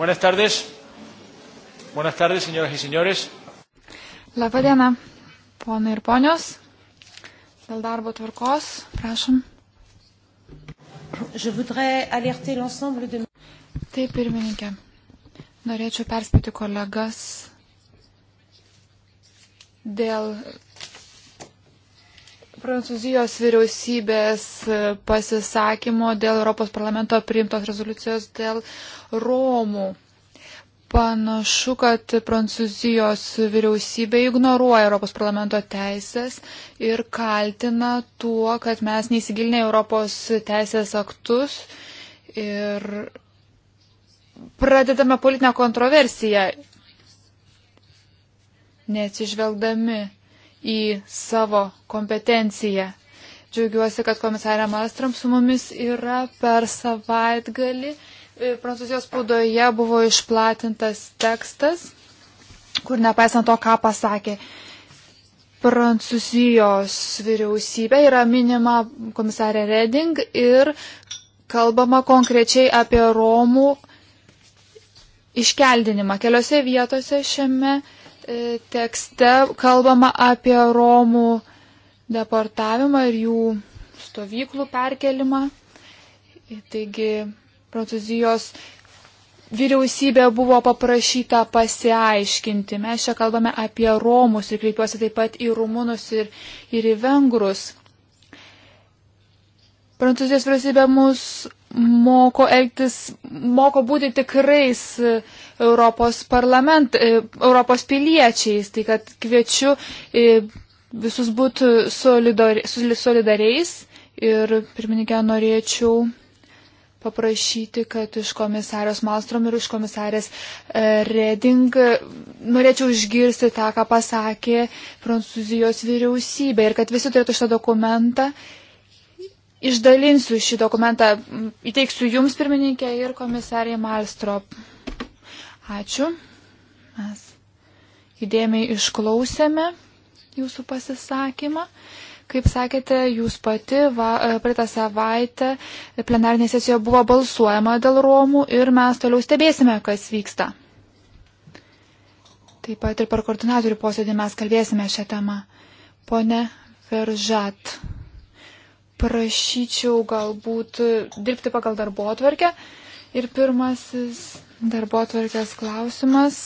Buenas tardes. Buenas tardes, señoras y señores. Labą dieną, ponai ir ponios. Dėl darbo tvarkos, prašom. De... Taip, pirmininkė. Norėčiau perspėti kolegas dėl Prancūzijos vyriausybės e, pasisakymo dėl Europos parlamento priimtos rezoliucijos dėl Romų. Panašu, kad Prancūzijos vyriausybė ignoruoja Europos parlamento teisės ir kaltina tuo, kad mes neįsigilinę Europos teisės aktus ir pradedame politinę kontroversiją, neatsižvelgdami į savo kompetenciją. Džiaugiuosi, kad komisarė Malstrom su mumis yra per savaitgalį. E, Prancūzijos spaudoje buvo išplatintas tekstas, kur nepaisant to, ką pasakė Prancūzijos vyriausybė, yra minima komisarė Reding ir kalbama konkrečiai apie Romų iškeldinimą. Keliose vietose šiame E, tekste kalbama apie Romų deportavimą ir jų stovyklų perkelimą. E, taigi Prancūzijos vyriausybė buvo paprašyta pasiaiškinti. Mes čia kalbame apie Romus ir kreipiuosi taip pat į Rumunus ir, ir į Vengrus. Prancūzijos vyriausybė mus moko elgtis, moko būti tikrais e, Europos parlament, e, Europos piliečiais. Tai kad kviečiu e, visus būti solidariais ir pirmininkė norėčiau paprašyti, kad iš komisarios Malstrom ir iš komisarės Reding norėčiau išgirsti tą, ką pasakė Prancūzijos vyriausybė ir kad visi turėtų šitą dokumentą Išdalinsiu šį dokumentą, įteiksiu Jums, pirmininkė, ir komisarė Malstrop. Ačiū. Mes įdėmiai išklausėme Jūsų pasisakymą. Kaip sakėte, Jūs pati va, e, praeitą savaitę plenarinė sesijoje buvo balsuojama dėl Romų ir mes toliau stebėsime, kas vyksta. Taip pat ir per koordinatorių posėdį mes kalbėsime šią temą. Pone Veržat prašyčiau galbūt dirbti pagal darbo atvarkę. Ir pirmasis darbo atvarkės klausimas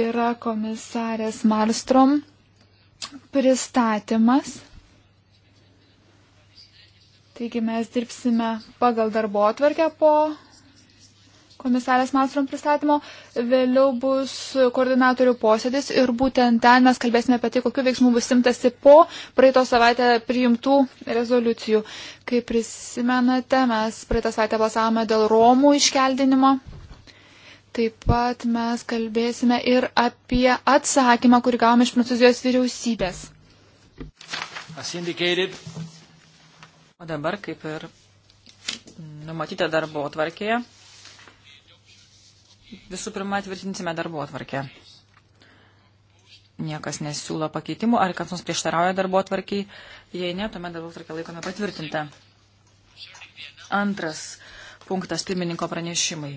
yra komisarės Marstrom pristatymas. Taigi mes dirbsime pagal darbo atvarkę po komisarės Malstrom pristatymo, vėliau bus koordinatorių posėdis ir būtent ten mes kalbėsime apie tai, kokiu veiksmu bus simtasi po praeito savaitę priimtų rezoliucijų. Kaip prisimenate, mes praeitą savaitę balsavome dėl Romų iškeldinimo. Taip pat mes kalbėsime ir apie atsakymą, kurį gavome iš Prancūzijos vyriausybės. O dabar, kaip ir numatyta darbo atvarkėje, Visų pirma, tvirtinsime darbo atvarkę. Niekas nesiūlo pakeitimų, ar kas mums prieštarauja darbo atvarkiai. Jei ne, tuomet darbo atvarkę laikome patvirtintą. Antras punktas pirmininko pranešimai.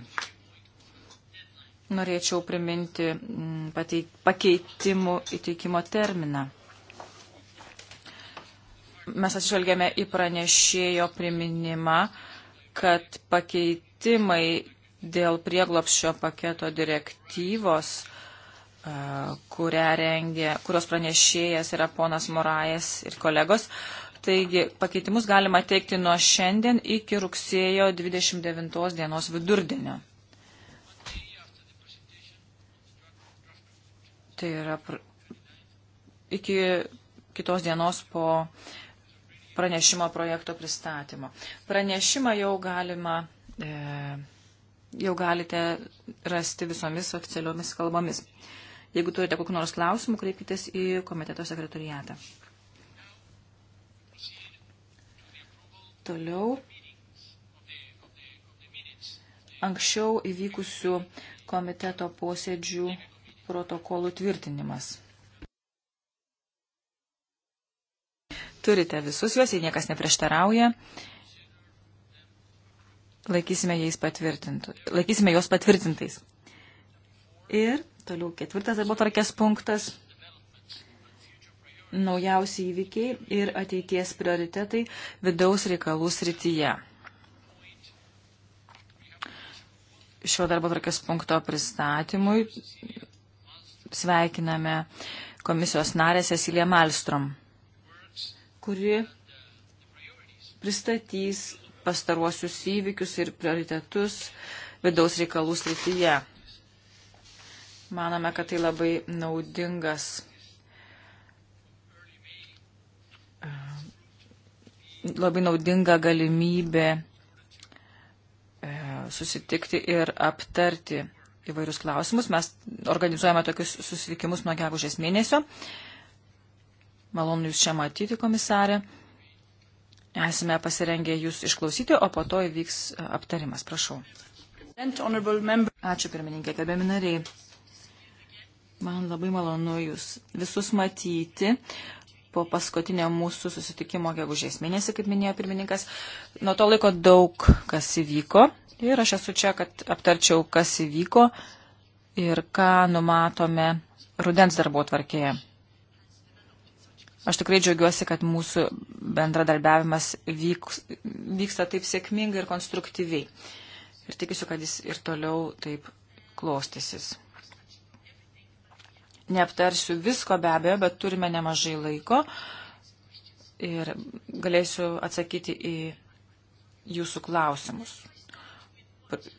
Norėčiau priminti mm, pakeitimų įteikimo terminą. Mes atsižvelgėme į pranešėjo priminimą, kad pakeitimai dėl prieglopščio paketo direktyvos, e, rengė, kurios pranešėjas yra ponas Morajas ir kolegos. Taigi pakeitimus galima teikti nuo šiandien iki rugsėjo 29 dienos vidurdienio. Tai yra pr... iki kitos dienos po pranešimo projekto pristatymo. Pranešimą jau galima. E jau galite rasti visomis oficialiomis kalbomis. Jeigu turite kokių nors klausimų, kreipkitės į komiteto sekretoriatą. Toliau anksčiau įvykusių komiteto posėdžių protokolų tvirtinimas. Turite visus juos, jei niekas neprieštarauja. Laikysime, Laikysime juos patvirtintais. Ir toliau ketvirtas darbo tvarkės punktas. Naujausi įvykiai ir ateities prioritetai vidaus reikalų srityje. Šio darbo tvarkės punkto pristatymui sveikiname komisijos narę Cecilija Malstrom, kuri pristatys pastaruosius įvykius ir prioritetus vidaus reikalų srityje. Manome, kad tai labai naudingas e, labai naudinga galimybė e, susitikti ir aptarti įvairius klausimus. Mes organizuojame tokius susitikimus nuo gegužės mėnesio. Malonu Jūs čia matyti, komisarė. Esame pasirengę jūs išklausyti, o po to įvyks e, aptarimas. Prašau. Ačiū pirmininkė, gerbėmi nariai. Man labai malonu jūs visus matyti po paskutinio mūsų susitikimo gegužės mėnesį, kaip minėjo pirmininkas. Nuo to laiko daug kas įvyko ir aš esu čia, kad aptarčiau, kas įvyko ir ką numatome rudens darbo tvarkėje. Aš tikrai džiaugiuosi, kad mūsų bendradarbiavimas vyks, vyksta taip sėkmingai ir konstruktyviai. Ir tikiuosi, kad jis ir toliau taip klostysis. Neaptarsiu visko be abejo, bet turime nemažai laiko ir galėsiu atsakyti į jūsų klausimus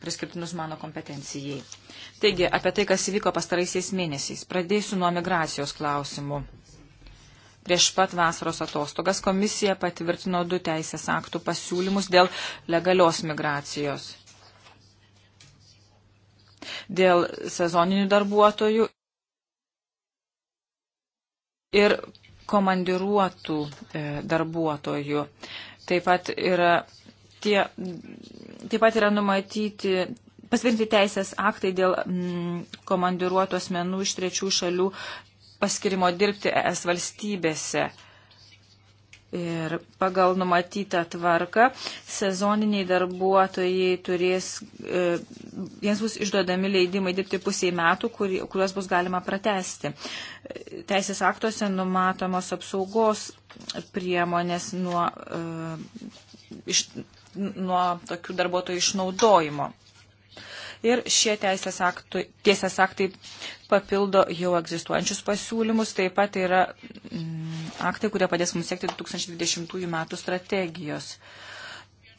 priskirtinus mano kompetencijai. Taigi, apie tai, kas įvyko pastaraisiais mėnesiais. Pradėsiu nuo migracijos klausimų. Prieš pat vasaros atostogas komisija patvirtino du teisės aktų pasiūlymus dėl legalios migracijos. Dėl sezoninių darbuotojų ir komandiruotų e, darbuotojų. Taip pat yra, tie, taip pat yra numatyti pasvirti teisės aktai dėl mm, komandiruotų asmenų iš trečių šalių paskirimo dirbti ES valstybėse. Ir pagal numatytą tvarką sezoniniai darbuotojai turės, e, jiems bus išduodami leidimai dirbti pusiai metų, kur, kuriuos bus galima pratesti. Teisės aktuose numatomos apsaugos priemonės nuo, e, iš, nuo tokių darbuotojų išnaudojimo ir šie teisės, aktų, teisės aktai papildo jau egzistuojančius pasiūlymus, taip pat yra mm, aktai, kurie padės mums siekti 2020 metų strategijos.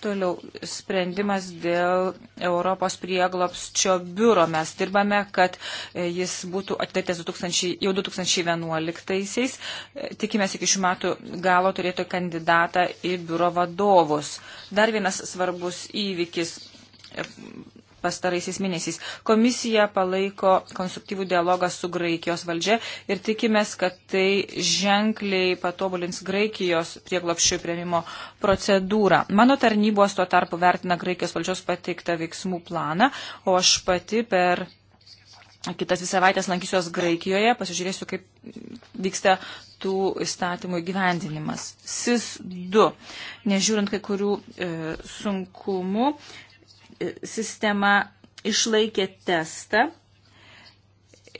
Toliau sprendimas dėl Europos prieglopsčio biuro. Mes dirbame, kad e, jis būtų atidarytas 2000, jau 2011-aisiais. E, tikimės iki šių metų galo turėti kandidatą į biuro vadovus. Dar vienas svarbus įvykis e, pastaraisiais mėnesiais. Komisija palaiko konstruktyvų dialogą su Graikijos valdžia ir tikimės, kad tai ženkliai patobulins Graikijos prieglopščių prieimimo procedūrą. Mano tarnybos tuo tarpu vertina Graikijos valdžios pateiktą veiksmų planą, o aš pati per kitas dvi savaitės lankysiuos Graikijoje, pasižiūrėsiu, kaip vyksta tų įstatymų įgyvendinimas. SIS 2. Nežiūrint kai kurių e, sunkumų, E, sistema išlaikė testą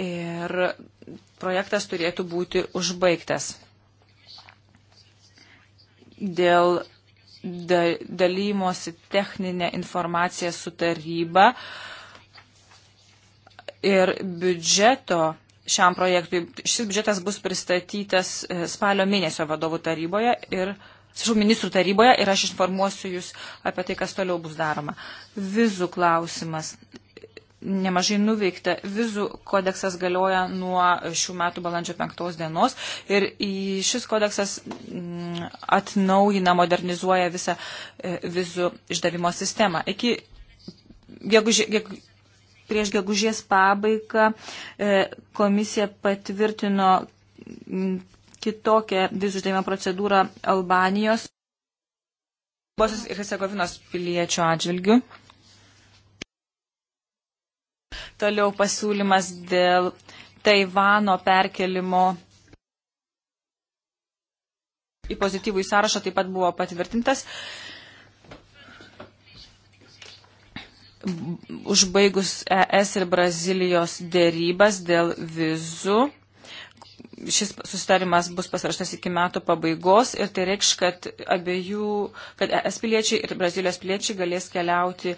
ir projektas turėtų būti užbaigtas. Dėl dalymosi techninę informaciją su taryba ir biudžeto šiam projektui. Šis biudžetas bus pristatytas e, spalio mėnesio vadovų taryboje ir atsiprašau, ministrų taryboje ir aš informuosiu jūs apie tai, kas toliau bus daroma. Vizų klausimas. Nemažai nuveikta. Vizų kodeksas galioja nuo šių metų balandžio penktos dienos ir šis kodeksas mm, atnaujina, modernizuoja visą e, vizų išdavimo sistemą. Iki, jeigu, jeigu, prieš gegužės pabaigą e, komisija patvirtino kitokią vizų išdavimo procedūrą Albanijos Bosnijos ir Hercegovinos piliečių atžvilgių. Toliau pasiūlymas dėl Taivano perkelimo į pozityvų į sąrašą taip pat buvo patvirtintas. Užbaigus ES ir Brazilijos dėrybas dėl vizų šis susitarimas bus pasirašytas iki metų pabaigos ir tai reikš, kad abiejų, kad es piliečiai ir Brazilijos piliečiai galės keliauti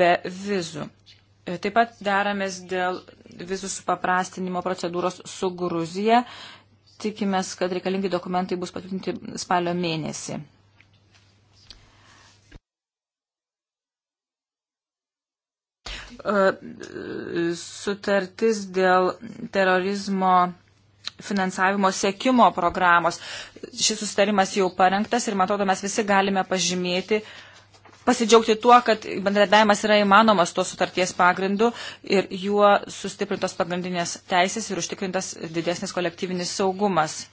be vizų. E, taip pat deramės dėl vizų supaprastinimo procedūros su Gruzija. Tikimės, kad reikalingi dokumentai bus patvirtinti spalio mėnesį. E, sutartis dėl terorizmo finansavimo sėkimo programos. Šis sustarimas jau parengtas ir, man atrodo, mes visi galime pažymėti, pasidžiaugti tuo, kad bendradavimas yra įmanomas tuo sutarties pagrindu ir juo sustiprintos pagrindinės teisės ir užtikrintas didesnis kolektyvinis saugumas.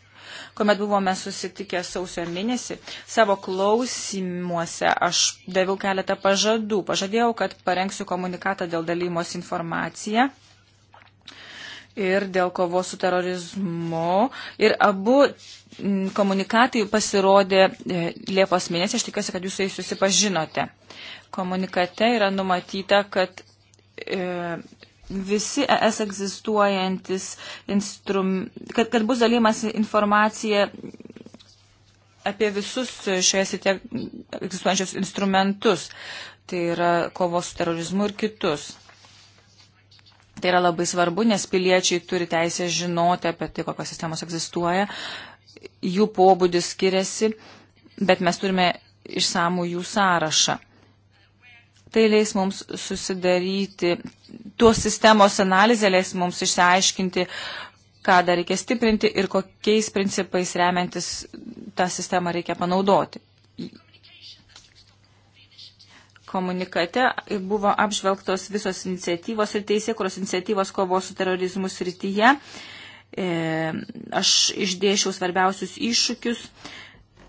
Komet buvome susitikę sausio mėnesį, savo klausimuose aš daviau keletą pažadų. Pažadėjau, kad parengsiu komunikatą dėl dalymos informaciją ir dėl kovos su terorizmu. Ir abu mm, komunikatai pasirodė e, Liepos mėnesį, aš tikiuosi, kad jūs su jais susipažinote. Komunikate yra numatyta, kad e, visi ES egzistuojantis instrum, kad, kad bus dalymas informacija apie visus šioje srityje egzistuojančius instrumentus. Tai yra kovos su terorizmu ir kitus. Tai yra labai svarbu, nes piliečiai turi teisę žinoti apie tai, kokios sistemos egzistuoja, jų pobūdis skiriasi, bet mes turime išsamų jų sąrašą. Tai leis mums susidaryti, tuos sistemos analizė leis mums išsiaiškinti, ką dar reikia stiprinti ir kokiais principais remiantis tą sistemą reikia panaudoti komunikate buvo apžvelgtos visos iniciatyvos ir teisėkuros iniciatyvos kovos su terorizmu srityje. E, aš išdėšiau svarbiausius iššūkius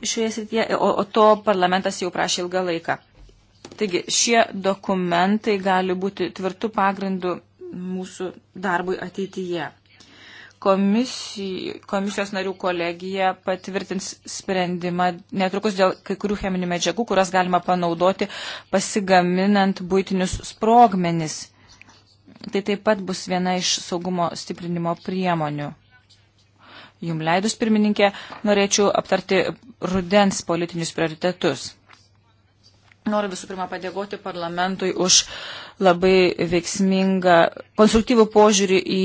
šioje srityje, o, o to parlamentas jau prašė ilgą laiką. Taigi šie dokumentai gali būti tvirtų pagrindų mūsų darbui ateityje komisij, komisijos narių kolegija patvirtins sprendimą netrukus dėl kai kurių cheminių medžiagų, kurias galima panaudoti pasigaminant būtinius sprogmenis. Tai taip pat bus viena iš saugumo stiprinimo priemonių. Jums leidus, pirmininkė, norėčiau aptarti rudens politinius prioritetus. Noriu visų pirma padėkoti parlamentui už labai veiksmingą konstruktyvų požiūrį į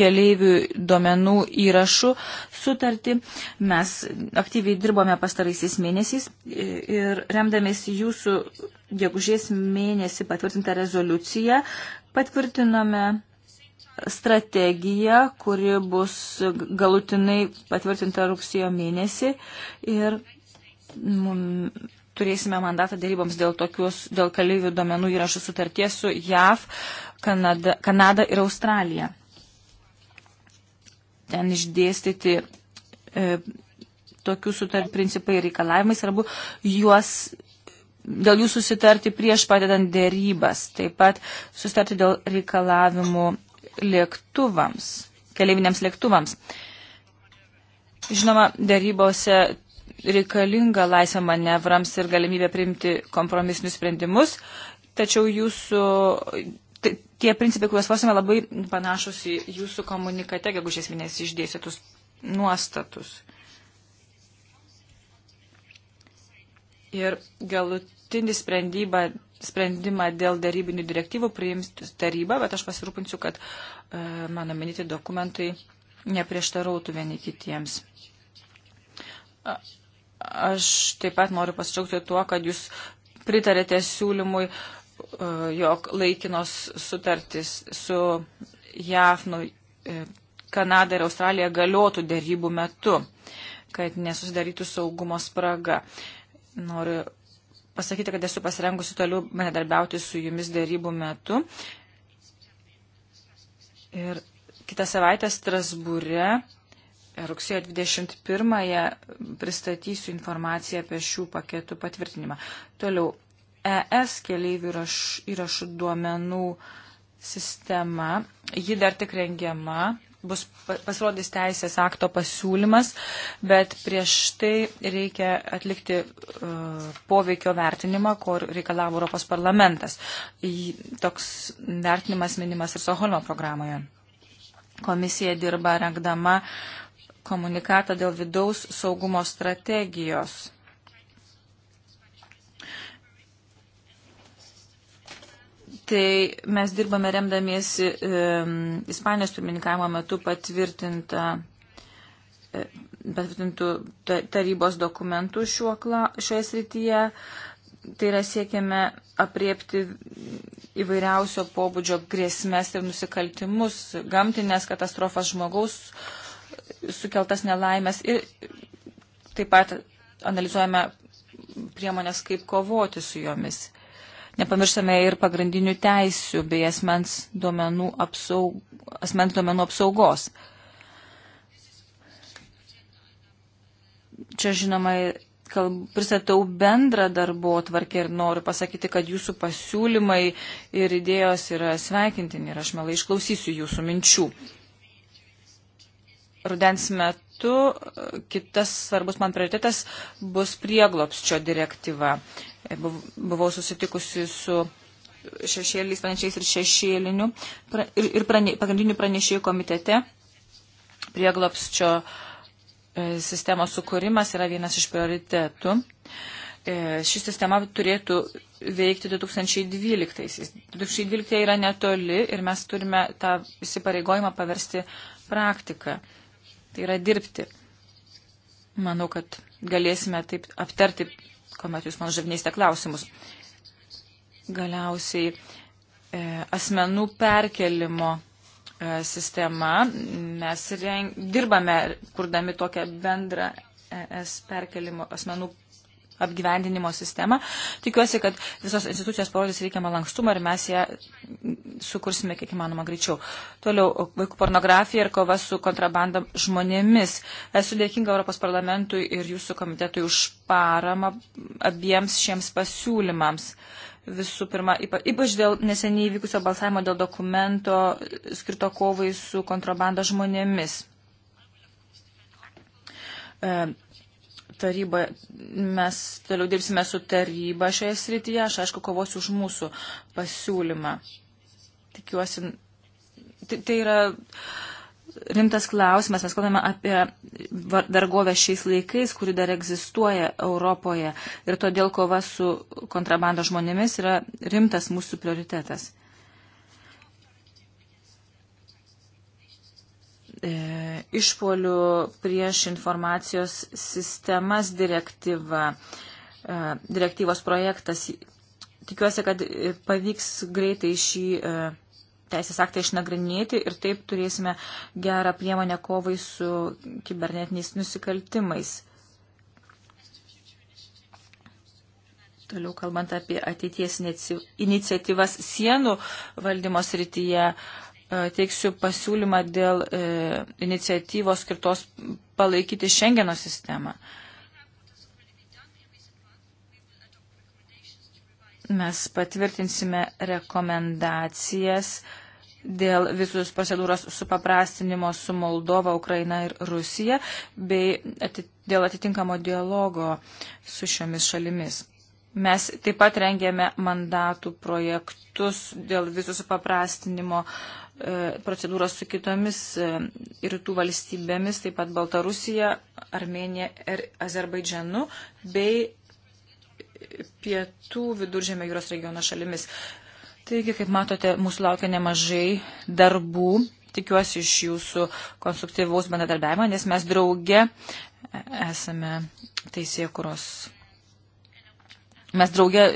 keleivių duomenų įrašų sutartį. Mes aktyviai dirbome pastaraisiais mėnesiais ir remdamėsi jūsų gegužės mėnesį patvirtintą rezoliuciją patvirtinome strategiją, kuri bus galutinai patvirtinta rugsėjo mėnesį ir turėsime mandatą dėryboms dėl, tokius, dėl kalyvių domenų įrašų sutarties su JAV, Kanada, Kanada ir Australija. Ten išdėstyti e, tokių sutart principai ir reikalavimai, svarbu juos dėl jų susitarti prieš padedant dėrybas, taip pat susitarti dėl reikalavimų lėktuvams, keleiviniams lėktuvams. Žinoma, dėrybose reikalinga laisvė manevrams ir galimybė priimti kompromisinius sprendimus, tačiau jūsų, tie principai, kuriuos svarstame, labai panašus į jūsų komunikate, gegužės mėnesį išdėstytus nuostatus. Ir galutinį sprendybą, sprendimą dėl darybinių direktyvų priims taryba, bet aš pasirūpinsiu, kad e, mano minėti dokumentai neprieštarautų vieni kitiems. Aš taip pat noriu pasidžiaugti tuo, kad jūs pritarėte siūlymui, e, jog laikinos sutartys su JAF, nu, e, Kanada ir Australija galiotų dėrybų metu, kad nesusidarytų saugumo spraga. Noriu pasakyti, kad esu pasirengusi toliau bendradarbiauti su jumis dėrybų metu. Ir kitą savaitę Strasbūre Rugsėjo 21-ąją pristatysiu informaciją apie šių paketų patvirtinimą. Toliau, ES keliaivių įrašų duomenų sistema, ji dar tik rengiama, bus pasirodys teisės akto pasiūlymas, bet prieš tai reikia atlikti uh, poveikio vertinimą, ko reikalavo Europos parlamentas. Į, toks vertinimas minimas ir Soholmo programoje. Komisija dirba rengdama uh, komunikatą dėl vidaus saugumo strategijos. Tai mes dirbame remdamiesi e, Ispanijos pirmininkavimo metu patvirtintą e, patvirtintų tarybos dokumentų šiuo, šioje srityje. Tai yra siekiame apriepti įvairiausio pobūdžio grėsmės ir nusikaltimus, gamtinės katastrofas, žmogaus sukeltas nelaimės ir taip pat analizuojame priemonės, kaip kovoti su jomis. Nepamirštame ir pagrindinių teisių bei asmens duomenų, apsaug, asmens duomenų apsaugos. Čia, žinoma, kalb, pristatau bendrą darbo tvarkę ir noriu pasakyti, kad jūsų pasiūlymai ir idėjos yra sveikintini ir aš melai išklausysiu jūsų minčių rudens metu kitas svarbus man prioritetas bus prieglopščio direktyva. Buvau susitikusi su šešėliais pranešiais ir šešėliniu ir, ir prane, pagrindiniu pranešėjų komitete. Prieglopščio e, sistemos sukūrimas yra vienas iš prioritetų. E, ši sistema turėtų veikti 2012. 2012 yra netoli ir mes turime tą įsipareigojimą paversti praktiką tai yra dirbti. Manau, kad galėsime taip aptarti, kuomet jūs man žavinėsite klausimus. Galiausiai e, asmenų perkelimo e, sistema. Mes reng, dirbame, kurdami tokią bendrą ES perkelimo, asmenų apgyvendinimo sistemą. Tikiuosi, kad visos institucijos parodys reikiamą lankstumą ir mes ją sukursime kiek įmanoma greičiau. Toliau vaikų pornografija ir kova su kontrabanda žmonėmis. Esu dėkinga Europos parlamentui ir jūsų komitetui už paramą abiems šiems pasiūlymams. Visų pirma, ypač dėl neseniai įvykusio balsavimo dėl dokumento skirto kovai su kontrabanda žmonėmis e, taryba, mes toliau dirbsime su taryba šioje srityje, aš aišku kovosiu už mūsų pasiūlymą. Tikiuosi, tai, tai yra rimtas klausimas, mes kalbame apie dargovę šiais laikais, kuri dar egzistuoja Europoje ir todėl kova su kontrabando žmonėmis yra rimtas mūsų prioritetas. E, išpolių prieš informacijos sistemas direktyva, e, direktyvos projektas. Tikiuosi, kad pavyks greitai šį e, teisės aktą išnagrinėti ir taip turėsime gerą priemonę kovai su kibernetiniais nusikaltimais. Toliau kalbant apie ateities iniciatyvas sienų valdymos rytyje, E, teiksiu pasiūlymą dėl e, iniciatyvos skirtos palaikyti Šengeno sistemą. Mes patvirtinsime rekomendacijas dėl visus procedūros supaprastinimo su Moldova, Ukraina ir Rusija, bei ati, dėl atitinkamo dialogo su šiomis šalimis. Mes taip pat rengėme mandatų projektus dėl visų supaprastinimo uh, E, procedūros su kitomis e, rytų valstybėmis, taip pat Baltarusija, Armenija ir Azerbaidžianu, bei pietų viduržėmio jūros regiono šalimis. Taigi, kaip matote, mūsų laukia nemažai darbų. Tikiuosi iš jūsų konstruktyvaus bendradarbiavimo, nes mes drauge esame teisėkuros. Mes drauge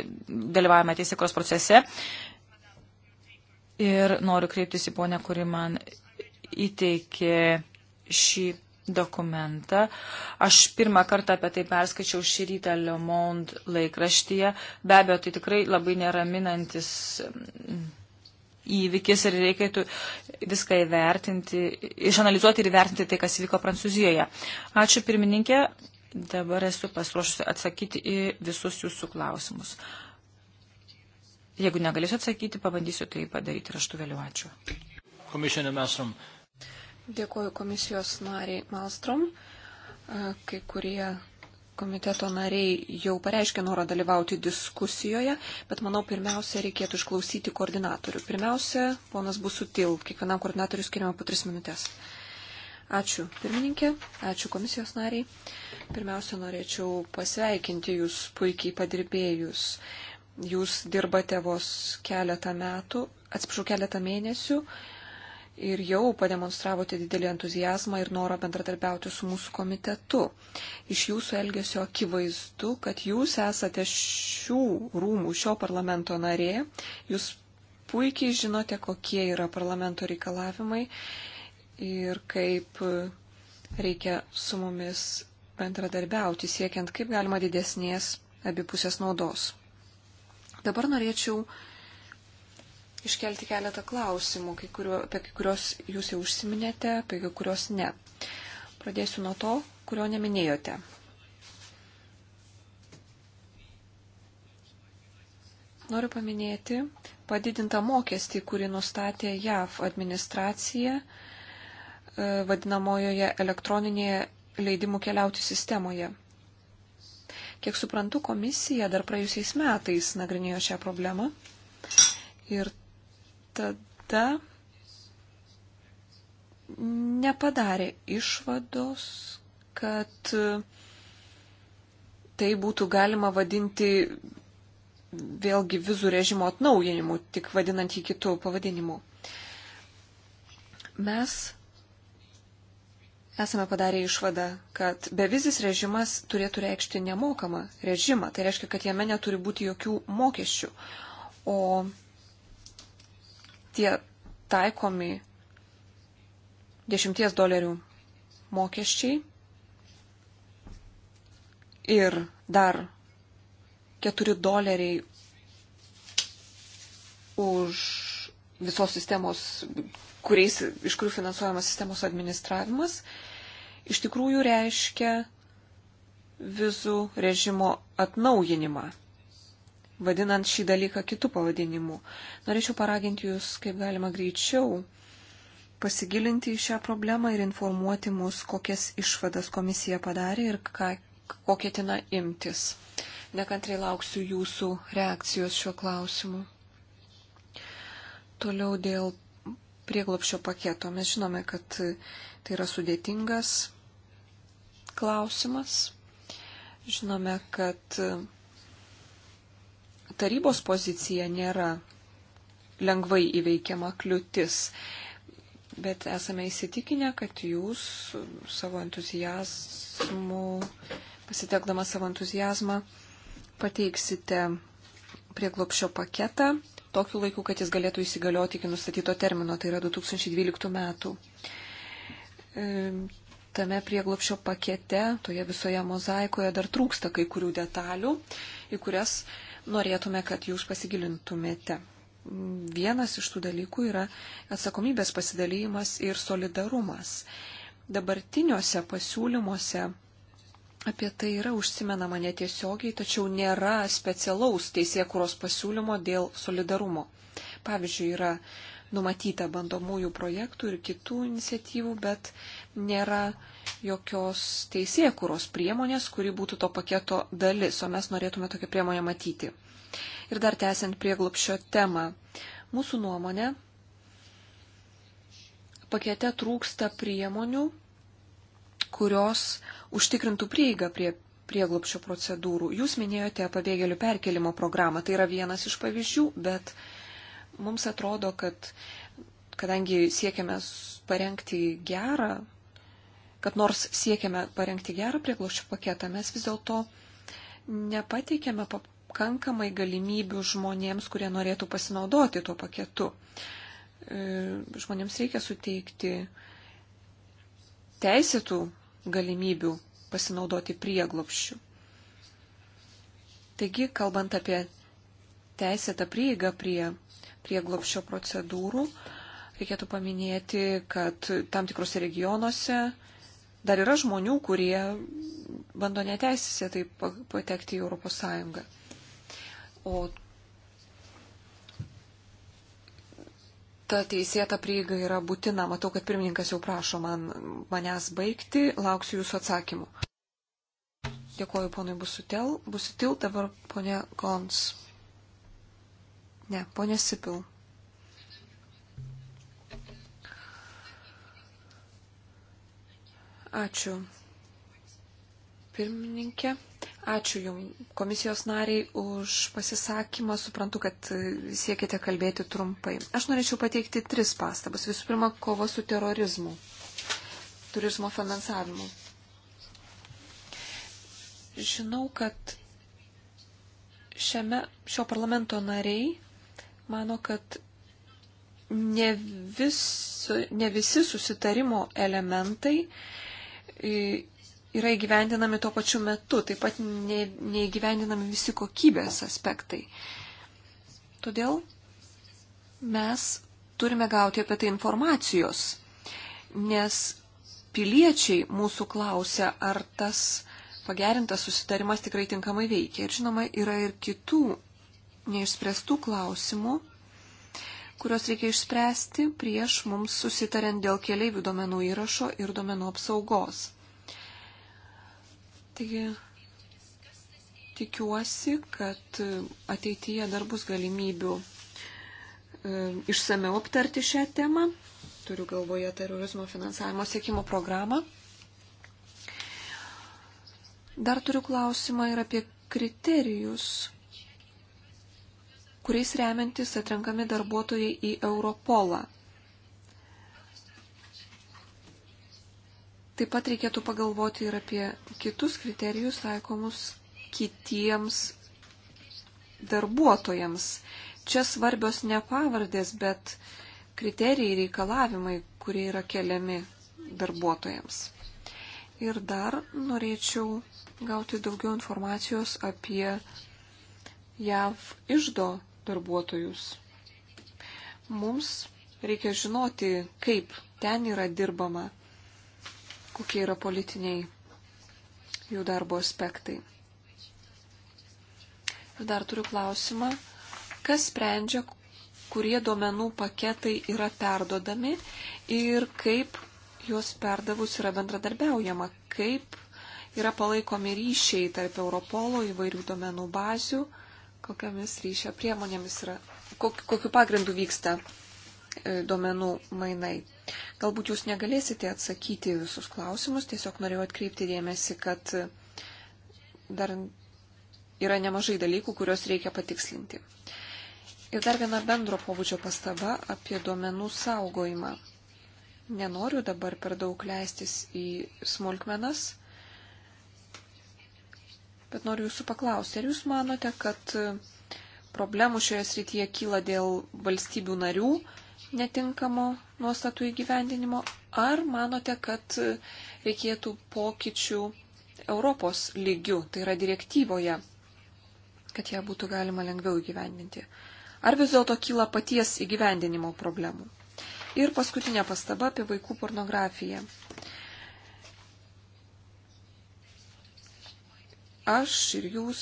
dalyvavome teisėkuros procese Ir noriu kreiptis į ponę, kuri man įteikė šį dokumentą. Aš pirmą kartą apie tai perskaičiau šį rytą Le Monde laikraštyje. Be abejo, tai tikrai labai neraminantis mm, įvykis ir reikėtų viską įvertinti, išanalizuoti ir įvertinti tai, kas vyko Prancūzijoje. Ačiū pirmininkė, dabar esu pasiruošusi atsakyti į visus jūsų klausimus. Jeigu negalėsiu atsakyti, pabandysiu tai padaryti raštu vėliau. Ačiū. Komisijone Mesrum. Dėkuoju komisijos nariai Malstrom. Kai kurie komiteto nariai jau pareiškė norą dalyvauti diskusijoje, bet manau pirmiausia reikėtų išklausyti koordinatorių. Pirmiausia, ponas bus sutil, kiekvienam koordinatoriui skiriama po tris minutės. Ačiū pirmininkė, ačiū komisijos nariai. Pirmiausia, norėčiau pasveikinti jūs puikiai padirbėjus Jūs dirbate vos keletą metų, atsiprašau, keletą mėnesių ir jau pademonstravote didelį entuzijazmą ir norą bendradarbiauti su mūsų komitetu. Iš jūsų elgesio akivaizdu, kad jūs esate šių rūmų, šio parlamento narė, jūs puikiai žinote, kokie yra parlamento reikalavimai ir kaip reikia su mumis bendradarbiauti, siekiant kaip galima didesnės abipusės naudos. Dabar norėčiau iškelti keletą klausimų, kai kurio, apie kai kurios jūs jau užsiminėte, apie kai kurios ne. Pradėsiu nuo to, kurio neminėjote. Noriu paminėti padidintą mokestį, kurį nustatė JAV administracija e, vadinamojoje elektroninėje leidimų keliauti sistemoje. Kiek suprantu, komisija dar praėjusiais metais nagrinėjo šią problemą. Ir tada nepadarė išvados, kad tai būtų galima vadinti vėlgi vizų režimo atnaujinimu, tik vadinant jį kitų pavadinimu. Mes esame padarę išvadą, kad bevizis režimas turėtų reikšti nemokamą režimą. Tai reiškia, kad jame neturi būti jokių mokesčių. O tie taikomi 10 dolerių mokesčiai ir dar 4 doleriai už visos sistemos, kuriais, iš kurių finansuojamas sistemos administravimas, iš tikrųjų reiškia vizų režimo atnaujinimą, vadinant šį dalyką kitų pavadinimų. Norėčiau paraginti Jūs, kaip galima greičiau, pasigilinti į šią problemą ir informuoti mus, kokias išvadas komisija padarė ir ką, ko ketina imtis. Nekantrai lauksiu Jūsų reakcijos šiuo klausimu. Toliau dėl prieglopšio paketo. Mes žinome, kad tai yra sudėtingas klausimas. Žinome, kad tarybos pozicija nėra lengvai įveikiama kliūtis, bet esame įsitikinę, kad jūs savo entuzijazmu, pasitekdama savo entuzijazmą, pateiksite prieglopšio paketą tokiu laiku, kad jis galėtų įsigalioti iki nustatyto termino, tai yra 2012 metų. Ehm, tame prieglopšio pakete, toje visoje mozaikoje dar trūksta kai kurių detalių, į kurias norėtume, kad jūs pasigilintumėte. Vienas iš tų dalykų yra atsakomybės pasidalymas ir solidarumas. Dabartiniuose pasiūlymuose apie tai yra užsimenama netiesiogiai, tačiau nėra specialaus teisėkuros pasiūlymo dėl solidarumo. Pavyzdžiui, yra numatyta bandomųjų projektų ir kitų iniciatyvų, bet nėra jokios teisėkuros priemonės, kuri būtų to paketo dalis, o mes norėtume tokią priemonę matyti. Ir dar tęsiant prieglopšio temą. Mūsų nuomonė, pakete trūksta priemonių, kurios užtikrintų prieigą prie prieglopšio procedūrų. Jūs minėjote pabėgėlių perkelimo programą, tai yra vienas iš pavyzdžių, bet mums atrodo, kad kadangi siekiame parengti gerą kad nors siekiame parengti gerą prieglošio paketą, mes vis dėlto nepateikėme pakankamai galimybių žmonėms, kurie norėtų pasinaudoti tuo paketu. E, žmonėms reikia suteikti teisėtų galimybių pasinaudoti prieglopščių. Taigi, kalbant apie teisėtą prieigą prie prieglopščio procedūrų, reikėtų paminėti, kad tam tikrose regionuose dar yra žmonių, kurie bando neteisėtai patekti į Europos Sąjungą. O ta teisėta prieiga yra būtina. Matau, kad pirmininkas jau prašo man, manęs baigti, lauksiu jūsų atsakymų. Dėkuoju ponui Busutil, Busutil dabar ponė Gons. Ne, ponė Sipil. Ačiū. Pirmininkė, ačiū Jums komisijos nariai už pasisakymą. Suprantu, kad siekite kalbėti trumpai. Aš norėčiau pateikti tris pastabas. Visų pirma, kova su terorizmu, turizmo finansavimu. Žinau, kad šiame, šio parlamento nariai mano, kad ne, vis, ne visi susitarimo elementai yra įgyvendinami tuo pačiu metu, taip pat ne, neįgyvendinami visi kokybės aspektai. Todėl mes turime gauti apie tai informacijos, nes piliečiai mūsų klausia, ar tas pagerintas susitarimas tikrai tinkamai veikia. Ir žinoma, yra ir kitų neišspręstų klausimų, kuriuos reikia išspręsti prieš mums susitariant dėl keliaivių duomenų įrašo ir duomenų apsaugos. Taigi tikiuosi, kad ateityje dar bus galimybių e, išsameu aptarti šią temą. Turiu galvoje terorizmo finansavimo sėkimo programą. Dar turiu klausimą ir apie kriterijus, kuriais remiantis atrenkami darbuotojai į Europolą. Taip pat reikėtų pagalvoti ir apie kitus kriterijus taikomus kitiems darbuotojams. Čia svarbios ne pavardės, bet kriterijai reikalavimai, kurie yra keliami darbuotojams. Ir dar norėčiau gauti daugiau informacijos apie JAV išdo darbuotojus. Mums reikia žinoti, kaip ten yra dirbama, kokie yra politiniai jų darbo aspektai. Ir dar turiu klausimą, kas sprendžia, kurie duomenų paketai yra perdodami ir kaip juos perdavus yra bendradarbiaujama, kaip yra palaikomi ryšiai tarp Europolo įvairių duomenų bazių kokiamis ryšio priemonėmis yra, kok, kokiu pagrindu vyksta e, duomenų mainai. Galbūt jūs negalėsite atsakyti visus klausimus, tiesiog norėjau atkreipti dėmesį, kad e, dar yra nemažai dalykų, kuriuos reikia patikslinti. Ir dar viena bendro pobūdžio pastaba apie duomenų saugojimą. Nenoriu dabar per daug leistis į smulkmenas, bet noriu jūsų paklausti, ar jūs manote, kad e, problemų šioje srityje kyla dėl valstybių narių netinkamo nuostatų įgyvendinimo, ar manote, kad e, reikėtų pokyčių Europos lygių, tai yra direktyvoje, kad ją būtų galima lengviau įgyvendinti? Ar vis dėlto kyla paties įgyvendinimo problemų? Ir paskutinė pastaba apie vaikų pornografiją. aš ir jūs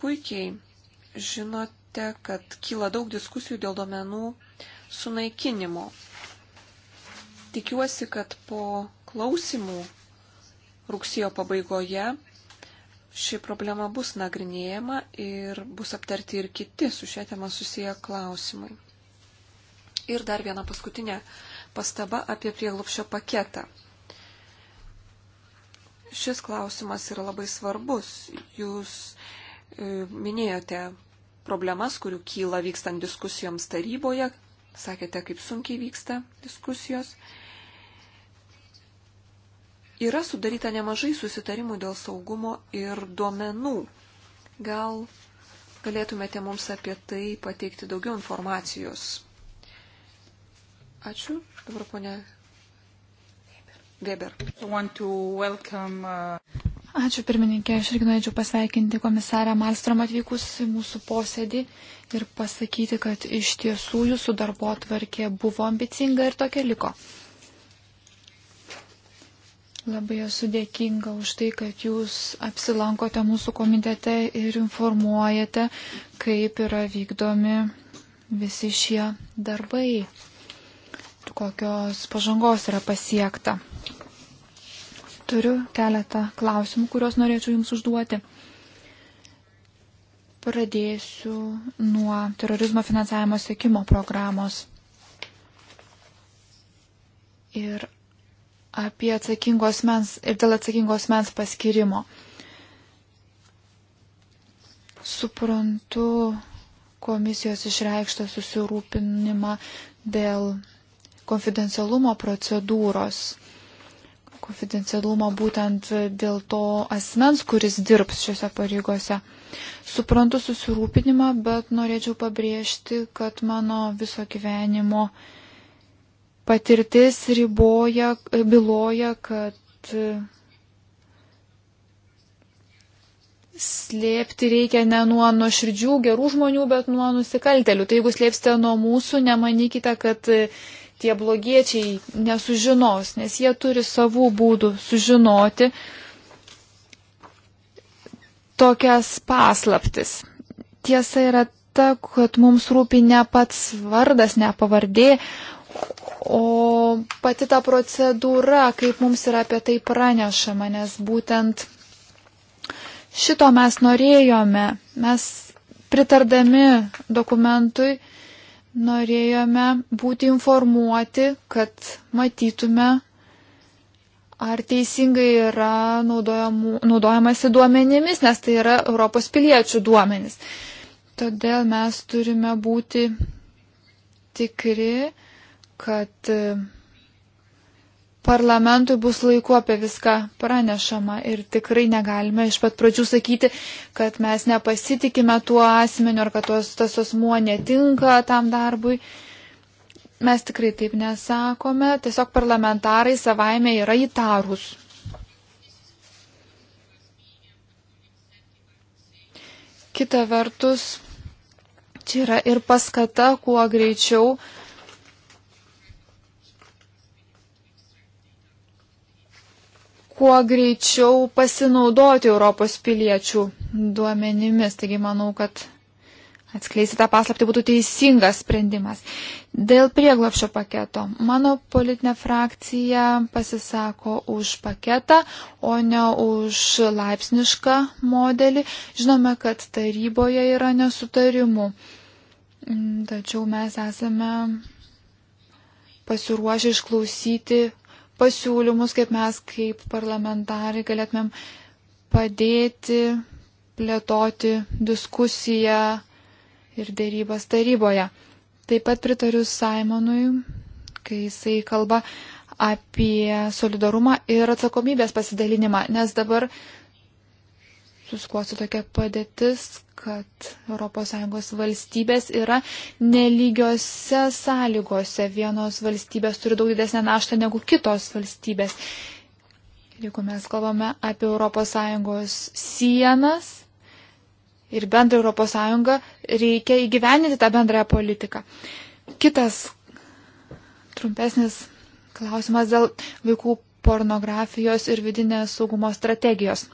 puikiai žinote, kad kyla daug diskusijų dėl duomenų sunaikinimo. Tikiuosi, kad po klausimų rugsėjo pabaigoje ši problema bus nagrinėjama ir bus aptarti ir kiti su šia tema susiję klausimai. Ir dar viena paskutinė pastaba apie prieglupšio paketą. Šis klausimas yra labai svarbus. Jūs e, minėjote problemas, kurių kyla vykstant diskusijoms taryboje, sakėte, kaip sunkiai vyksta diskusijos. Yra sudaryta nemažai susitarimų dėl saugumo ir duomenų. Gal galėtumėte mums apie tai pateikti daugiau informacijos? Ačiū. Dabar ponė Weber. Ačiū pirmininkė, aš irgi norėčiau pasveikinti komisarę Malstrom atvykus į mūsų posėdį ir pasakyti, kad iš tiesų jūsų darbo atvarkė buvo ambicinga ir tokia liko. Labai esu dėkinga už tai, kad jūs apsilankote mūsų komitete ir informuojate, kaip yra vykdomi visi šie darbai kokios pažangos yra pasiekta. Turiu keletą klausimų, kuriuos norėčiau Jums užduoti. Pradėsiu nuo terorizmo finansavimo sėkimo programos ir apie atsakingos mens ir dėl atsakingos mens paskirimo. Suprantu komisijos išreikštą susirūpinimą dėl konfidencialumo procedūros. Konfidencialumo būtent dėl to asmens, kuris dirbs šiuose pareigose. Suprantu susirūpinimą, bet norėčiau pabrėžti, kad mano viso gyvenimo patirtis riboja, byloja, kad slėpti reikia ne nuo nuoširdžių gerų žmonių, bet nuo nusikaltelių. Tai jeigu slėpsite nuo mūsų, nemanykite, kad tie blogiečiai nesužinos, nes jie turi savų būdų sužinoti tokias paslaptis. Tiesa yra ta, kad mums rūpi ne pats vardas, ne pavardė, o pati ta procedūra, kaip mums yra apie tai pranešama, nes būtent šito mes norėjome, mes pritardami dokumentui norėjome būti informuoti, kad matytume, ar teisingai yra naudojamasi duomenimis, nes tai yra Europos piliečių duomenis. Todėl mes turime būti tikri, kad parlamentui bus laiku apie viską pranešama ir tikrai negalime iš pat pradžių sakyti, kad mes nepasitikime tuo asmeniu ar kad tos, tas asmuo netinka tam darbui. Mes tikrai taip nesakome, tiesiog parlamentarai savaime yra įtarus. Kita vertus, čia yra ir paskata, kuo greičiau uh, kuo greičiau pasinaudoti Europos piliečių duomenimis. Taigi manau, kad atskleisti tą paslapti būtų teisingas sprendimas. Dėl prieglapšio paketo. Mano politinė frakcija pasisako už paketą, o ne už laipsnišką modelį. Žinome, kad taryboje yra nesutarimų. Tačiau mes esame pasiruošę išklausyti pasiūlymus, kaip mes kaip parlamentarai galėtumėm padėti plėtoti diskusiją ir dėrybas taryboje. Taip pat pritariu Simonui, kai jisai kalba apie solidarumą ir atsakomybės pasidalinimą, nes dabar susiklosti tokia padėtis, kad ES valstybės yra nelygiose sąlygose. Vienos valstybės turi daug didesnę naštą negu kitos valstybės. Jeigu mes kalbame apie ES sienas ir bendrą ES, reikia įgyveninti tą bendrąją politiką. Kitas trumpesnis klausimas dėl vaikų pornografijos ir vidinės saugumo strategijos.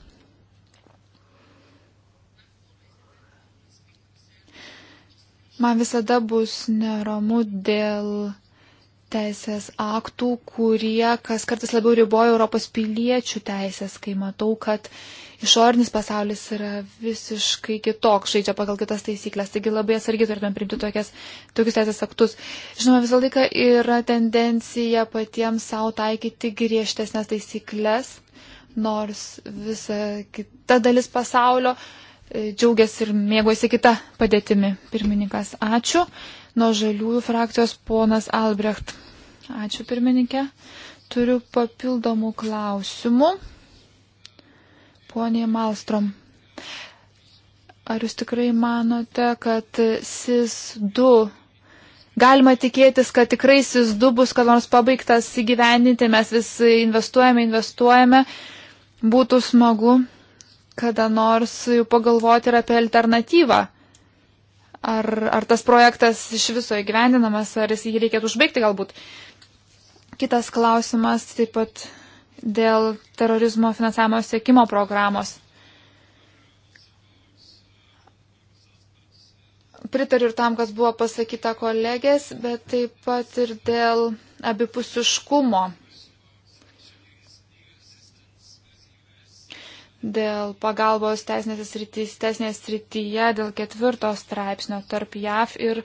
Man visada bus neramu dėl teisės aktų, kurie kas kartais labiau riboja Europos piliečių teisės, kai matau, kad išorinis pasaulis yra visiškai kitoks, žaidžia pagal kitas taisyklės. Taigi labai atsargiai turėtume priimti tokias, tokius teisės aktus. Žinoma, visą laiką yra tendencija patiems savo taikyti griežtesnės taisyklės, nors visa kita dalis pasaulio E, džiaugiasi ir mėgojasi kita padėtimi. Pirmininkas, ačiū. Nuo žaliųjų frakcijos ponas Albrecht. Ačiū pirmininkė. Turiu papildomų klausimų. Poniai Malstrom, ar jūs tikrai manote, kad SIS-2 galima tikėtis, kad tikrai SIS-2 bus kad nors pabaigtas įgyvendinti, mes vis investuojame, investuojame. Būtų smagu kada nors pagalvoti ir apie alternatyvą. Ar, ar tas projektas iš viso įgyvendinamas, ar jį reikėtų užbaigti galbūt. Kitas klausimas taip pat dėl terorizmo finansavimo sėkimo programos. Pritariu ir tam, kas buvo pasakyta kolegės, bet taip pat ir dėl abipusiškumo dėl pagalbos teisinės srityje, teisinės srityje dėl ketvirto straipsnio tarp JAV ir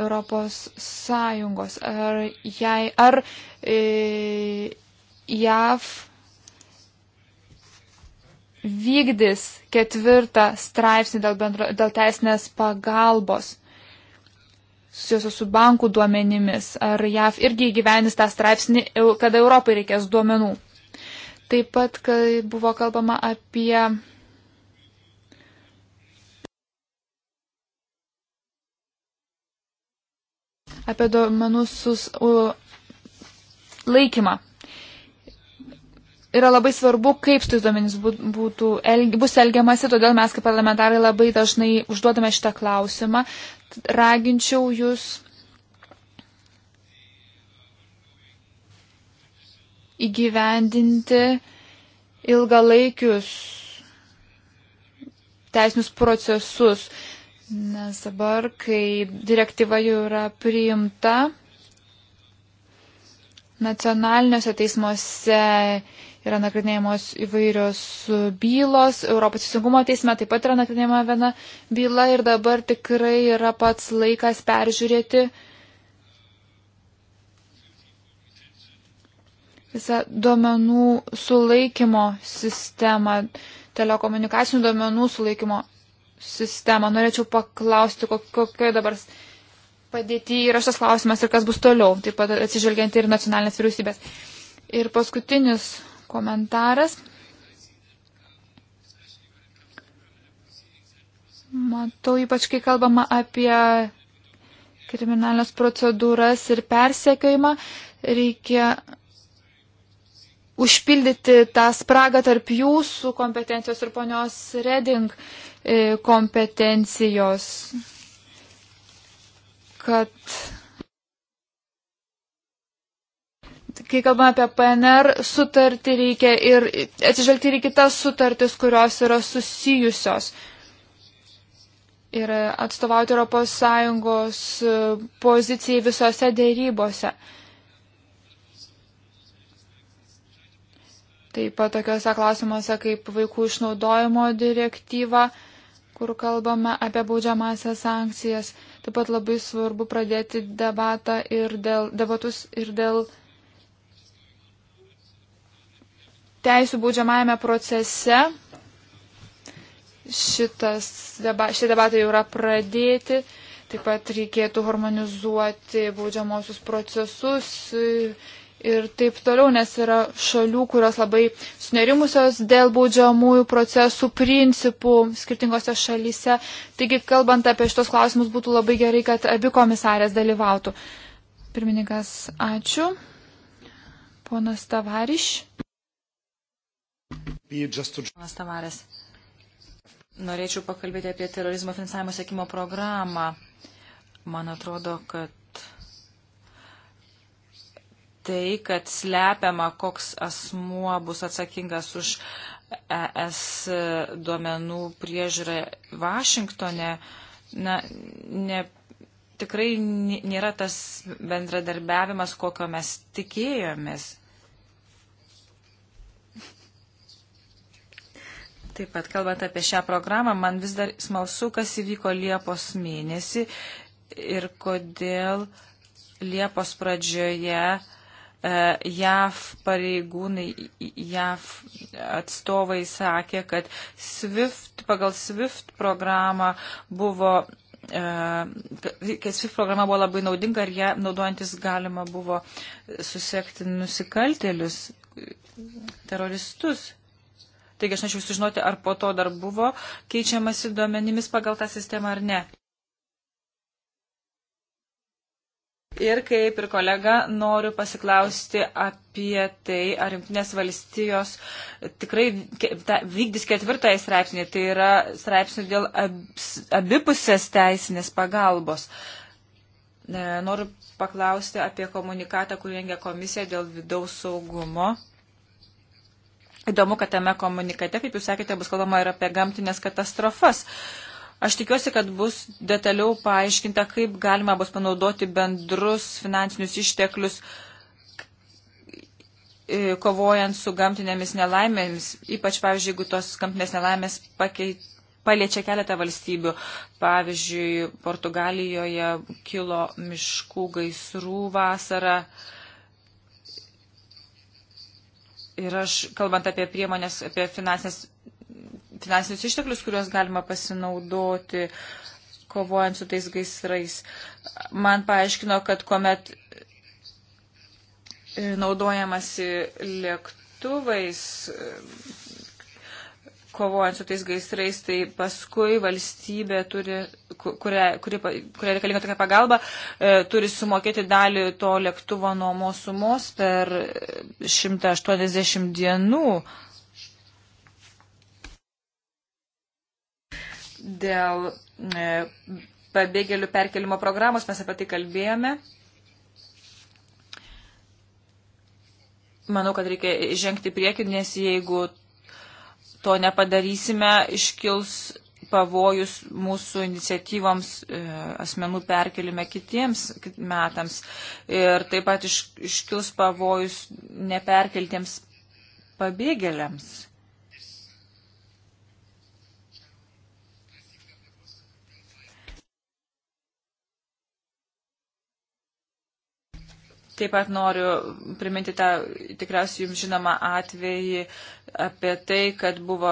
Europos Sąjungos. Ar, jai, ar e, JAV vykdys ketvirtą straipsnį dėl, bendro, dėl teisinės pagalbos susijusios su bankų duomenimis, ar JAV irgi įgyvenis tą straipsnį, e, kada Europai reikės duomenų. Taip pat, kai buvo kalbama apie apie duomenų sus uh, laikymą. Yra labai svarbu, kaip su tais duomenys būtų, elgi, bus elgiamasi, todėl mes kaip parlamentarai labai dažnai užduodame šitą klausimą. Raginčiau jūs įgyvendinti ilgalaikius teisinius procesus. Nes dabar, kai direktyva jau yra priimta, nacionaliniuose teismuose yra nagrinėjamos įvairios bylos, Europos teisingumo teisme taip pat yra nagrinėjama viena byla ir dabar tikrai yra pats laikas peržiūrėti uh, visą duomenų sulaikymo sistemą, telekomunikacinių duomenų sulaikymo sistemą. Norėčiau paklausti, kokioje dabar padėti yra šitas klausimas ir kas bus toliau, taip pat atsižvelgiant ir nacionalinės vyriausybės. Ir paskutinis komentaras. Matau, ypač kai kalbama apie kriminalinės procedūras ir persiekėjimą, reikia užpildyti tą spragą tarp jūsų kompetencijos ir ponios Reding e, kompetencijos, kad kai kalbame apie PNR sutartį, reikia ir atsižvelgti ir į kitas sutartis, kurios yra susijusios. Ir atstovauti ES e, pozicijai visose dėrybose. Taip pat tokiuose klausimuose kaip vaikų išnaudojimo direktyva, kur kalbame apie baudžiamąsias sankcijas. Taip pat labai svarbu pradėti debatą ir dėl, debatus ir dėl teisų baudžiamajame procese. Šitas deba, šie debatai jau yra pradėti. Taip pat reikėtų harmonizuoti baudžiamosius procesus, ir taip toliau, nes yra šalių, kurios labai sunerimusios dėl baudžiamųjų procesų principų skirtingose šalyse. Taigi, kalbant apie šitos klausimus, būtų labai gerai, kad abi komisarės dalyvautų. Pirmininkas, ačiū. Ponas Tavariš. Ponas Tavarės. Norėčiau pakalbėti apie terorizmo finansavimo sėkimo programą. Man atrodo, kad tai, kad slepiama, koks asmuo bus atsakingas už ES duomenų priežiūrą Vašingtone, na, ne, tikrai nėra tas bendradarbiavimas, kokio mes tikėjomės. Taip pat kalbant apie šią programą, man vis dar smalsu, kas įvyko Liepos mėnesį ir kodėl Liepos pradžioje uh, E, JAF pareigūnai, JAF atstovai sakė, kad SWIFT, pagal SWIFT programą buvo e, kad SWIFT programa buvo labai naudinga ir ją naudojantis galima buvo susekti nusikaltelius, teroristus. Taigi aš norėčiau sužinoti, ar po to dar buvo keičiamasi duomenimis pagal tą sistemą ar ne. Ir kaip ir kolega, noriu pasiklausti apie tai, ar Junktinės valstijos tikrai vykdys ketvirtąjį straipsnį, tai yra straipsnių dėl abipusės teisinės pagalbos. Noriu paklausti apie komunikatą, kurį rengia komisija dėl vidaus saugumo. Įdomu, kad tame komunikate, kaip jūs sakėte, bus kalbama ir apie gamtinės katastrofas. Uh, Aš tikiuosi, kad bus detaliau paaiškinta, kaip galima bus panaudoti bendrus finansinius išteklius e, kovojant su gamtinėmis nelaimėmis, ypač, pavyzdžiui, jeigu tos gamtinės nelaimės pakeit, paliečia keletą valstybių. Pavyzdžiui, Portugalijoje kilo miškų gaisrų vasarą. Ir aš, kalbant apie priemonės, apie finansinės finansinius išteklius, kuriuos galima pasinaudoti kovojant su tais gaisrais. Man paaiškino, kad kuomet e, naudojamasi lėktuvais, e, kovojant su tais gaisrais, tai paskui valstybė, turi, kuria, kuri, kuria reikalinga tokia pagalba, e, turi sumokėti dalį to lėktuvo nuomos sumos per 180 e, dienų. dėl e, pabėgėlių perkelimo programos, mes apie tai kalbėjome. Manau, kad reikia žengti priekį, nes jeigu to nepadarysime, iškils pavojus mūsų iniciatyvams e, asmenų perkelime kitiems metams ir taip pat iš, iškils pavojus neperkeltiems pabėgėliams. Taip pat noriu priminti tą tikriausiai jums žinomą atvejį apie tai, kad buvo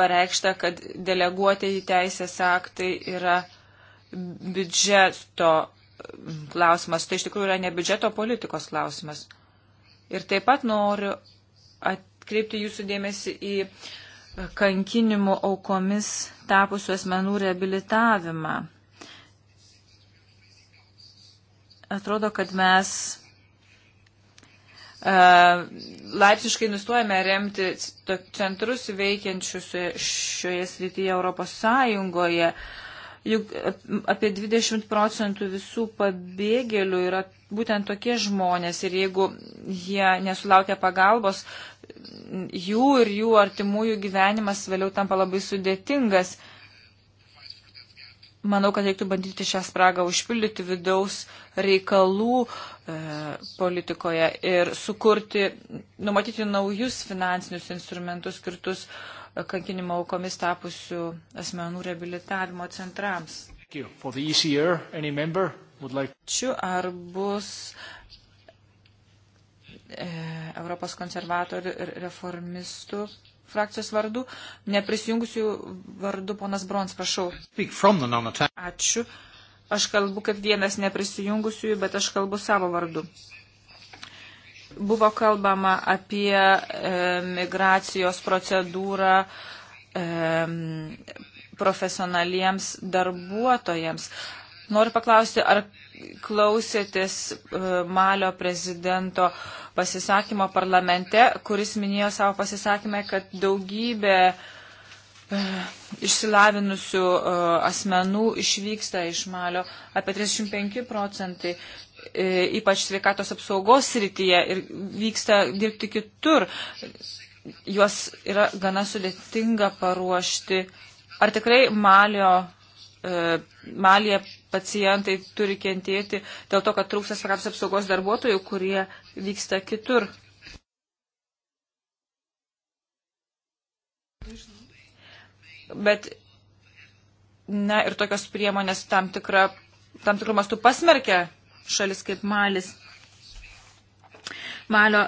pareikšta, kad deleguotieji teisės aktai yra biudžeto klausimas. Tai iš tikrųjų yra ne biudžeto politikos klausimas. Ir taip pat noriu atkreipti jūsų dėmesį į kankinimų aukomis tapusių asmenų reabilitavimą. Atrodo, kad mes laipsniškai nustojame remti centrus veikiančius šioje srityje Europos Sąjungoje. Juk apie 20 procentų visų pabėgėlių yra būtent tokie žmonės ir jeigu jie nesulaukia pagalbos, jų ir jų artimųjų gyvenimas vėliau tampa labai sudėtingas. Uh, Manau, kad reiktų bandyti šią spragą užpildyti vidaus reikalų e, politikoje ir sukurti, numatyti naujus finansinius instrumentus skirtus kankinimo aukomis tapusių asmenų reabilitavimo centrams. E Ačiū, ar bus e, Europos konservatorių ir reformistų frakcijos vardu, neprisijungusių vardu ponas Brons, prašau. Ačiū. Aš kalbu kaip vienas neprisijungusiųjų, bet aš kalbu savo vardu. Buvo kalbama apie e, migracijos procedūrą e, profesionaliems darbuotojams. Noriu paklausti, ar klausėtės e, Malio prezidento pasisakymo parlamente, kuris minėjo savo pasisakymę, kad daugybė e, išsilavinusių e, asmenų išvyksta iš Malio apie 35 procentai, ypač sveikatos apsaugos srityje ir vyksta dirbti kitur. Juos yra gana sudėtinga paruošti. Ar tikrai Malio, Malija pacientai turi kentėti dėl to, kad trūksta sveikatos apsaugos darbuotojų, kurie vyksta kitur. Bet, na ir tokios priemonės tam, tikra, tam tikrų mastų pasmerkia šalis kaip Malis. Malio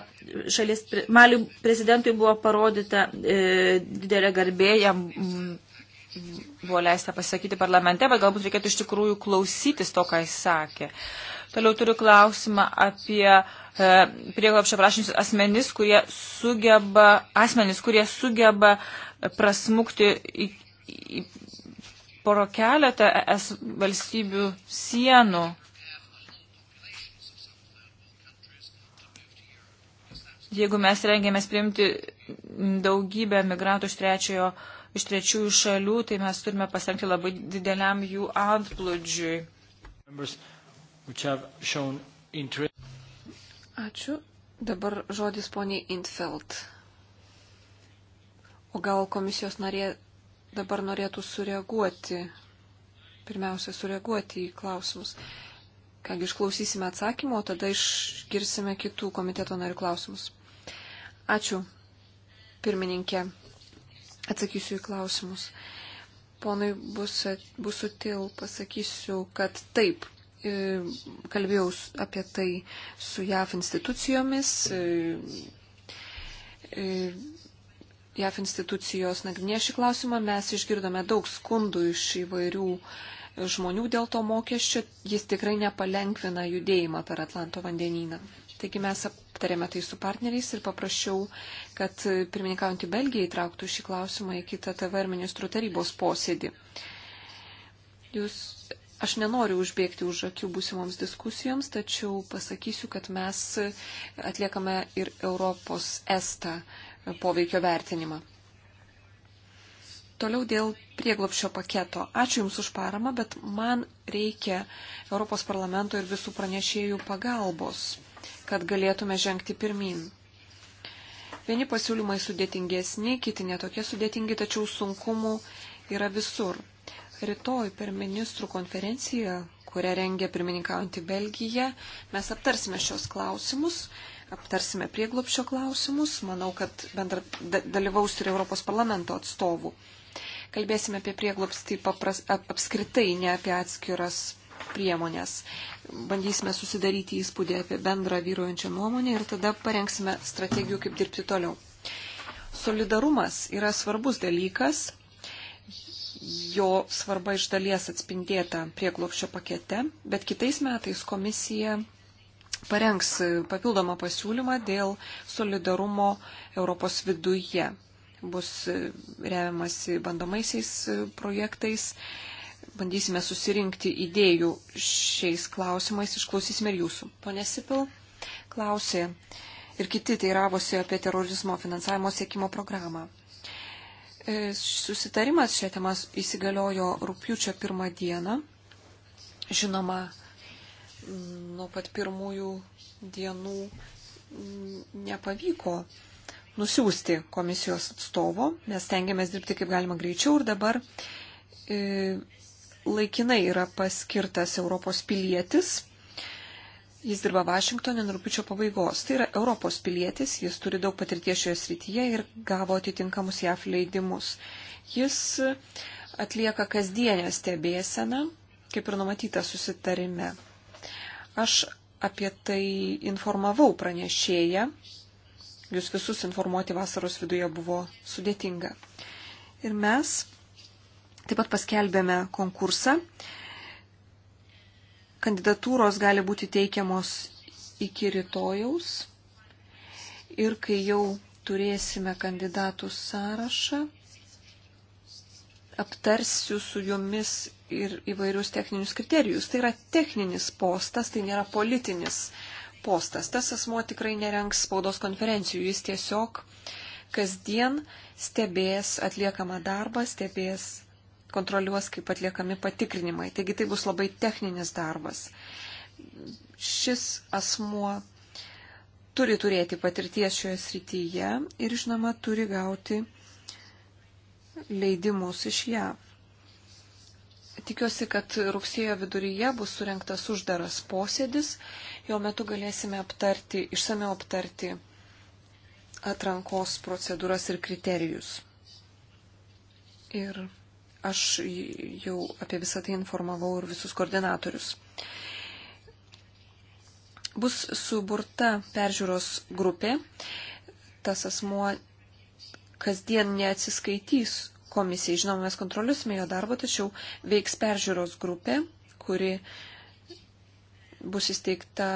šalies, Malių prezidentui buvo parodyta e, didelė garbė, jam m, buvo leista pasakyti parlamente, bet galbūt reikėtų iš tikrųjų klausytis to, ką jis sakė. Toliau turiu klausimą apie e, prieglapšio prašančius asmenis, kurie sugeba, asmenis, kurie sugeba prasmukti į, į poro keletą es valstybių sienų. Jeigu mes rengiamės priimti daugybę migrantų iš trečiojo iš trečiųjų šalių, tai mes turime pasirengti labai dideliam jų antplūdžiui. Ačiū. Dabar žodis poniai Intfeld. O gal komisijos narė dabar norėtų sureaguoti, pirmiausia, sureaguoti į klausimus. Kągi išklausysime atsakymą, o tada išgirsime kitų komiteto narių klausimus. Ačiū, pirmininkė. Atsakysiu į klausimus. Ponui bus, bus sutil, pasakysiu, kad taip, e, kalbėjau apie tai su JAF institucijomis. E, e, JAF institucijos nagrinė šį klausimą, mes išgirdome daug skundų iš įvairių žmonių dėl to mokesčio, jis tikrai nepalengvina judėjimą per Atlanto vandenyną. Taigi mes aptarėme tai su partneriais ir paprašiau, kad pirmininkaujantį Belgiją įtrauktų šį klausimą į kitą TV ir ministrų tarybos posėdį. Jūs, aš nenoriu užbėgti už akių būsimoms diskusijoms, tačiau pasakysiu, kad mes atliekame ir Europos estą poveikio vertinimą. Toliau dėl prieglopšio paketo. Ačiū Jums už paramą, bet man reikia Europos parlamento ir visų pranešėjų pagalbos kad galėtume žengti pirmin. Vieni pasiūlymai sudėtingesni, kiti netokie sudėtingi, tačiau sunkumų yra visur. Rytoj per ministrų konferenciją, kurią rengia pirmininkaujantį Belgiją, mes aptarsime šios klausimus, aptarsime prieglopšio klausimus, manau, kad bendra, da, dalyvaus ir Europos parlamento atstovų. Kalbėsime apie prieglopstį apskritai, ne apie atskiras priemonės. Bandysime susidaryti įspūdį apie bendrą vyruojančią nuomonę ir tada parengsime strategijų, kaip dirbti toliau. Solidarumas yra svarbus dalykas, jo svarba iš dalies atspindėta prieglopščio pakete, bet kitais metais komisija parengs papildomą pasiūlymą dėl solidarumo Europos viduje. Bus remiamasi bandomaisiais projektais, bandysime susirinkti idėjų šiais klausimais, išklausysime ir jūsų. Pone Sipil klausė ir kiti teiravosi apie terorizmo finansavimo siekimo programą. E, susitarimas šią temą įsigaliojo rūpiučio pirmą dieną. Žinoma, nuo pat pirmųjų dienų nepavyko nusiųsti komisijos atstovo. Mes tengiamės dirbti kaip galima greičiau ir dabar e, laikinai yra paskirtas Europos pilietis. Jis dirba Vašingtonė nuo rūpiučio pabaigos. Tai yra Europos pilietis, jis turi daug patirties šioje srityje ir gavo atitinkamus JAF leidimus. Jis atlieka kasdienę stebėseną, kaip ir numatyta susitarime. Aš apie tai informavau pranešėją. Jūs visus informuoti vasaros viduje buvo sudėtinga. Ir mes Taip pat paskelbėme konkursą. Kandidatūros gali būti teikiamos iki rytojaus. Ir kai jau turėsime kandidatų sąrašą, aptarsiu su jumis ir įvairius techninius kriterijus. Tai yra techninis postas, tai nėra politinis postas. Tas asmo tikrai nerenks spaudos konferencijų, jis tiesiog kasdien stebės atliekamą darbą, stebės kontroliuos, kaip atliekami patikrinimai. Taigi tai bus labai techninis darbas. Šis asmuo turi turėti patirties šioje srityje ir, žinoma, turi gauti leidimus iš JAV. Tikiuosi, kad rugsėjo viduryje bus surinktas uždaras posėdis, jo metu galėsime aptarti, išsameu aptarti atrankos procedūras ir kriterijus. Ir Aš jau apie visą tai informavau ir visus koordinatorius. Bus suburta peržiūros grupė. Tas asmuo kasdien neatsiskaitys komisijai. Žinoma, mes kontroliuosime jo darbą, tačiau veiks peržiūros grupė, kuri bus įsteigta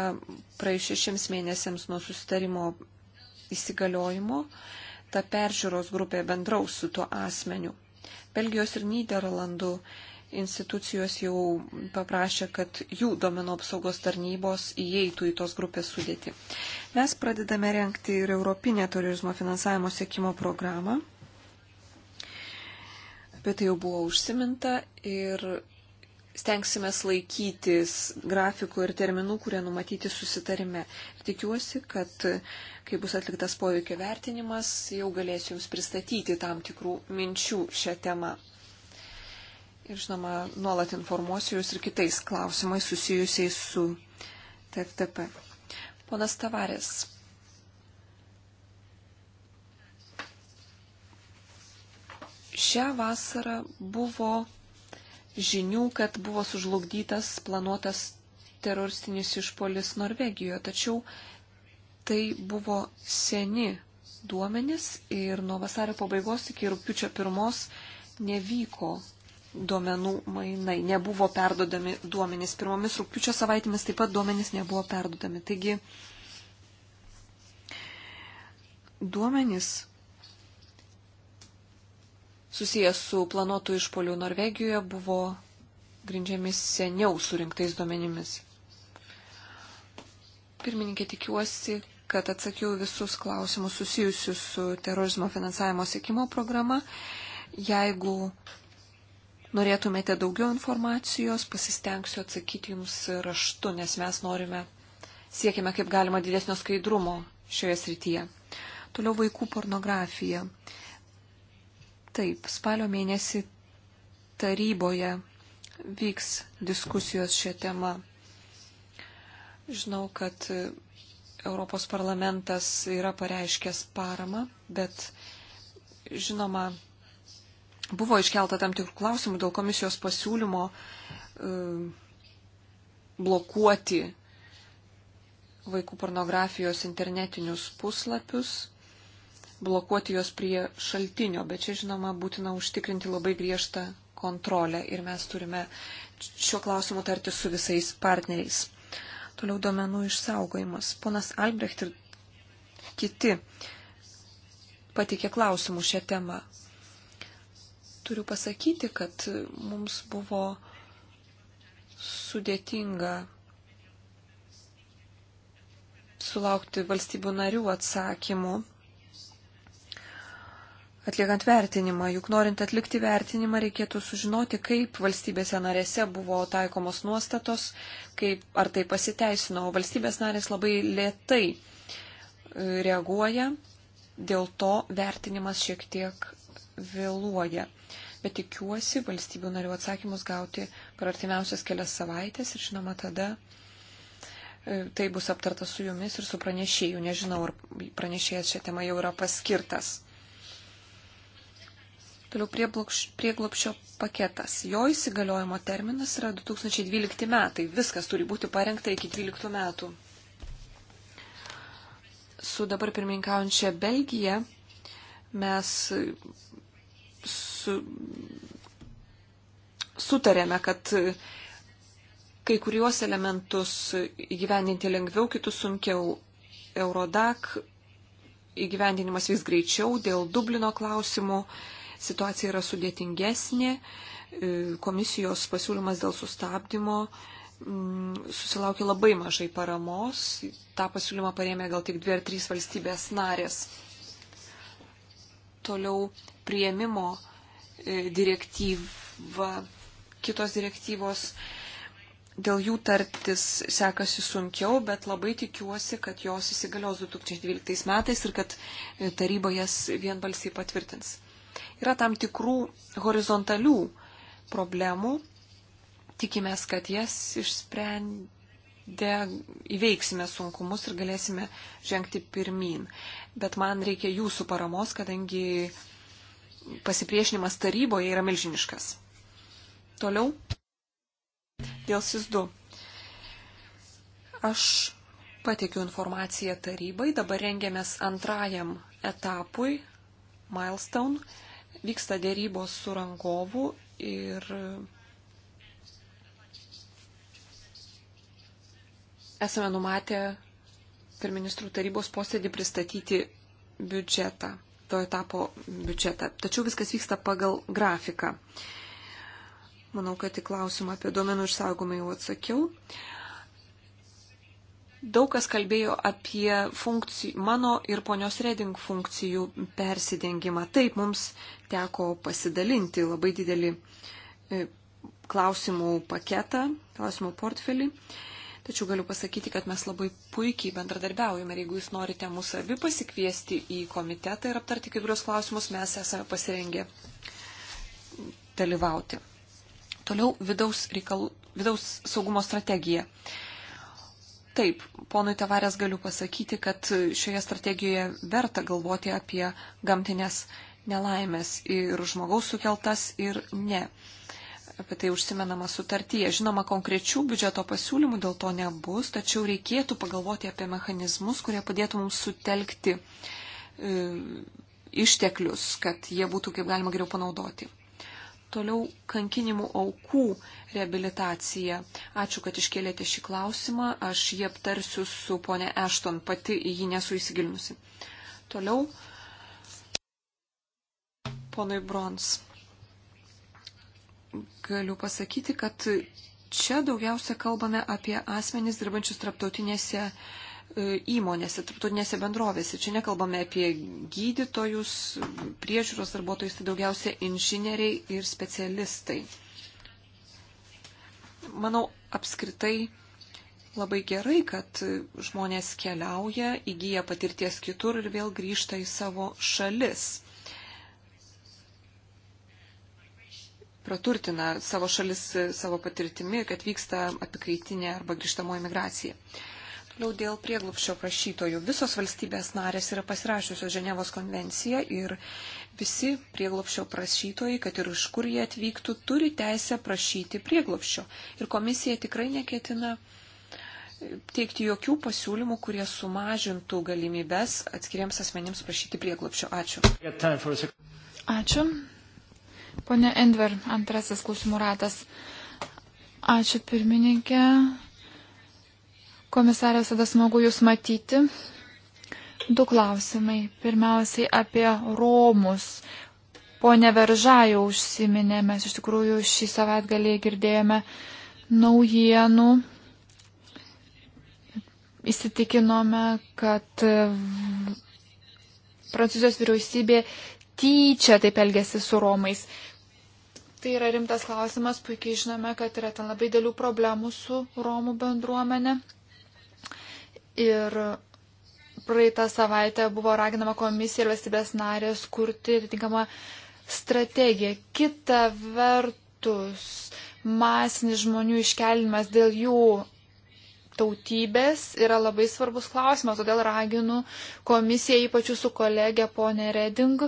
praėjus šešiems mėnesiams nuo susitarimo įsigaliojimo. Ta peržiūros grupė bendraus su tuo asmeniu. Belgijos ir Niderlandų institucijos jau paprašė, kad jų domeno apsaugos tarnybos įeitų į tos grupės sudėti. Mes pradedame renkti ir Europinę terorizmo finansavimo sėkimo programą. Apie tai jau buvo užsiminta ir stengsime laikytis grafikų ir terminų, kurie numatyti susitarime. Ir tikiuosi, kad kai bus atliktas poveikio vertinimas, jau galėsiu Jums pristatyti tam tikrų minčių šią temą. Ir žinoma, nuolat informuosiu Jūs ir kitais klausimais susijusiais su TFTP. Ponas Tavarės. Šią vasarą buvo žinių, kad buvo sužlugdytas planuotas teroristinis išpolis Norvegijoje, tačiau tai buvo seni duomenys ir nuo vasario pabaigos iki rūpiučio pirmos nevyko duomenų mainai, nebuvo perdodami duomenys. Pirmomis rūpiučio savaitėmis taip pat duomenys nebuvo perdodami. Taigi duomenys susijęs su planuotų išpolių Norvegijoje buvo grindžiami seniau surinktais duomenimis. Pirmininkė, tikiuosi, kad atsakiau visus klausimus susijusius su terorizmo finansavimo sėkimo programa. Jeigu norėtumėte daugiau informacijos, pasistengsiu atsakyti jums raštu, nes mes norime, siekime kaip galima didesnio skaidrumo šioje srityje. Toliau vaikų pornografija. Taip, spalio mėnesį taryboje vyks diskusijos šią temą. Žinau, kad Europos parlamentas yra pareiškęs paramą, bet žinoma, buvo iškelta tam tikrų klausimų dėl komisijos pasiūlymo e, blokuoti vaikų pornografijos internetinius puslapius blokuoti jos prie šaltinio, bet čia, žinoma, būtina užtikrinti labai griežtą kontrolę ir mes turime šiuo klausimu tarti su visais partneriais. Toliau duomenų išsaugojimas. Ponas Albrecht ir kiti patikė klausimų šią temą. Turiu pasakyti, kad mums buvo sudėtinga sulaukti valstybių narių atsakymų atliekant vertinimą. Juk norint atlikti vertinimą reikėtų sužinoti, kaip valstybėse narėse buvo taikomos nuostatos, kaip, ar tai pasiteisino. Valstybės narės labai lėtai e, reaguoja, dėl to vertinimas šiek tiek vėluoja. Bet tikiuosi valstybių narių atsakymus gauti per artimiausias kelias savaitės ir žinoma tada e, tai bus aptarta su jumis ir su pranešėju. Nežinau, ar pranešėjas šią temą jau yra paskirtas. Toliau prieglopšio paketas. Jo įsigaliojimo terminas yra 2012 metai. Viskas turi būti parengta iki 12 metų. Su dabar pirmininkaujančia Belgija mes su, sutarėme, kad kai kuriuos elementus įgyvendinti lengviau, kitus sunkiau. Eurodak įgyvendinimas vis greičiau dėl Dublino klausimų situacija yra sudėtingesnė. E, komisijos pasiūlymas dėl sustabdymo mm, susilaukė labai mažai paramos. Ta pasiūlymą parėmė gal tik dvi ar trys valstybės narės. Toliau prieimimo e, direktyva, kitos direktyvos dėl jų tartis sekasi sunkiau, bet labai tikiuosi, kad jos įsigalios 2012 metais ir kad e, taryba jas vienbalsiai patvirtins. Yra tam tikrų horizontalių problemų. Tikimės, kad jas išsprendė, įveiksime sunkumus ir galėsime žengti pirmin. Bet man reikia jūsų paramos, kadangi pasipriešinimas taryboje yra milžiniškas. Toliau. Dėl SIS2. Aš pateikiu informaciją tarybai, dabar rengiamės antrajam etapui, milestone vyksta dėrybos su rangovu ir esame numatę per ministrų tarybos posėdį pristatyti biudžetą, to etapo biudžetą. Tačiau viskas vyksta pagal grafiką. Manau, kad į klausimą apie duomenų išsaugomą jau atsakiau. Uh, Daug kas kalbėjo apie funkcijų, mano ir ponios Reding funkcijų persidengimą. Taip, mums teko pasidalinti labai didelį e, klausimų paketą, klausimų portfelį. Tačiau galiu pasakyti, kad mes labai puikiai bendradarbiaujame ir jeigu jūs norite mūsų abi pasikviesti į komitetą ir aptarti kai kurios klausimus, mes esame pasirengę dalyvauti. Toliau vidaus, reikalų, vidaus saugumo strategija. Taip, ponui Tavarės galiu pasakyti, kad šioje strategijoje verta galvoti apie gamtinės nelaimės ir žmogaus sukeltas ir ne. Apie tai užsimenama sutartyje. Žinoma, konkrečių biudžeto pasiūlymų dėl to nebus, tačiau reikėtų pagalvoti apie mechanizmus, kurie padėtų mums sutelkti e, išteklius, kad jie būtų kaip galima geriau panaudoti toliau kankinimų aukų reabilitacija. Ačiū, kad iškėlėte šį klausimą. Aš jį aptarsiu su ponė Ešton, pati į jį nesu įsigilinusi. Toliau ponui Brons. Galiu pasakyti, kad čia daugiausia kalbame apie asmenys dirbančius traptautinėse E, įmonėse, tarptautinėse bendrovėse. Čia nekalbame apie gydytojus, priežiūros darbuotojus, tai daugiausia inžinieriai ir specialistai. Manau, apskritai labai gerai, kad žmonės keliauja, įgyja patirties kitur ir vėl grįžta į savo šalis. Praturtina savo šalis e, savo patirtimi, kad vyksta apikreitinė arba grįžtamoji migracija. Toliau dėl prieglupščio prašytojų. Visos valstybės narės yra pasirašiusios Ženevos konvenciją ir visi prieglupščio prašytojai, kad ir iš kur jie atvyktų, turi teisę prašyti prieglupščio. Ir komisija tikrai neketina teikti jokių pasiūlymų, kurie sumažintų galimybės atskiriems asmenims prašyti prieglupščio. Ačiū. Ačiū. Pone Endver, antrasis klausimų ratas. Ačiū pirmininkė. Komisarė, visada smagu Jūs matyti. Du klausimai. Pirmiausiai apie Romus. Pone Veržajų užsiminė, mes iš tikrųjų šį savaitgalį girdėjome naujienų. Įsitikinome, kad Prancūzijos vyriausybė tyčia taip elgesi su Romais. Tai yra rimtas klausimas, puikiai žinome, kad yra ten labai dėlių problemų su Romų bendruomenė. Ir praeitą savaitę buvo raginama komisija ir valstybės narės kurti atitinkamą strategiją. Kita vertus, masinis žmonių iškelimas dėl jų tautybės yra labai svarbus klausimas, todėl raginu komisiją, ypač jūsų kolegę ponę Reding,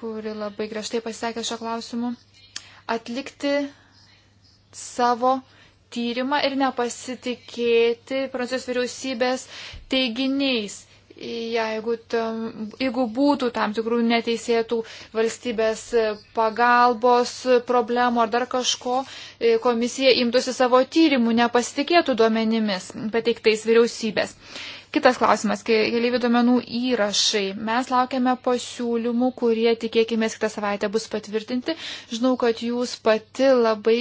kuri labai griežtai pasisekė šio klausimu, atlikti savo tyrimą ir nepasitikėti Prancūzijos vyriausybės teiginiais. Jeigu, tam, jeigu būtų tam tikrų neteisėtų valstybės pagalbos problemų ar dar kažko, e, komisija imtųsi savo tyrimų, nepasitikėtų duomenimis pateiktais vyriausybės. Kitas klausimas, keliaivių duomenų įrašai. Mes laukiame pasiūlymų, kurie tikėkime kitą savaitę bus patvirtinti. Žinau, kad jūs pati labai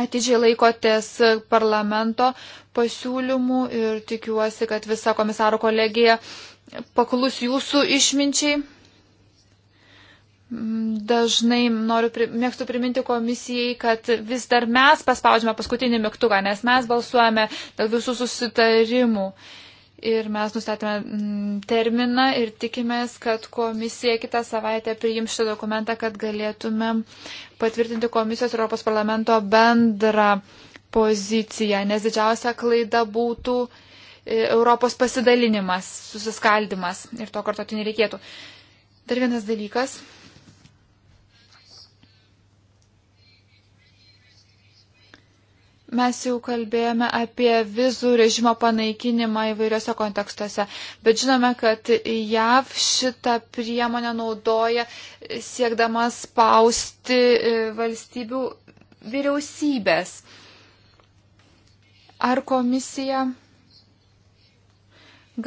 atidžiai laikotės parlamento pasiūlymų ir tikiuosi, kad visa komisaro kolegija paklus jūsų išminčiai. Mm, dažnai noriu, mėgstu priminti komisijai, kad vis dar mes paspaudžiame paskutinį mygtuką, nes mes balsuojame dėl visų susitarimų. Uh, ir mes nustatėme mm, terminą ir tikimės, kad komisija kitą savaitę priims šitą dokumentą, kad galėtume patvirtinti komisijos Europos parlamento bendrą poziciją, nes didžiausia klaida būtų e, Europos pasidalinimas, susiskaldimas ir to kartu tai nereikėtų. Dar vienas dalykas Mes jau kalbėjome apie vizų režimo panaikinimą įvairiose kontekstuose, bet žinome, kad JAV šitą priemonę naudoja siekdama spausti e, valstybių vyriausybės. Ar komisija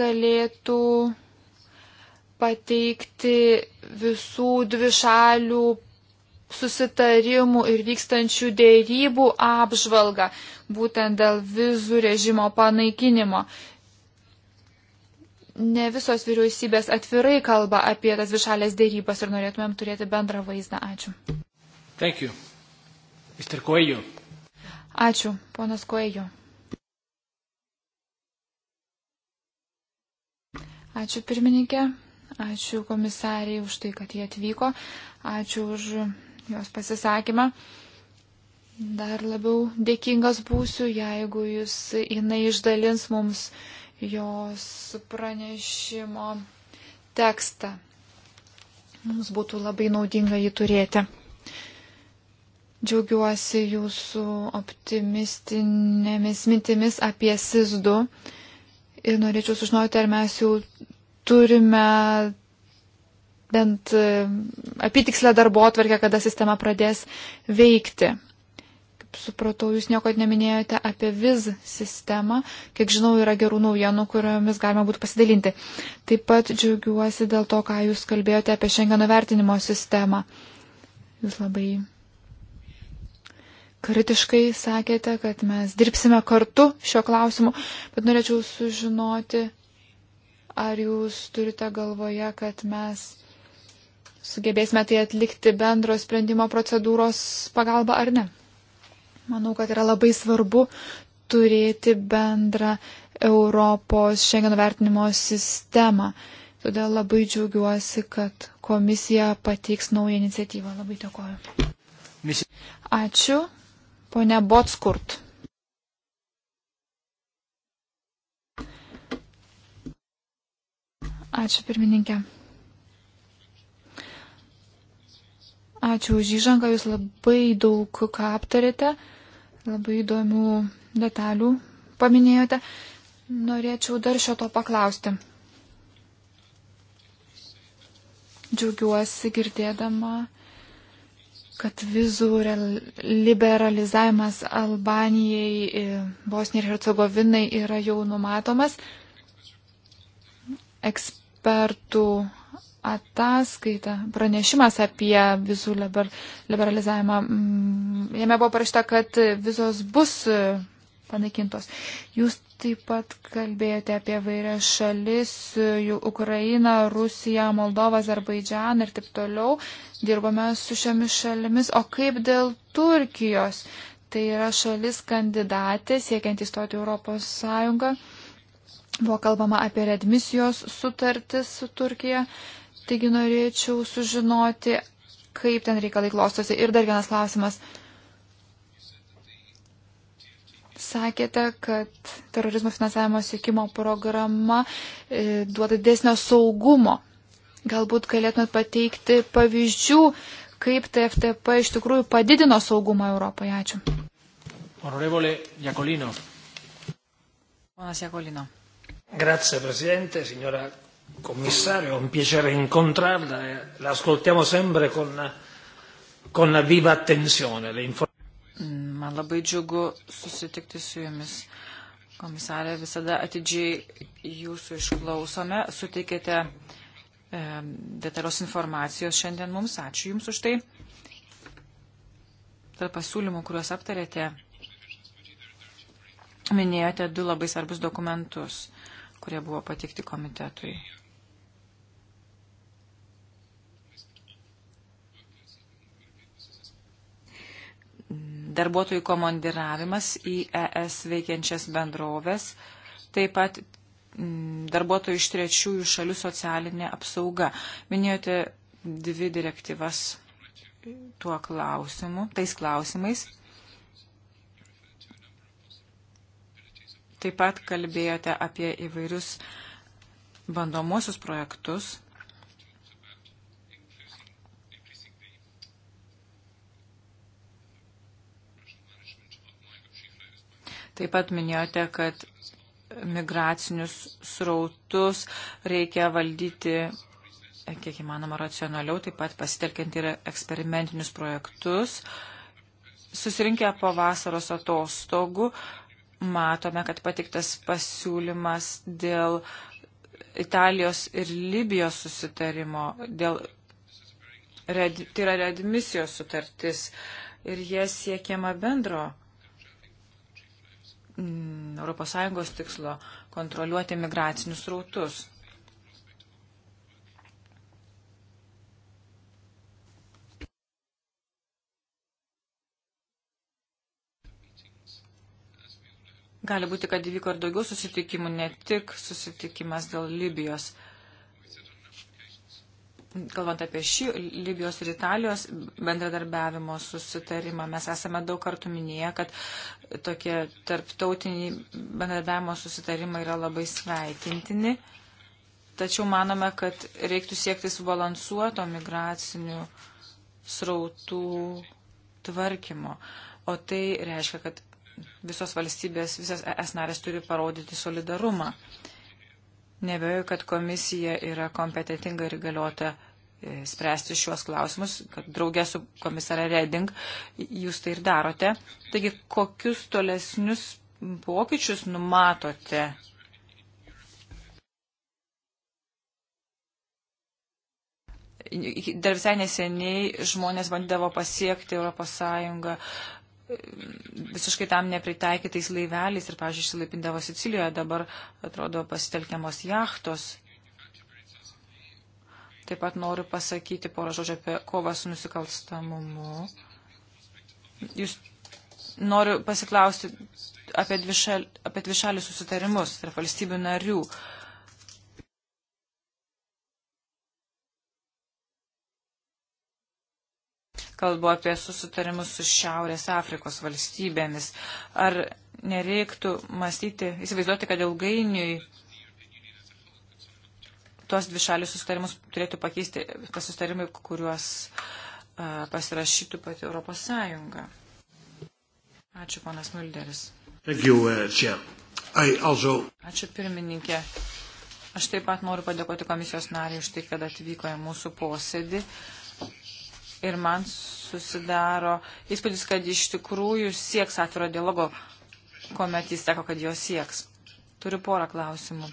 galėtų pateikti visų dvišalių susitarimų ir vykstančių dėrybų apžvalgą, būtent dėl vizų režimo panaikinimo. Ne visos vyriausybės atvirai kalba apie tas višalės dėrybas ir norėtumėm turėti bendrą vaizdą. Ačiū. Thank you. Mr. Coelho. Ačiū, ponas Coelho. Ačiū pirmininkė, ačiū komisariai už tai, kad jie atvyko, ačiū už jos pasisakymą. Dar labiau dėkingas būsiu, jeigu jūs jinai išdalins mums jos pranešimo tekstą. Mums būtų labai naudinga jį turėti. Džiaugiuosi jūsų optimistinėmis mintimis apie SIS2 ir norėčiau sužinoti, ar mes jau turime bent e, apitikslę darbo atvarkę, kada sistema pradės veikti. Kaip supratau, jūs nieko neminėjote apie viz sistemą, kiek žinau, yra gerų naujienų, kuriomis galima būtų pasidalinti. Taip pat džiaugiuosi dėl to, ką jūs kalbėjote apie šengeno vertinimo sistemą. Jūs labai kritiškai sakėte, kad mes dirbsime kartu šio klausimu, bet norėčiau sužinoti, ar jūs turite galvoje, kad mes sugebėsime tai atlikti bendro sprendimo procedūros pagalba ar ne. Manau, kad yra labai svarbu turėti bendrą Europos šiandieno vertinimo sistemą. Todėl labai džiaugiuosi, kad komisija pateiks naują iniciatyvą. Labai dėkoju. Ačiū. Pone Botskurt. Ačiū pirmininkė. Ačiū už įžangą, jūs labai daug ką aptarėte, labai įdomių detalių paminėjote. Norėčiau dar šio to paklausti. Džiaugiuosi girdėdama, kad vizų liberalizavimas Albanijai, e, Bosnijai ir Hercegovinai yra jau numatomas. Ekspertų ataskaitą, pranešimas apie vizų liber, liberalizavimą. Mm, jame buvo parašta, kad vizos bus e, panaikintos. Jūs taip pat kalbėjote apie vairias šalis, e, Ukrainą, Rusiją, Moldovą, Azerbaidžianą ir taip toliau. Dirbame su šiomis šalimis. O kaip dėl Turkijos? Tai yra šalis kandidatė siekiant įstoti Europos Sąjungą. Buvo kalbama apie redmisijos sutartis su Turkija. Taigi norėčiau sužinoti, kaip ten reikalai klostosi. Ir dar vienas klausimas. Sakėte, kad terorizmo finansavimo siekimo programa e, duoda desnio saugumo. Galbūt galėtumėt pateikti pavyzdžių, kaip TFTP tai iš tikrųjų padidino saugumą Europoje. Ačiū. Honorevole Jakolino. Ponas Jakolino. Grazie, prezidente, signora Commissario, è un piacere incontrarla e la ascoltiamo sempre con, con viva attenzione. Le Man labai džiugu susitikti su jumis. Komisarė, visada atidžiai jūsų išklausome, suteikėte e, detalios informacijos šiandien mums. Ačiū Jums už tai. Tarp pasiūlymų, kuriuos aptarėte, minėjote du labai svarbus dokumentus, kurie buvo patikti komitetui. darbuotojų komandiravimas į ES veikiančias bendrovės, taip pat mm, darbuotojų iš trečiųjų šalių socialinė apsauga. Minėjote dvi direktyvas tuo klausimu, tais klausimais. Taip pat kalbėjote apie įvairius bandomuosius projektus Taip pat minėjote, kad migracinius srautus reikia valdyti kiek įmanoma racionaliau, taip pat pasitelkiant ir eksperimentinius projektus. Susirinkę po vasaros atostogų, matome, kad patiktas pasiūlymas dėl Italijos ir Libijos susitarimo, dėl, red, tai yra readmisijos sutartis ir jie siekiama bendro Mm, ES tikslo kontroliuoti migracinius rautus. Gali būti, kad įvyko ir daugiau susitikimų, ne tik susitikimas dėl Libijos kalbant apie šį Libijos ir Italijos bendradarbiavimo susitarimą, mes esame daug kartų minėję, kad tokie tarptautiniai bendradarbiavimo susitarimai yra labai sveikintini. Tačiau manome, kad reiktų siekti subalansuoto migracinių srautų tvarkymo. O tai reiškia, kad visos valstybės, visas ES narės turi parodyti solidarumą. Nebejoju, kad komisija yra kompetitinga ir galiota E, spręsti šiuos klausimus, kad draugė su komisarė Reding jūs tai ir darote. Taigi, kokius tolesnius pokyčius numatote? Dar visai neseniai žmonės bandydavo pasiekti ES e, visiškai tam nepritaikytais laiveliais ir, pavyzdžiui, išsilaipindavo Sicilijoje, dabar atrodo pasitelkiamos jachtos Taip pat noriu pasakyti porą žodžių apie kovą su nusikalstamumu. Jūs noriu pasiklausti apie dvišalius dvi susitarimus tarp valstybių narių. kalbu apie susitarimus su Šiaurės Afrikos valstybėmis. Ar nereiktų mąstyti, įsivaizduoti, kad ilgainiui tuos dvišalius sustarimus turėtų pakeisti tas sustarimai, kuriuos pasirašytų pati Europos Sąjunga. Ačiū, ponas Mulderis. Uh, Ačiū, pirmininkė. Aš taip pat noriu padėkoti komisijos nariai už tai, kad atvyko į mūsų posėdį. Ir man susidaro įspūdis, kad iš tikrųjų sieks atviro dialogo, kuomet jis sako, kad jo sieks. Turiu porą klausimų.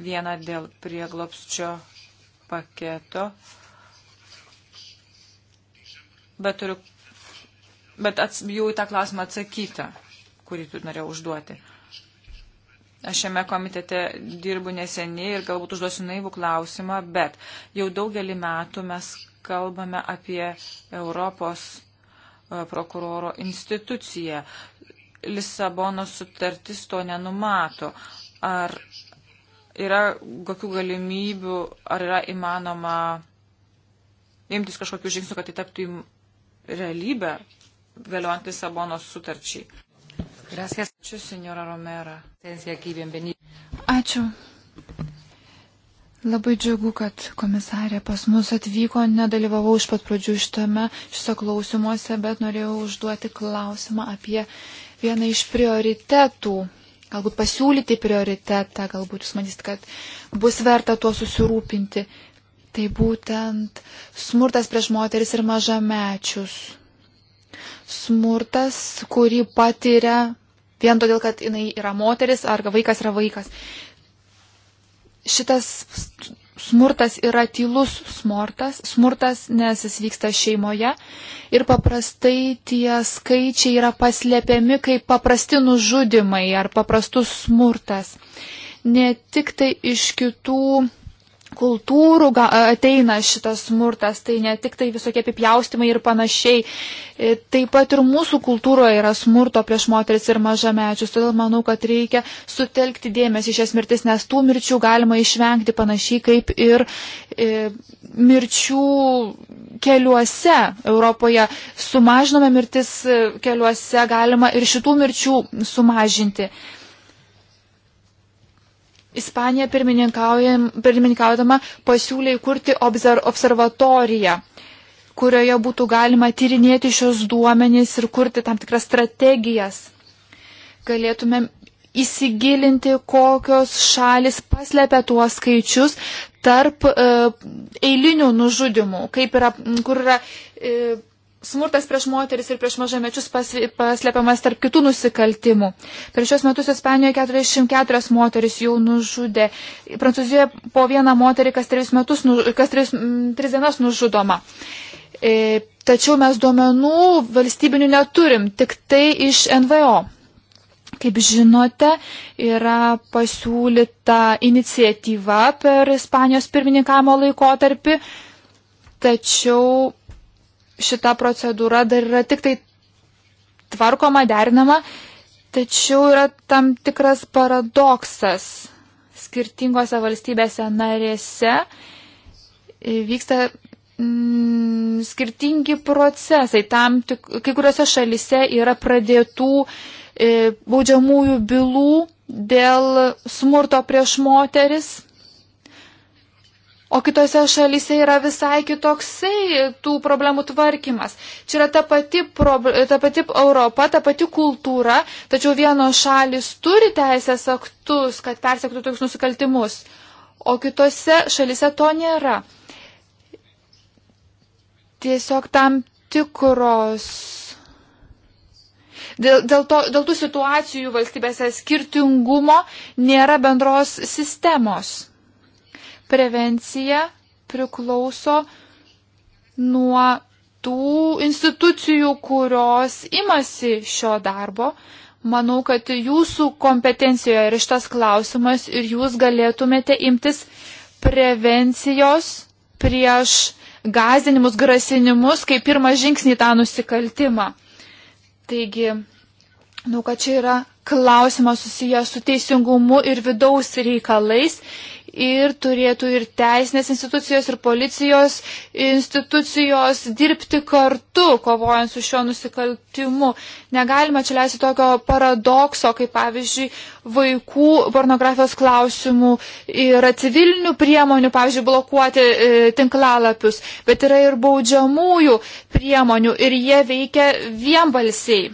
Vieną dėl prieglopščio paketo. Bet, turiu, bet ats, jau į tą klausimą atsakyta, kurį tu norėjau užduoti. Aš šiame komitete dirbu neseniai ir galbūt užduosiu naivų klausimą, bet jau daugelį metų mes kalbame apie Europos e, prokuroro instituciją. Lisabono sutartis to nenumato. Ar yra kokių galimybių, ar yra įmanoma imtis kažkokių žingsnių, kad tai taptų realybę, galiuojant Lisabonos sutarčiai. Gracias. Ačiū, senjora Romera. Ačiū. Labai džiugu, kad komisarė pas mus atvyko, nedalyvavau iš pat pradžių šitame, šito klausimuose, bet norėjau užduoti klausimą apie vieną iš prioritetų galbūt pasiūlyti prioritetą, galbūt jūs matysit, kad bus verta tuo susirūpinti. Tai būtent smurtas prieš moteris ir mažamečius. Smurtas, kurį patiria vien todėl, kad jinai yra moteris ar vaikas yra vaikas. Šitas smurtas yra tylus smurtas, smurtas, nes jis vyksta šeimoje ir paprastai tie skaičiai yra paslėpiami kaip paprasti nužudimai ar paprastus smurtas. Ne tik tai iš kitų kultūrų ateina šitas smurtas, tai ne tik tai visokie apipjaustimai ir panašiai. E, taip pat ir mūsų kultūroje yra smurto prieš moteris ir mažamečius, todėl manau, kad reikia sutelkti dėmesį šias mirtis, nes tų mirčių galima išvengti panašiai kaip ir e, mirčių keliuose Europoje. Sumažinome mirtis e, keliuose, galima ir šitų mirčių sumažinti. E, Ispanija pirmininkaujama pasiūlė įkurti observatoriją, kurioje būtų galima tyrinėti šios duomenys ir kurti tam tikras strategijas. Galėtumėm įsigilinti, kokios šalis paslėpia tuos skaičius tarp e, eilinių nužudimų, kaip yra, kur yra e, smurtas prieš moteris ir prieš mažamečius paslepiamas tarp kitų nusikaltimų. Per šios metus Ispanijoje 44 moteris jau nužudė. Prancūzijoje po vieną moterį kas tris, metus, nu, kas tris, tris dienas nužudoma. E, tačiau mes duomenų valstybinių neturim, tik tai iš NVO. Kaip žinote, yra pasiūlyta iniciatyva per Ispanijos pirmininkavimo laikotarpį, tačiau šita procedūra dar yra tik tai tvarkoma, derinama, tačiau yra tam tikras paradoksas. Skirtingose valstybėse narėse vyksta mm, skirtingi procesai. Tam tik, kai kuriuose šalise yra pradėtų e, baudžiamųjų bylų dėl smurto prieš moteris O kitose šalyse yra visai kitoksai tų problemų tvarkymas. Čia yra ta pati, problem, ta pati Europa, ta pati kultūra, tačiau vienos šalis turi teisės aktus, kad persektų tokius nusikaltimus, o kitose šalyse to nėra. Tiesiog tam tikros. Dėl, dėl, to, dėl tų situacijų valstybėse skirtingumo nėra bendros sistemos prevencija priklauso nuo tų institucijų, kurios imasi šio darbo. Manau, kad jūsų kompetencijoje yra šitas klausimas ir jūs galėtumėte imtis prevencijos prieš gazinimus, grasinimus, kaip pirmą žingsnį tą nusikaltimą. Taigi, nu, kad čia yra klausimas susijęs su teisingumu ir vidaus reikalais ir turėtų ir teisinės institucijos, ir policijos institucijos dirbti kartu, kovojant su šiuo nusikaltimu. Negalima čia leisti tokio paradokso, kaip pavyzdžiui, vaikų pornografijos klausimų yra civilinių priemonių, pavyzdžiui, blokuoti e, tinklalapius, bet yra ir baudžiamųjų priemonių ir jie veikia vienbalsiai.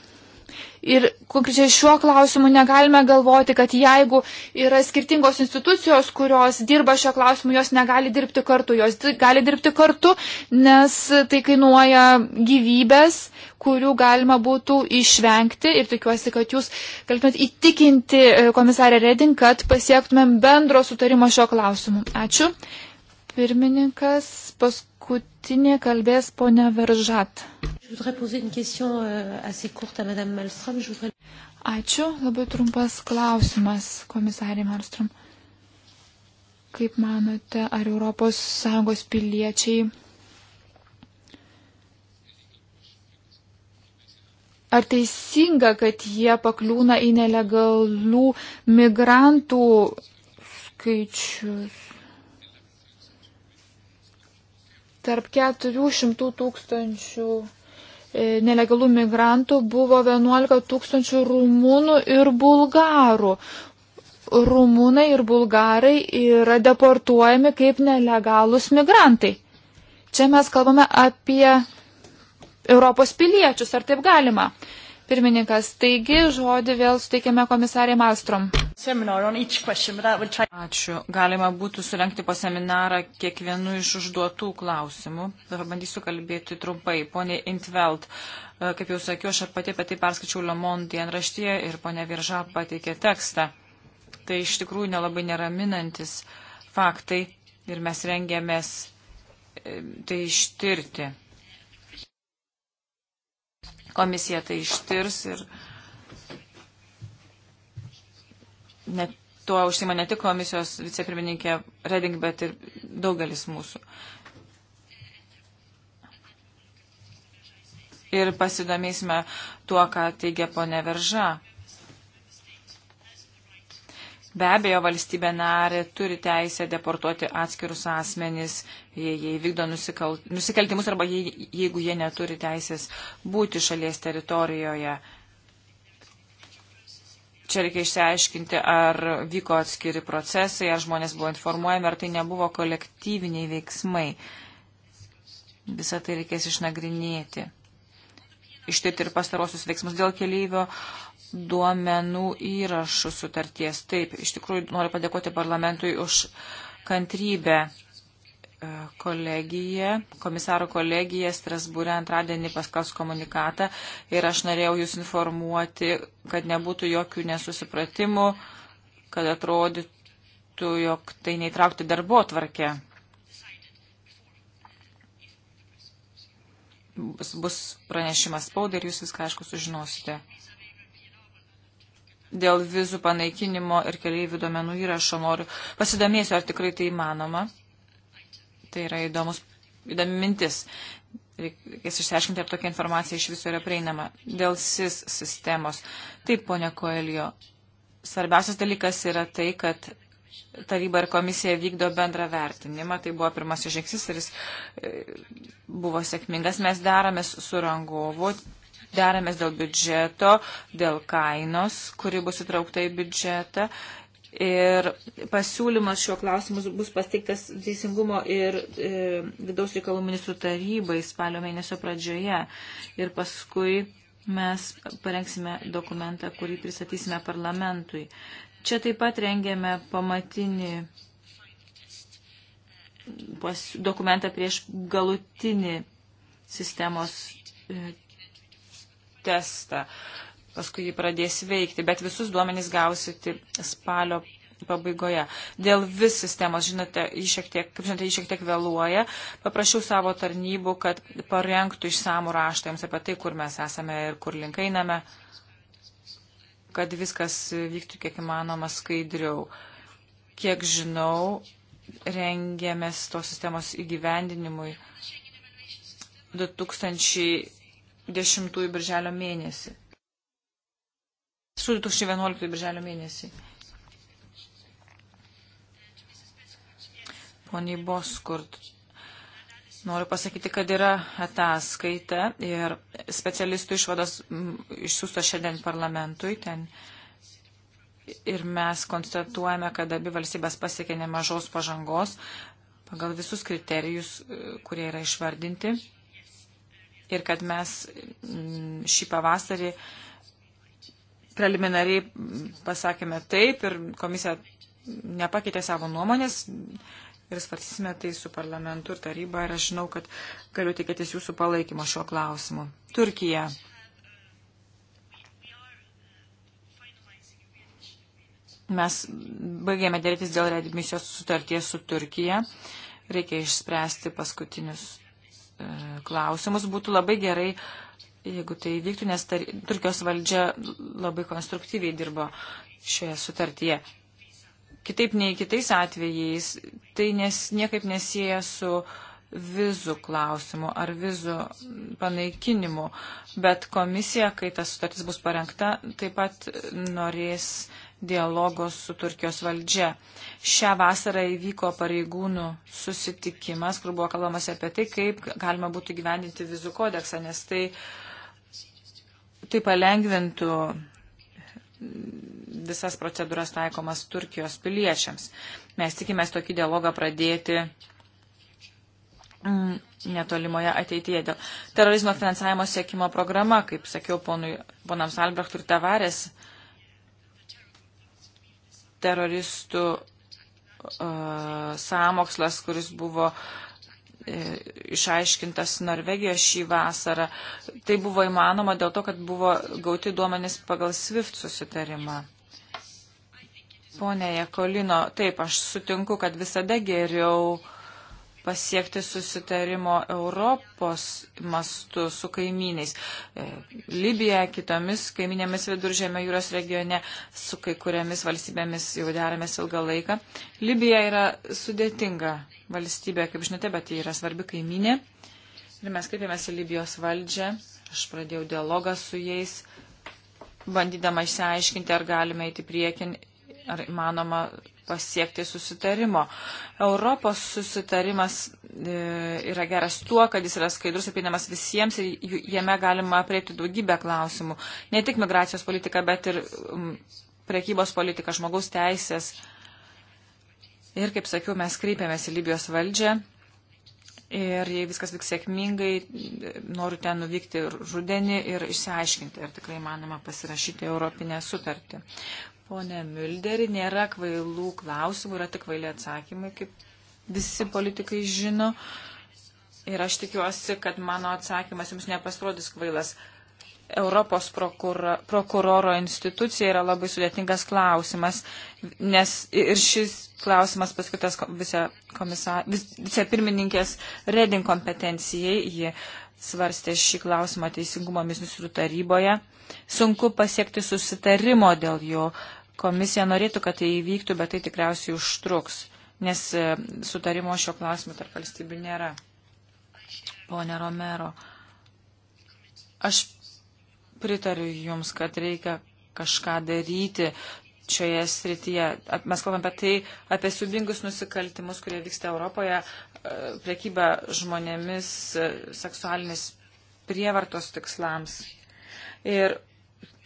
Ir konkrečiai šiuo klausimu negalime galvoti, kad jeigu yra skirtingos institucijos, kurios dirba šiuo klausimu, jos negali dirbti kartu. Jos gali dirbti kartu, nes tai kainuoja gyvybės, kurių galima būtų išvengti. Ir tikiuosi, kad jūs galėtumėt įtikinti e, komisarę Redin, kad pasiektumėm bendro sutarimo šiuo klausimu. Ačiū. Pirmininkas, paskui paskutinė kalbės ponia Veržat. Euh, Ačiū, labai trumpas klausimas, komisarė Malmström. Kaip manote, ar ES piliečiai Ar teisinga, kad jie pakliūna į nelegalų migrantų skaičius? tarp 400 tūkstančių e, nelegalų migrantų buvo 11 tūkstančių rumunų ir bulgarų. Rumunai ir bulgarai yra deportuojami kaip nelegalus migrantai. Čia mes kalbame apie Europos piliečius, ar taip galima? Pirmininkas, taigi žodį vėl suteikėme komisarė Malstrom. Question, try... Ačiū. Galima būtų surenkti po seminarą kiekvienu iš užduotų klausimų. Dabar bandysiu kalbėti trumpai. Pone Intveld, e, kaip jau sakiau, aš pati apie tai perskaičiau Lamont dienraštyje ir ponia Virža pateikė tekstą. Tai iš tikrųjų nelabai neraminantis faktai ir mes rengėmės e, tai ištirti. Komisija tai ištirs ir net tuo užsima ne tik komisijos vicepirmininkė Reding, bet ir daugelis mūsų. Ir pasidomėsime tuo, ką teigia ponė Verža. Be abejo, valstybė narė turi teisę deportuoti atskirus asmenys, jei jie vykdo nusikal... nusikaltimus arba jei, jeigu jie neturi teisės būti šalies teritorijoje. Uh, Čia reikia išsiaiškinti, ar vyko atskiri procesai, ar žmonės buvo informuojami, ar tai nebuvo kolektyviniai veiksmai. Visą tai reikės išnagrinėti. Ištirti ir pastarosius veiksmus dėl keleivio duomenų įrašų sutarties. Taip, iš tikrųjų noriu padėkoti parlamentui už kantrybę E, kolegija, komisaro kolegija Strasbūrė antradienį paskas komunikatą ir aš norėjau jūs informuoti, kad nebūtų jokių nesusipratimų, kad atrodytų, jog tai neįtraukti darbo tvarkę. Bus, bus pranešimas spaudai ir jūs viską aišku sužinosite. Dėl vizų panaikinimo ir keliaivių duomenų įrašo noriu pasidomėsiu, ar tikrai tai įmanoma. Tai yra įdomus, įdomi mintis. Reikės išsiaiškinti, ar tokia informacija iš viso yra prieinama. Dėl SIS sistemos. Taip, ponia Koelio, svarbiausias dalykas yra tai, kad taryba ir komisija vykdo bendrą vertinimą. Tai buvo pirmasis žingsnis ir jis e, buvo sėkmingas. Mes deramės su rangovu, deramės dėl biudžeto, dėl kainos, kuri bus įtraukta į biudžetą. Ir pasiūlymas šiuo klausimu bus pasteiktas Teisingumo ir e, Vidaus reikalų ministrų tarybai spalio mėnesio pradžioje. Ir paskui mes parengsime dokumentą, kurį pristatysime parlamentui. Čia taip pat rengėme pamatinį dokumentą prieš galutinį sistemos e, testą paskui jį pradės veikti, bet visus duomenys gausite spalio pabaigoje. Dėl vis sistemos, žinote, jis šiek tiek, kaip žinote, jis šiek tiek vėluoja. Paprašiau savo tarnybų, kad parengtų išsamų raštą jums apie tai, kur mes esame ir kur link einame, kad viskas vyktų kiek įmanoma skaidriau. Kiek žinau, rengėmės tos sistemos įgyvendinimui 2010 birželio mėnesį su 2011 birželio mėnesį. Poniai Boskurt, noriu pasakyti, kad yra ataskaita ir specialistų išvados išsiųsto šiandien parlamentui. Ten ir mes konstatuojame, kad abi valstybės pasiekė nemažos pažangos pagal visus kriterijus, e, kurie yra išvardinti. Ir kad mes šį pavasarį uh, preliminariai pasakėme taip ir komisija nepakeitė savo nuomonės ir svarstysime tai su parlamentu ir taryba ir aš žinau, kad galiu tikėtis jūsų palaikymo šiuo klausimu. Turkija. Mes baigėme dėrėtis dėl readmisijos sutarties su Turkija. Reikia išspręsti paskutinius e, klausimus. Būtų labai gerai e, jeigu tai vyktų, nes tar, Turkijos valdžia labai konstruktyviai dirbo šioje sutartyje. Kitaip nei kitais atvejais, tai nes, niekaip nesieja su vizų klausimu ar vizų panaikinimu, bet komisija, kai tas sutartis bus parengta, taip pat norės dialogos su Turkijos valdžia. Šią vasarą įvyko pareigūnų susitikimas, kur buvo kalbamas apie tai, kaip galima būtų gyvendinti vizų kodeksą, nes tai uh, tai palengvintų visas procedūras taikomas Turkijos piliečiams. Mes tikimės tokį dialogą pradėti mm, netolimoje ateityje. Dėl terorizmo finansavimo sėkimo programa, kaip sakiau ponui, ponams Albrecht ir Tavarės, teroristų uh, sąmokslas, kuris buvo uh, E, išaiškintas Norvegijos šį vasarą. Tai buvo įmanoma dėl to, kad buvo gauti duomenys pagal SWIFT susitarimą. Pone Jekolino, taip, aš sutinku, kad visada geriau uh, pasiekti susitarimo Europos mastu su kaimynais. E, Libija, kitomis kaiminėmis viduržėme jūros regione, su kai kuriamis valstybėmis jau deramės ilgą laiką. Libija yra sudėtinga valstybė, kaip žinote, bet ji yra svarbi kaiminė. Ir mes kreipėmės į Libijos valdžią, aš pradėjau dialogą su jais, bandydama išsiaiškinti, ar galime eiti priekin, ar įmanoma pasiekti susitarimo. Europos susitarimas e, yra geras tuo, kad jis yra skaidrus apieinamas visiems ir jame galima apreipti daugybę klausimų. Ne tik migracijos politika, bet ir prekybos politika, žmogaus teisės. Ir, kaip sakiau, mes kreipėmės į Libijos valdžią. Ir jei viskas vyks sėkmingai, noriu ten nuvykti rudenį ir išsiaiškinti, ar tikrai manoma pasirašyti Europinę sutartį. Pone Mülderi, nėra kvailų klausimų, yra tik kvaili atsakymai, kaip visi politikai žino. Ir aš tikiuosi, kad mano atsakymas jums nepasirodys kvailas. Europos prokuro, prokuroro institucija yra labai sudėtingas klausimas, nes ir šis klausimas paskirtas vicepirmininkės vice Redin kompetencijai, ji svarstė šį klausimą Teisingumo ministrų taryboje. Sunku pasiekti susitarimo dėl jo, Komisija norėtų, kad tai įvyktų, bet tai tikriausiai užtruks, nes e, sutarimo šio klausimu tarp valstybių nėra. Pone Romero, aš pritariu Jums, kad reikia kažką daryti šioje srityje. Mes kalbame apie tai, apie subingus nusikaltimus, kurie vyksta Europoje, e, priekyba žmonėmis, e, seksualinis prievartos tikslams. Ir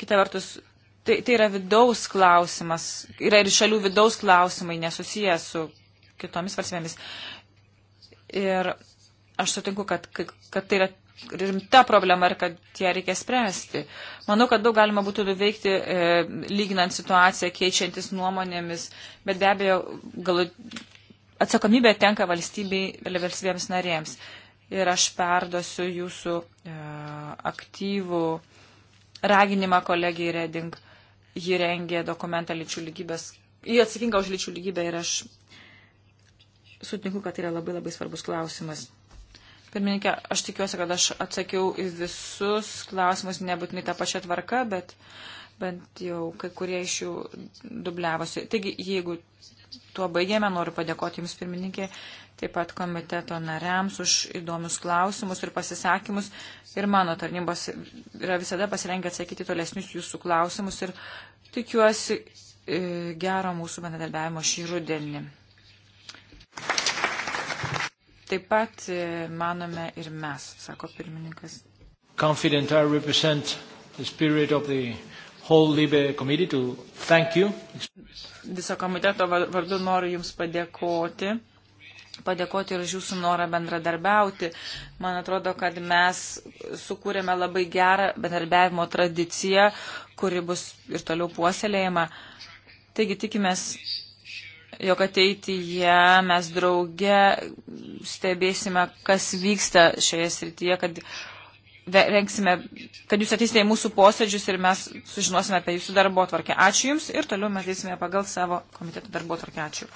kita vertus, tai, tai yra vidaus klausimas, yra ir šalių vidaus klausimai nesusiję su kitomis valstybėmis. Ir aš sutinku, kad, kad tai yra rimta problema ir kad ją reikia spręsti. Manau, kad daug galima būtų nuveikti, e, lyginant situaciją, keičiantis nuomonėmis, bet be abejo, galu, atsakomybė tenka valstybėms narėms. Ir aš perdosiu jūsų e, aktyvų raginimą kolegijai Reding. E, Ji rengė dokumentą lyčių lygybės. Ji atsakinga už lyčių lygybę ir aš sutinku, kad tai yra labai labai svarbus klausimas. Pirmininkė, aš tikiuosi, kad aš atsakiau į visus klausimus, nebūtinai tą pačią tvarką, bet bent jau kai kurie iš jų dubliavosi. Taigi, jeigu tuo baigėme. Noriu padėkoti Jums, pirmininkė, taip pat komiteto nariams už įdomius klausimus ir pasisakymus. Ir mano tarnybos yra visada pasirengę atsakyti tolesnius Jūsų klausimus ir tikiuosi e, gero mūsų bendradarbiavimo šį rudenį. Taip pat e, manome ir mes, sako pirmininkas. Confident I represent the spirit of the Viso komiteto vardu noriu Jums padėkoti. Padėkoti ir už Jūsų norą bendradarbiauti. Man atrodo, kad mes sukūrėme labai gerą bendradarbiavimo tradiciją, kuri bus ir toliau puoselėjama. Taigi tikimės, jog ateityje mes drauge stebėsime, kas vyksta šioje srityje, kad rengsime, kad jūs ateisite į mūsų posėdžius ir mes sužinosime apie jūsų darbo tvarkę. Ačiū Jums ir toliau mes eisime pagal savo komiteto darbo tvarkę. Ačiū.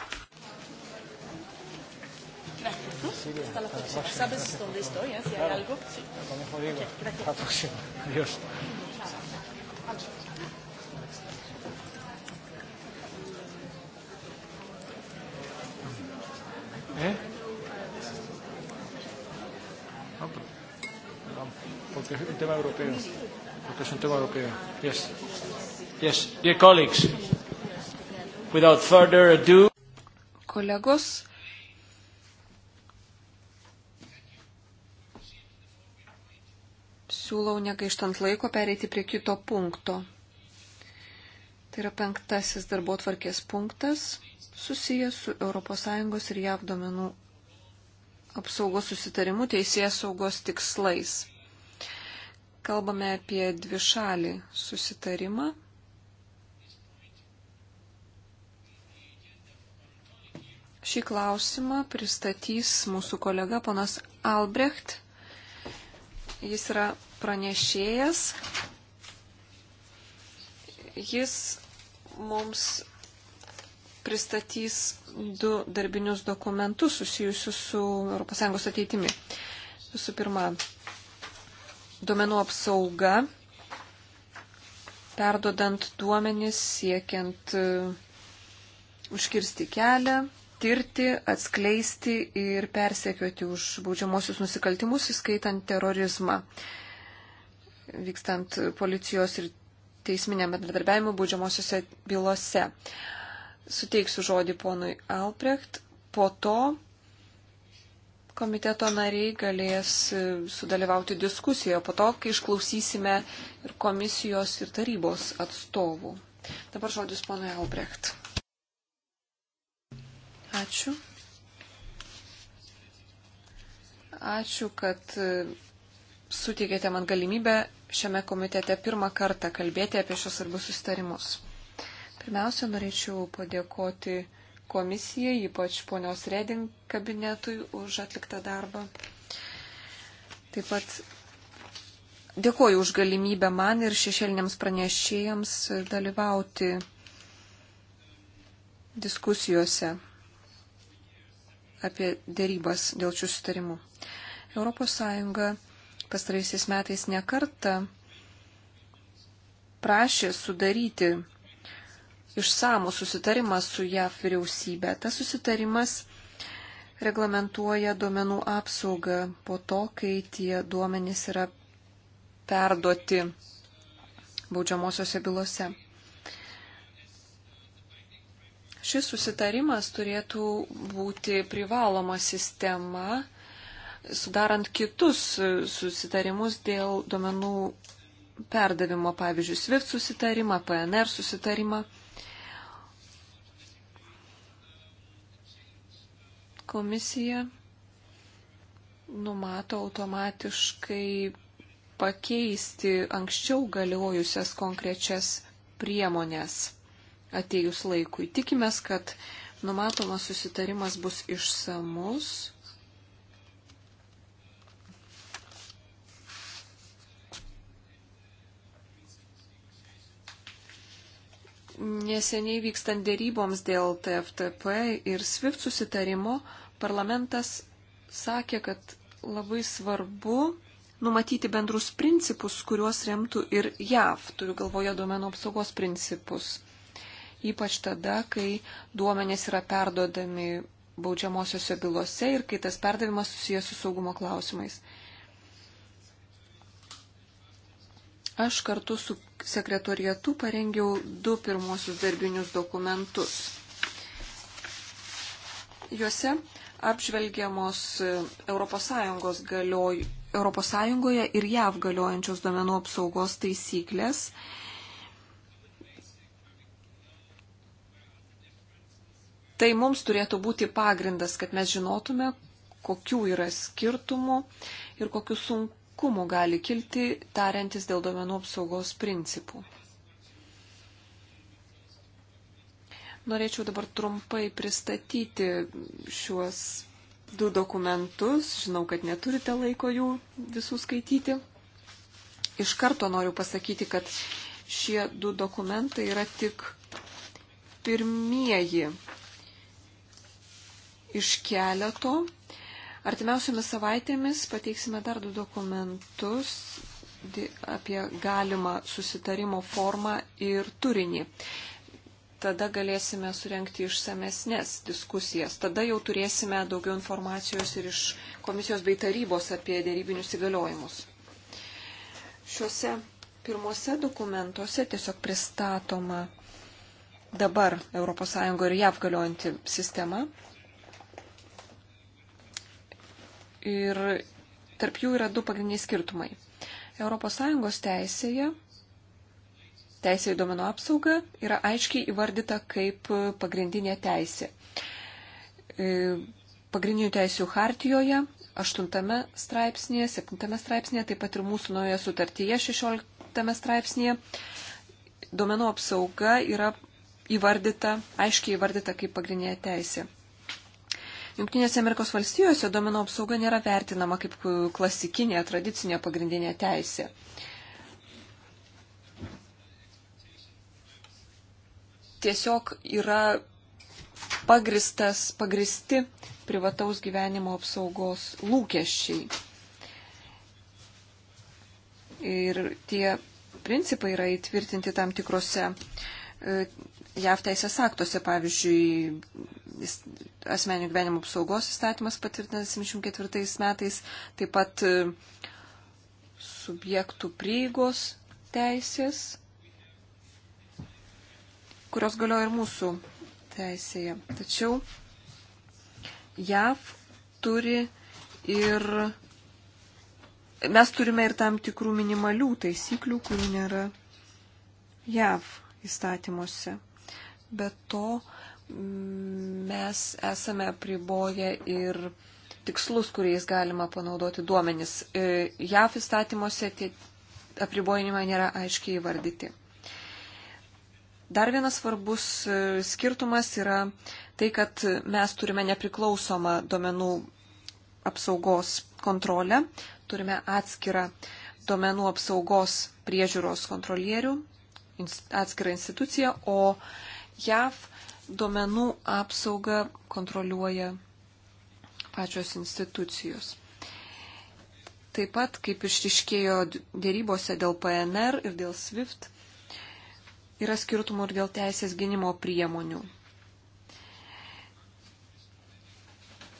¿Sabes dónde estoy? Eh? ¿Si hay algo? Sí. Lo mejor digo. Hasta la próxima. Adiós. ¿Eh? porque es un tema europeo. Porque es un tema europeo. Yes. Yes. Dear colleagues, without further ado. Kolegos. Siūlau negaištant laiko pereiti prie kito punkto. Tai yra penktasis darbo tvarkės punktas susijęs su ES ir JAV domenų apsaugos susitarimu teisės saugos tikslais. Kalbame apie dvišalį susitarimą. Šį klausimą pristatys mūsų kolega ponas Albrecht. Jis yra pranešėjas. Jis mums pristatys du darbinius dokumentus susijusius su ES ateitimi. Visų pirma, duomenų apsauga, perdodant duomenis, siekiant e, užkirsti kelią, tirti, atskleisti ir persekioti už baudžiamosius nusikaltimus, įskaitant terorizmą, vykstant policijos ir teisminėm bendradarbiavimu baudžiamosiuose bylose. Suteiksiu žodį ponui Alprecht, po to komiteto nariai galės e, sudalyvauti diskusijoje po to, kai išklausysime ir komisijos ir tarybos atstovų. Dabar žodis ponui Albrecht. Ačiū. Ačiū, kad e, suteikėte man galimybę šiame komitete pirmą kartą kalbėti apie šios svarbius sustarimus. Pirmiausia, norėčiau padėkoti komisijai, ypač ponios Reding kabinetui už atliktą darbą. Taip pat dėkoju už galimybę man ir šešėliniams pranešėjams dalyvauti diskusijose apie dėrybas dėl šių sutarimų. ES pastaraisiais metais nekarta prašė sudaryti išsamų susitarimą su JAF vyriausybė. Tas susitarimas reglamentuoja duomenų apsaugą po to, kai tie duomenys yra perduoti baudžiamosiose bylose. Šis susitarimas turėtų būti privaloma sistema, sudarant kitus susitarimus dėl duomenų perdavimo, pavyzdžiui, SWIFT susitarimą, PNR susitarimą. Komisija numato automatiškai pakeisti anksčiau galiojusias konkrečias priemonės atėjus laikui. Tikimės, kad numatomas susitarimas bus išsamus. Neseniai vykstant dėryboms dėl TFTP ir SWIFT susitarimo, parlamentas sakė, kad labai svarbu numatyti bendrus principus, kuriuos remtų ir JAV, turiu galvoje duomenų apsaugos principus. Ypač tada, kai duomenės yra perdodami baudžiamosiose bylose ir kai tas perdavimas susijęs su saugumo klausimais. Aš kartu su sekretorietu parengiau du pirmosius darbinius dokumentus. Juose apžvelgiamos ES, galioj, ES ir JAV galiojančios duomenų apsaugos taisyklės. Tai mums turėtų būti pagrindas, kad mes žinotume, kokių yra skirtumų ir kokių sunkumų gali kilti tariantis dėl duomenų apsaugos principų. Norėčiau dabar trumpai pristatyti šiuos du dokumentus. Žinau, kad neturite laiko jų visų skaityti. Iš karto noriu pasakyti, kad šie du dokumentai yra tik pirmieji iš keleto. Artimiausiomis savaitėmis pateiksime dar du dokumentus apie galimą susitarimo formą ir turinį tada galėsime surenkti išsamesnės diskusijas. Tada jau turėsime daugiau informacijos ir iš komisijos bei tarybos apie dėrybinius įgaliojimus. Šiuose pirmuose dokumentuose tiesiog pristatoma dabar ES ir JAV galiojanti sistema. Ir tarp jų yra du pagrindiniai skirtumai. ES teisėje teisė į duomenų apsaugą yra aiškiai įvardyta kaip pagrindinė teisė. E, pagrindinių teisių hartijoje, 8 straipsnėje, 7 straipsnėje, taip pat ir mūsų naujoje sutartyje, 16 straipsnėje, duomenų apsauga yra įvardyta, aiškiai įvardyta kaip pagrindinė teisė. Junktinėse Amerikos valstijose duomenų apsauga nėra vertinama kaip klasikinė, tradicinė pagrindinė teisė. tiesiog yra pagristas, pagristi privataus gyvenimo apsaugos lūkesčiai. Ir tie principai yra įtvirtinti tam tikrose e, JAV teisės aktuose, pavyzdžiui, asmenių gyvenimo apsaugos įstatymas patvirtintas 74 metais, taip pat e, subjektų prieigos teisės kurios galioja ir mūsų teisėje. Tačiau JAV turi ir mes turime ir tam tikrų minimalių taisyklių, kurių nėra JAV įstatymuose. Bet to mm, mes esame priboję ir tikslus, kuriais galima panaudoti duomenis. E, JAV įstatymuose tie apribojimai nėra aiškiai įvardyti. Dar vienas svarbus e, skirtumas yra tai, kad mes turime nepriklausomą duomenų apsaugos kontrolę, turime atskirą duomenų apsaugos priežiūros kontrolierių, atskirą instituciją, o JAV duomenų apsaugą kontroliuoja pačios institucijos. Taip pat, kaip išriškėjo dėrybose dėl PNR ir dėl SWIFT, yra skirtumų ir dėl teisės gynimo priemonių.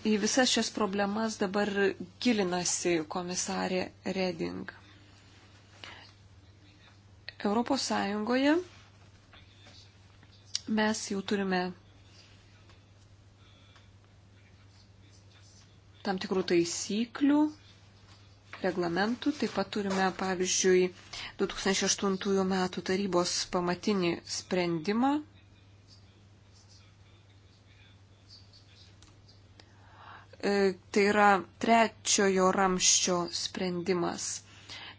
Į visas šias problemas dabar gilinasi komisarė Reding. Europos Sąjungoje mes jau turime tam tikrų taisyklių reglamentų. Taip pat turime, pavyzdžiui, 2008 metų tarybos pamatinį sprendimą. E, tai yra trečiojo ramščio sprendimas.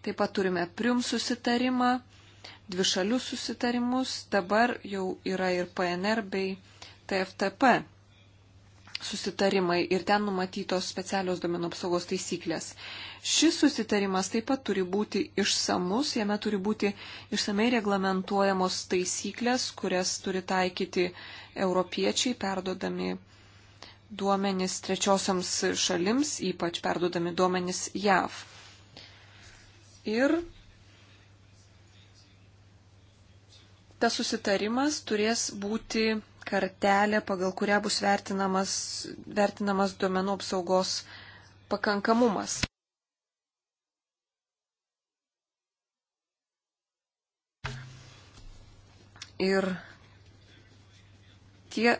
Taip pat turime prium susitarimą, dvišalius susitarimus, dabar jau yra ir PNR bei TFTP susitarimai ir ten numatytos specialios domenų apsaugos taisyklės. Šis susitarimas taip pat turi būti išsamus, jame turi būti išsamei reglamentuojamos taisyklės, kurias turi taikyti europiečiai, perdodami duomenis trečiosiams šalims, ypač perdodami duomenis JAV. Ir tas susitarimas turės būti kartelė, pagal kurią bus vertinamas, vertinamas duomenų apsaugos pakankamumas. Ir tie,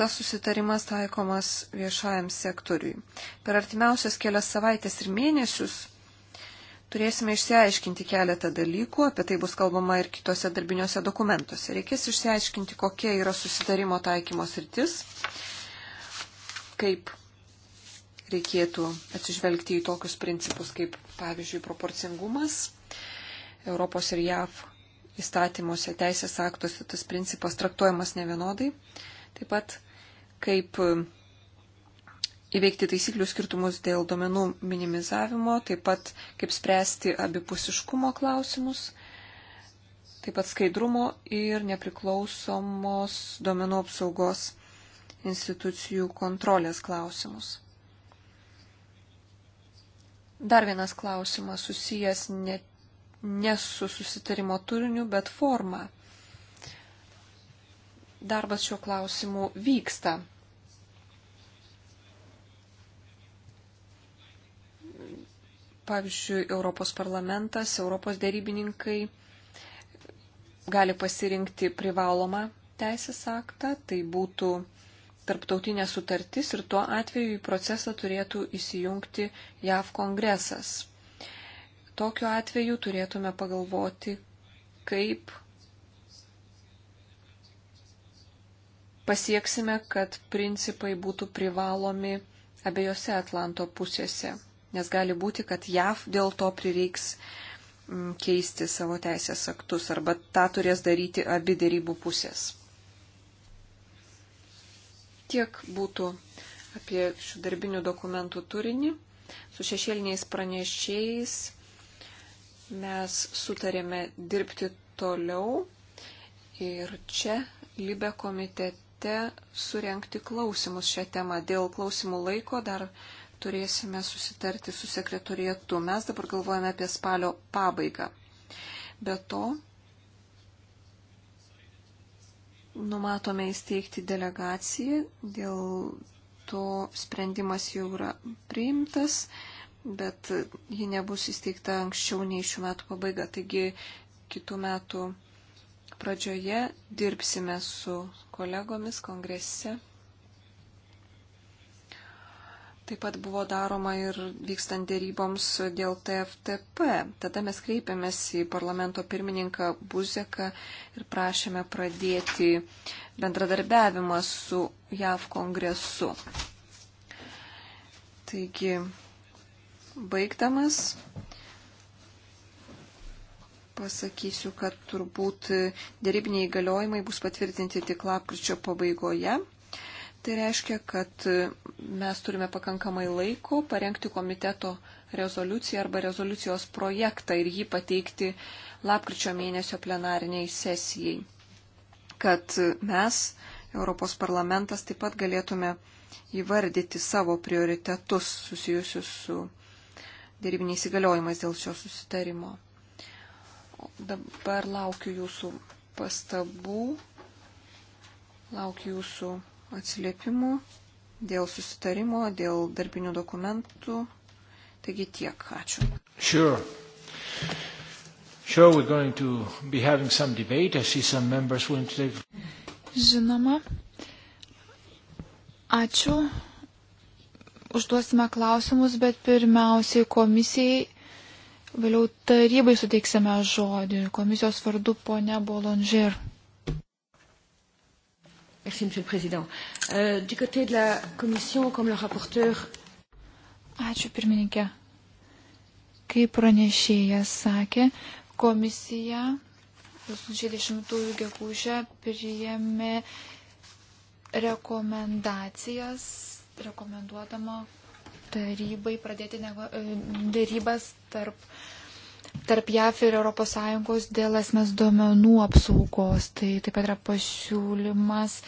tas susitarimas taikomas viešajam sektoriui. Per artimiausias kelias savaitės ir mėnesius turėsime išsiaiškinti keletą dalykų, apie tai bus kalbama ir kitose darbiniuose dokumentuose. Reikės išsiaiškinti, kokia yra susitarimo taikymos rytis, kaip reikėtų atsižvelgti į tokius principus kaip, pavyzdžiui, proporcingumas. Europos ir JAV įstatymuose, teisės aktuose tas principas traktuojamas nevienodai. Taip pat kaip įveikti taisyklių skirtumus dėl domenų minimizavimo, taip pat kaip spręsti abipusiškumo klausimus, taip pat skaidrumo ir nepriklausomos domenų apsaugos institucijų kontrolės klausimus. Dar vienas klausimas susijęs ne, ne su susitarimo turiniu, bet forma. Darbas šiuo klausimu vyksta. pavyzdžiui, Europos parlamentas, Europos dėrybininkai gali pasirinkti privalomą teisės aktą, tai būtų tarptautinė sutartis ir tuo atveju į procesą turėtų įsijungti JAV kongresas. Tokiu atveju turėtume pagalvoti, kaip pasieksime, kad principai būtų privalomi abiejose Atlanto pusėse nes gali būti, kad JAV dėl to prireiks mm, keisti savo teisės aktus arba tą turės daryti abi dėrybų pusės. Tiek būtų apie šių darbinių dokumentų turinį. Su šešėliniais pranešėjais mes sutarėme dirbti toliau ir čia Libe komitete surenkti klausimus šią temą. Dėl klausimų laiko dar turėsime susitarti su sekretorietu. Mes dabar galvojame apie spalio pabaigą. Be to, numatome įsteigti delegaciją, dėl to sprendimas jau yra priimtas, bet ji nebus įsteigta anksčiau nei šių metų pabaiga. Taigi kitų metų pradžioje dirbsime su kolegomis kongrese Taip pat buvo daroma ir vykstant dėryboms dėl TFTP. Tada mes kreipėmės į parlamento pirmininką Buzeką ir prašėme pradėti bendradarbiavimą su JAV kongresu. Taigi, baigdamas, pasakysiu, kad turbūt dėrybiniai įgaliojimai bus patvirtinti tik lapkričio pabaigoje. Tai reiškia, kad mes turime pakankamai laiko parengti komiteto rezoliuciją arba rezoliucijos projektą ir jį pateikti lapkričio mėnesio plenariniai sesijai, kad mes, Europos parlamentas, taip pat galėtume įvardyti savo prioritetus susijusius su dėrybiniais įgaliojimais dėl šio susitarimo. O dabar laukiu jūsų pastabų, laukiu jūsų atsiliepimų, dėl susitarimo, dėl darbinių dokumentų. Taigi tiek. Ačiū. Sure. Sure, we're going to be having some debate. I see some members willing to take. Žinoma. Ačiū. Užduosime klausimus, bet pirmiausiai komisijai, vėliau tarybai suteiksime žodį. Komisijos vardu ponia Bolonžir. Merci, Monsieur le Président. Euh, du côté de la Commission, comme le rapporteur. Ačiū, pirmininkė. Kaip pranešėjas sakė, komisija 2010 gegužę priėmė rekomendacijas, rekomenduodama tarybai pradėti e, dėrybas tarp uh, tarp JAF ir ES dėl asmens duomenų apsaugos. Tai taip pat yra pasiūlymas,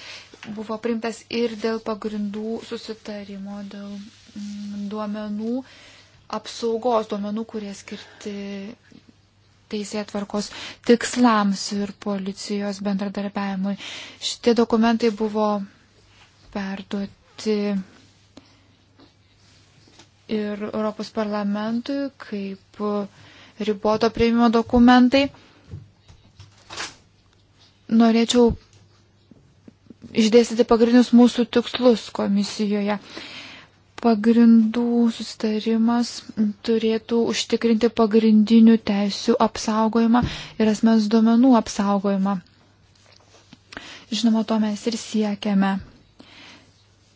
buvo primtas ir dėl pagrindų susitarimo, dėl mm, duomenų apsaugos, duomenų, kurie skirti teisėje tvarkos tikslams ir policijos bendradarbiavimui. Šitie dokumentai buvo perduoti ir Europos parlamentui kaip riboto prieimimo dokumentai. Norėčiau išdėstyti pagrindinius mūsų tikslus komisijoje. Pagrindų sustarimas turėtų užtikrinti pagrindinių teisių apsaugojimą ir asmens duomenų apsaugojimą. Žinoma, to mes ir siekiame.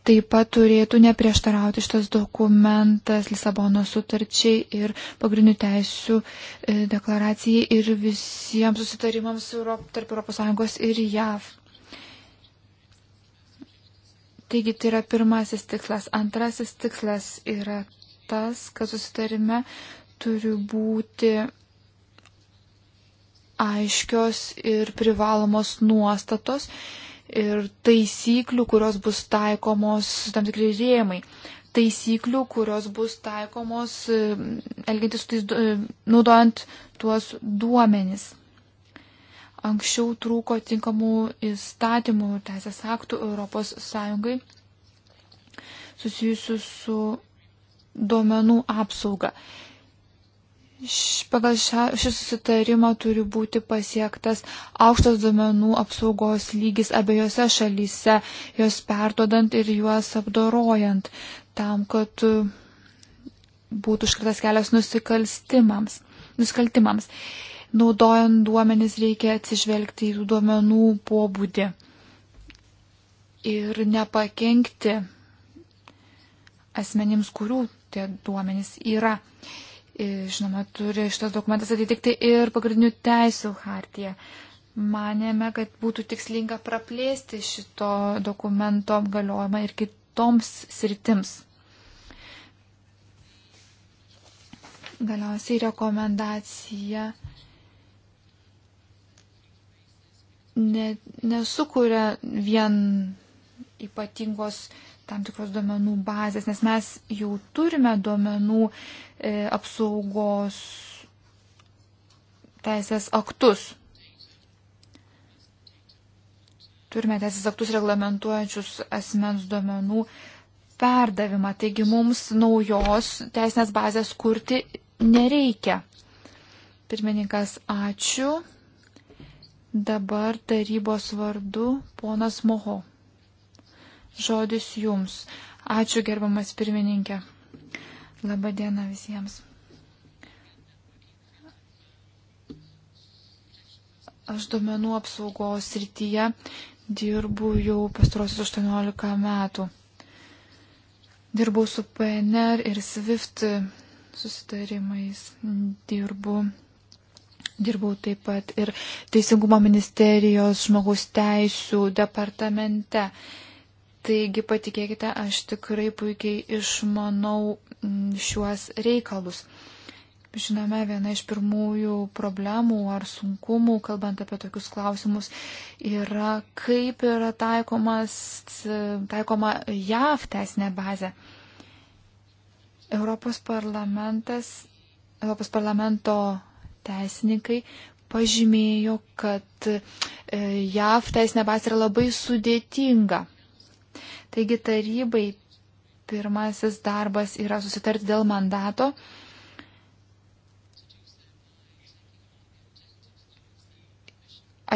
Taip pat turėtų neprieštarauti šitas dokumentas Lisabono sutarčiai ir pagrindinių teisų e, deklaracijai ir visiems susitarimams tarp ES ir JAV. Taigi tai yra pirmasis tikslas. Antrasis tikslas yra tas, kad susitarime turi būti aiškios ir privalomos nuostatos ir taisyklių, kurios bus taikomos tam tikrai rėmai. Taisyklių, kurios bus taikomos e, elgintis su tais, e, naudojant tuos duomenis. Anksčiau trūko tinkamų įstatymų ir teisės aktų ES susijusių su duomenų apsauga pagal šią, šį susitarimą turi būti pasiektas aukštas duomenų apsaugos lygis abiejose šalyse, jos perdodant ir juos apdorojant, tam, kad e, būtų užkirtas kelias nusikaltimams. nusikaltimams. Naudojant duomenis reikia atsižvelgti į duomenų pobūdį ir nepakenkti asmenims, kurių tie duomenys yra žinoma, turi šitas dokumentas atitikti ir pagrindinių teisų hartiją. Manėme, kad būtų tikslinga praplėsti šito dokumento galiojimą ir kitoms sritims. Galiausiai rekomendacija ne, nesukuria vien ypatingos tam tikros duomenų bazės, nes mes jau turime duomenų e, apsaugos teisės aktus. Turime teisės aktus reglamentuojančius asmens duomenų perdavimą, taigi mums naujos teisinės bazės kurti nereikia. Pirmininkas, ačiū. Dabar tarybos vardu ponas Moho žodis jums. Ačiū gerbamas pirmininkė. Labadiena visiems. Aš duomenų apsaugos srityje dirbu jau pastarosius 18 metų. Dirbau su PNR ir SWIFT susitarimais. Dirbu Dirbau taip pat ir Teisingumo ministerijos žmogaus teisų departamente. Taigi patikėkite, aš tikrai puikiai išmanau mm, šiuos reikalus. Žinome, viena iš pirmųjų problemų ar sunkumų, kalbant apie tokius klausimus, yra kaip yra taikomas, taikoma JAV teisinė bazė. Europos, Europos parlamento teisininkai pažymėjo, kad e, JAV teisinė bazė yra labai sudėtinga. Taigi tarybai pirmasis darbas yra susitarti dėl mandato.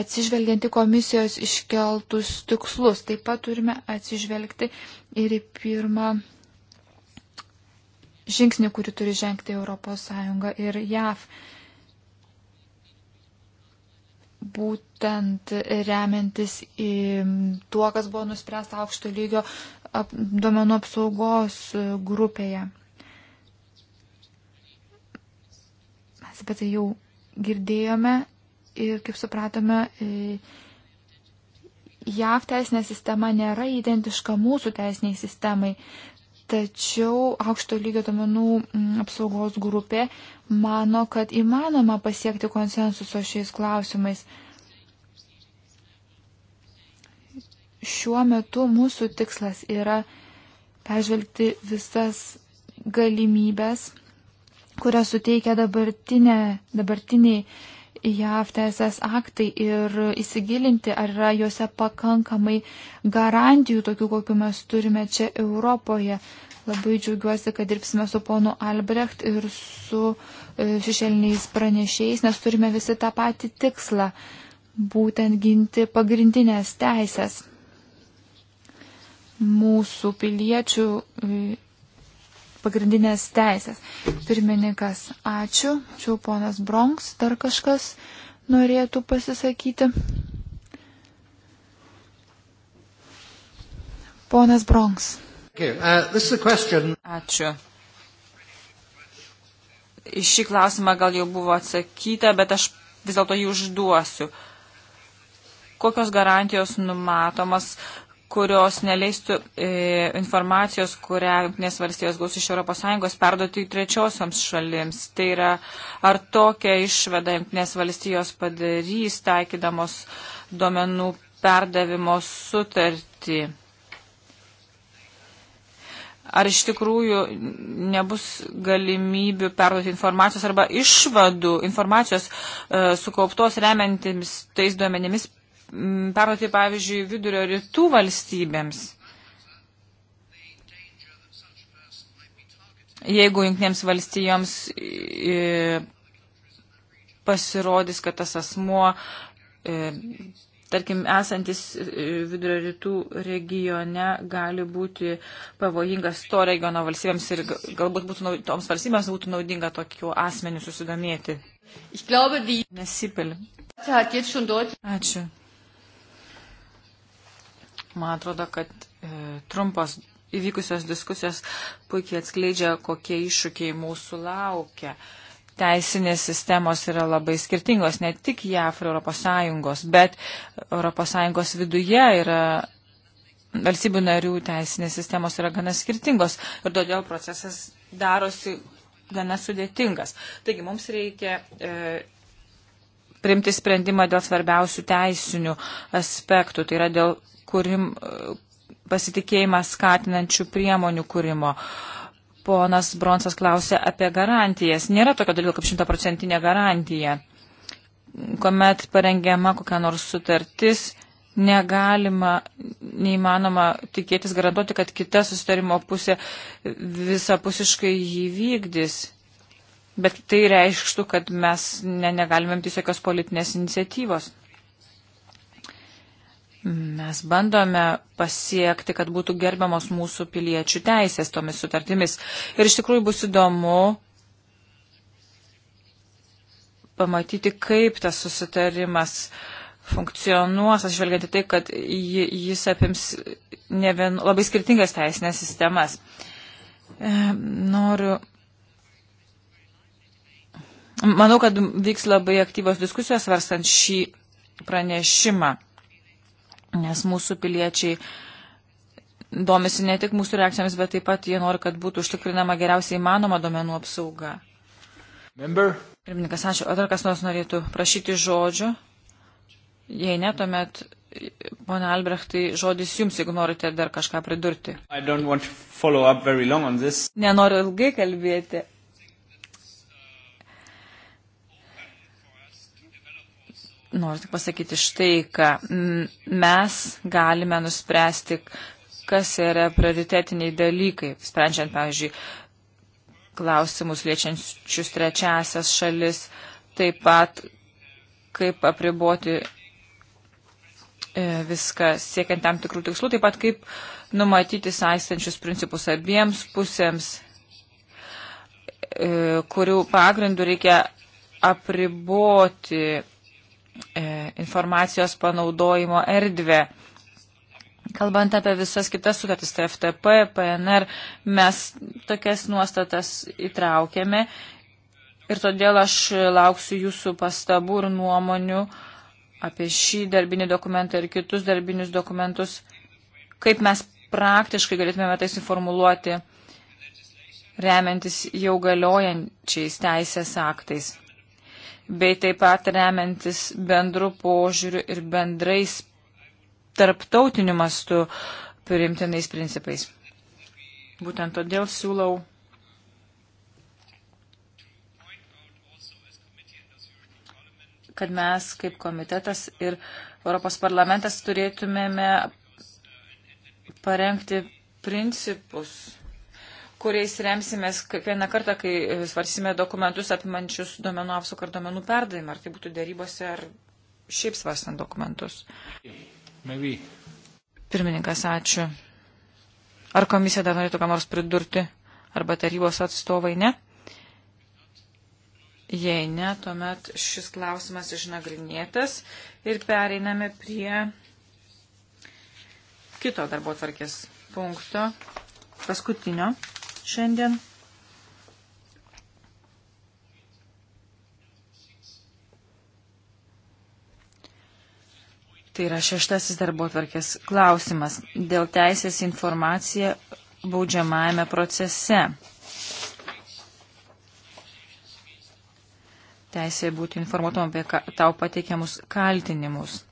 Atsižvelgianti komisijos iškeltus tikslus, taip pat turime atsižvelgti ir į pirmą žingsnį, kurį turi žengti ES ir JAV būtent remiantis į tuo, kas buvo nuspręsta aukšto lygio ap, duomenų apsaugos grupėje. Mes apie tai jau girdėjome ir, kaip supratome, e, JAV teisinė sistema nėra identiška mūsų teisiniai sistemai, tačiau aukšto lygio duomenų apsaugos grupė mano, kad įmanoma pasiekti konsensuso šiais klausimais. Šiuo metu mūsų tikslas yra peržvelgti visas galimybės, kurias suteikia dabartiniai JAV teisės aktai ir įsigilinti, ar yra juose pakankamai garantijų, tokių kokiu mes turime čia Europoje. Labai džiaugiuosi, kad dirbsime su ponu Albrecht ir su e, šešėliniais pranešėjais, nes turime visi tą patį tikslą - būtent ginti pagrindinės teisės mūsų piliečių e, pagrindinės teisės. Pirmininkas, ačiū. Čia ponas Bronks, dar kažkas norėtų pasisakyti. Ponas Bronks. Uh, Ačiū. Iš šį klausimą gal jau buvo atsakyta, bet aš vis dėlto jį užduosiu. Kokios garantijos numatomas, kurios neleistų e, informacijos, kurią Junktinės valstijos gaus iš ES, perduoti trečiosioms šalims. Tai yra, ar tokią išvedą Junktinės valstijos padarys, taikydamos duomenų perdavimo sutartį. Ar iš tikrųjų nebus galimybių perduoti informacijos arba išvadų informacijos e, sukauptos remiantims tais duomenimis perduoti, pavyzdžiui, vidurio rytų valstybėms? Jeigu jungtinėms valstijoms e, pasirodys, kad tas asmuo e, tarkim, esantis e, vidurio rytų regione gali būti pavojingas to regiono valstybėms ir galbūt būtų, naud... toms valstybėms būtų naudinga tokiu asmeniu susidomėti. Nesipil. Ačiū. Man atrodo, kad e, trumpos įvykusios diskusijos puikiai atskleidžia, kokie iššūkiai mūsų laukia. E, teisinės sistemos yra labai skirtingos, ne tik JAF ir ES, bet ES viduje yra valstybių narių teisinės sistemos yra gana skirtingos ir todėl procesas darosi gana sudėtingas. Taigi mums reikia e, primti sprendimą dėl svarbiausių teisinių aspektų, tai yra dėl kurim, e, pasitikėjimą skatinančių priemonių kūrimo. E, Ponas Bronsas klausė apie garantijas. Nėra tokio dalyko kaip šimtaprocentinė garantija. Komet parengiama kokia nors sutartis, negalima, neįmanoma tikėtis garantuoti, kad kita susitarimo pusė visapusiškai jį vykdys. Bet tai reikštų, kad mes ne, negalime imtis jokios politinės iniciatyvos. Mes bandome pasiekti, kad būtų gerbiamos mūsų piliečių teisės tomis sutartimis. Ir iš tikrųjų bus įdomu pamatyti, kaip tas susitarimas funkcionuos, ašvelgiant į tai, kad jis apims ne vien, labai skirtingas teisinės sistemas. E, noriu. Manau, kad vyks labai aktyvos diskusijos varstant šį pranešimą nes mūsų piliečiai domisi ne tik mūsų reakcijomis, bet taip pat jie nori, kad būtų užtikrinama geriausiai įmanoma domenų apsauga. Member. Pirmininkas, ačiū. Ar dar kas nors norėtų prašyti žodžio? Jei ne, tuomet, pone Albrechtai, žodis jums, jeigu norite dar kažką pridurti. Nenoriu ilgai kalbėti. noriu pasakyti štai, kad mes galime nuspręsti, kas yra prioritetiniai dalykai, sprendžiant, pavyzdžiui, klausimus liečiančius trečiasias šalis, taip pat kaip apriboti e, viską siekiant tam tikrų tikslų, taip pat kaip numatyti saistančius principus abiems pusėms, e, kurių pagrindų reikia apriboti E, informacijos panaudojimo erdvę. Kalbant apie visas kitas sutartis, tai FTP, PNR, mes tokias nuostatas įtraukėme ir todėl aš lauksiu jūsų pastabų ir nuomonių apie šį darbinį dokumentą ir kitus darbinius dokumentus, kaip mes praktiškai galėtumėme tai suformuluoti, remiantis jau galiojančiais teisės aktais bei taip pat remiantis bendru požiūriu ir bendrais tarptautiniu mastu priimtinais principais. Būtent todėl siūlau kad mes kaip komitetas ir Europos parlamentas turėtumėme parengti principus kuriais remsimės kiekvieną kartą, kai e, svarsime dokumentus apimančius duomenų apsaugą ir duomenų perdavimą, ar tai būtų dėrybose, ar šiaip svarstant dokumentus. Maybe. Pirmininkas, ačiū. Ar komisija dar norėtų ką nors pridurti, arba tarybos atstovai ne? Jei ne, tuomet šis klausimas išnagrinėtas ir pereiname prie kito darbo tvarkės punkto, paskutinio šiandien. Tai yra šeštasis darbo tvarkės klausimas dėl teisės informacija baudžiamajame procese. Teisė būti informuotom apie ka, tau pateikiamus kaltinimus.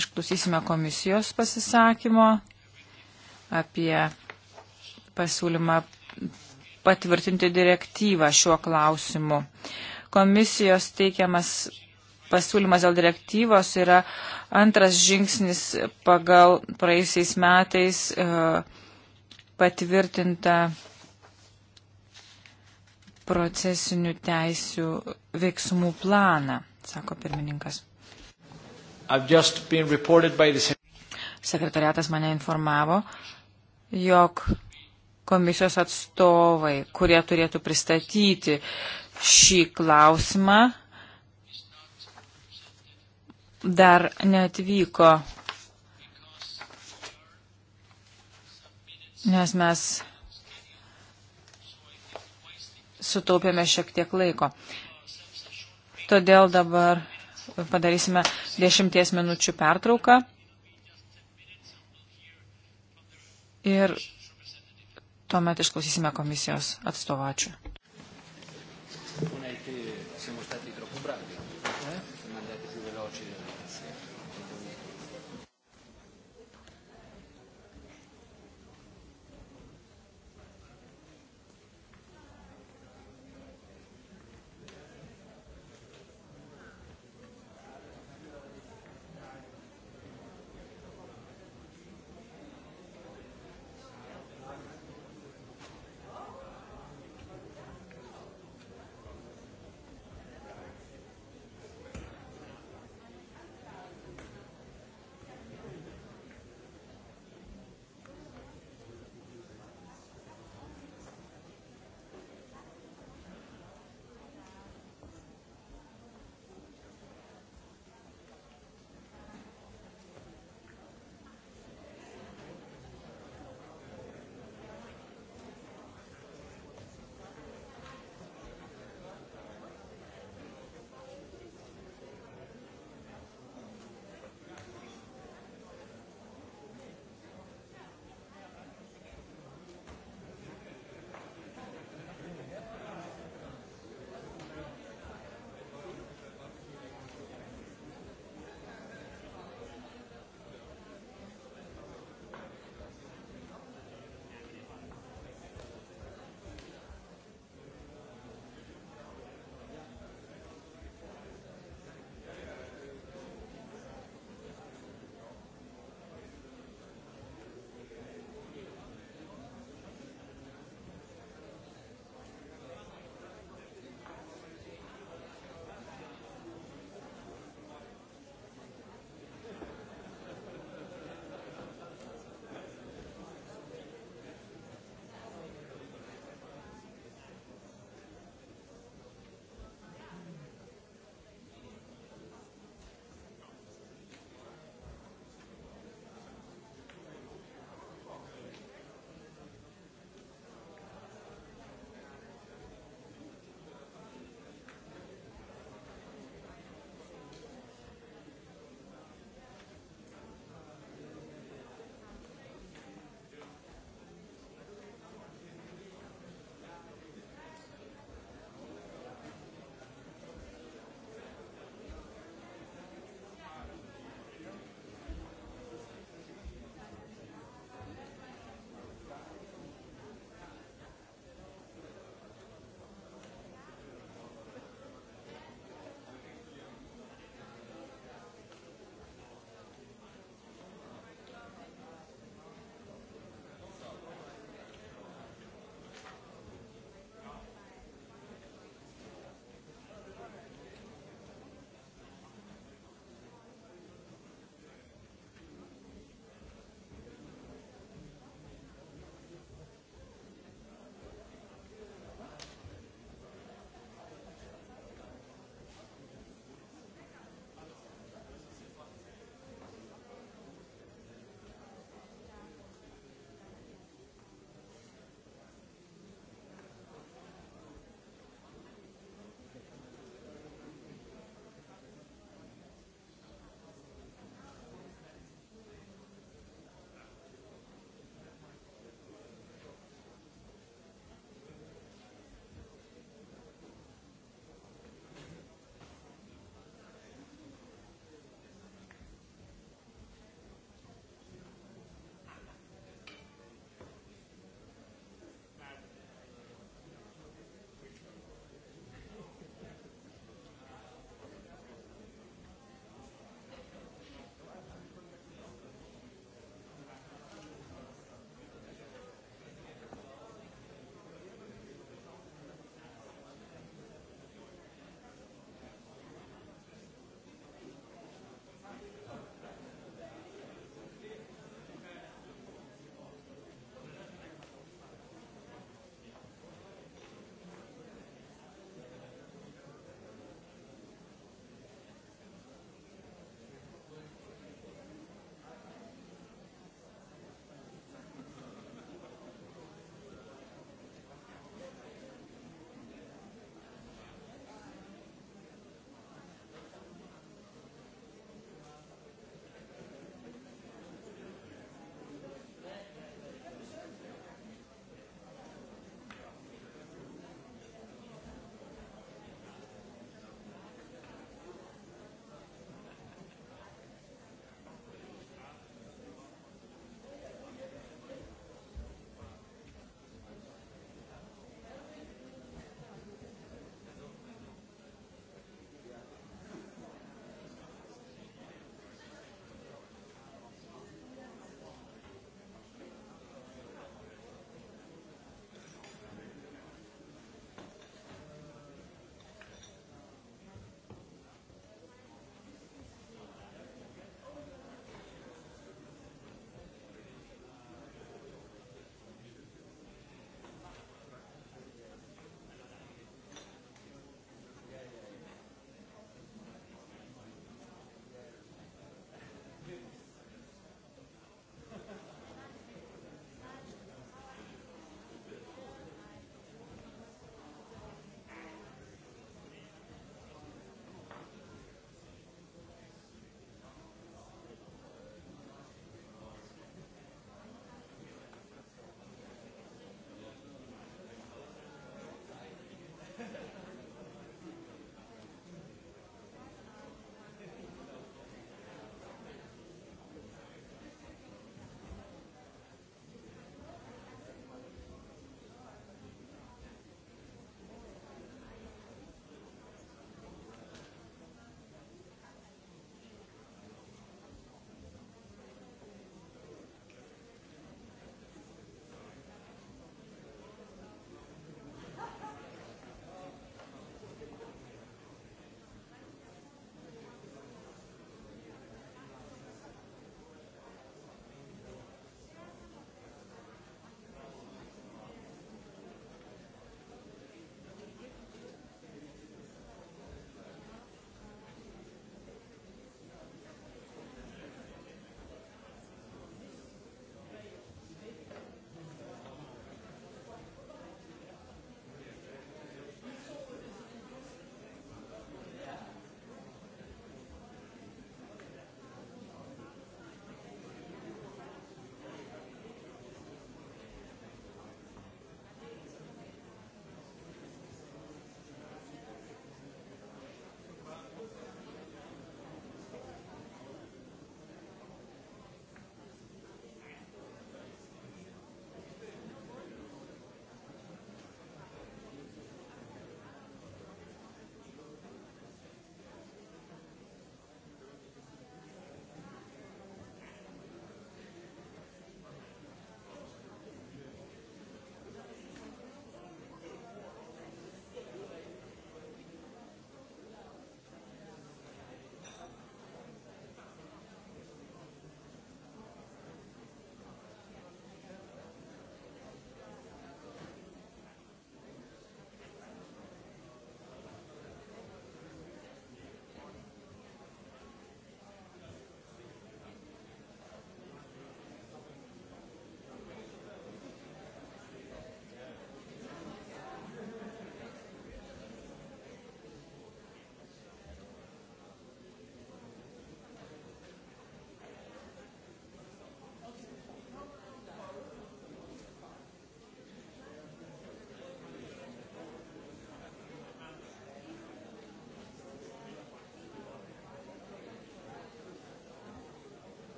Išklausysime komisijos pasisakymo apie pasiūlymą patvirtinti direktyvą šiuo klausimu. Komisijos teikiamas pasiūlymas dėl direktyvos yra antras žingsnis pagal praeisiais metais e, patvirtintą procesinių teisių veiksmų planą, sako pirmininkas. Sekretariatas mane informavo, jog komisijos atstovai, kurie turėtų pristatyti šį klausimą, dar netvyko, nes mes sutaupėme šiek tiek laiko. Todėl dabar padarysime dešimties minučių pertrauką Ir tuomet išklausysime komisijos atstovačių.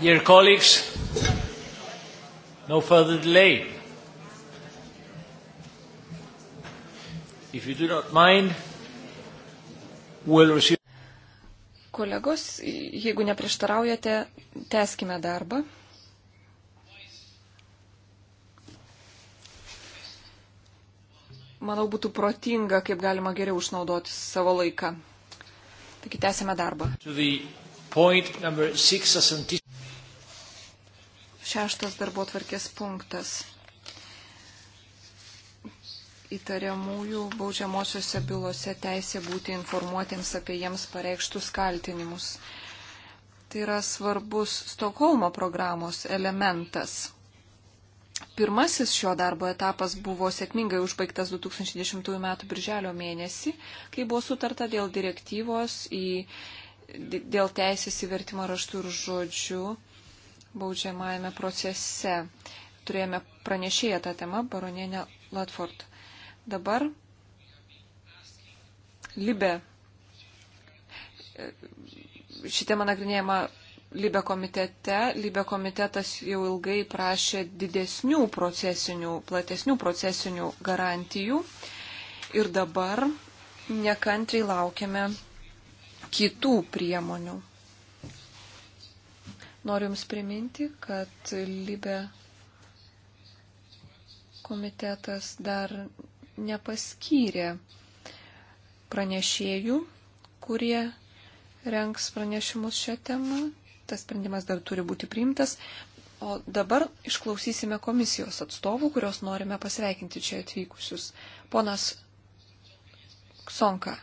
Dear colleagues, no further delay. If you do not mind, we'll resume. Kolegos, jeigu neprieštaraujate, teskime darbą. Manau, būtų protinga, kaip galima geriau išnaudoti savo laiką. Taigi tęsime darbą. Point number six, Šeštas darbo tvarkės punktas. Įtariamųjų baudžiamosiose bylose teisė būti informuotiems apie jiems pareikštus kaltinimus. Tai yra svarbus Stokholmo programos elementas. Pirmasis šio darbo etapas buvo sėkmingai užbaigtas 2010 m. birželio mėnesį, kai buvo sutarta dėl direktyvos į, dėl teisės įvertimo raštų ir žodžių baudžiamajame procese. Turėjome pranešėję tą temą, baronienę Latford. Dabar Libe. Ši tema nagrinėjama Libe komitete. Libe komitetas jau ilgai prašė didesnių procesinių, platesnių procesinių garantijų. Ir dabar nekantriai laukiame kitų priemonių. Noriu Jums priminti, kad Libe komitetas dar nepaskyrė pranešėjų, kurie renks pranešimus šią temą. Tas sprendimas dar turi būti priimtas. O dabar išklausysime komisijos atstovų, kurios norime pasveikinti čia atvykusius. Ponas Ksonka,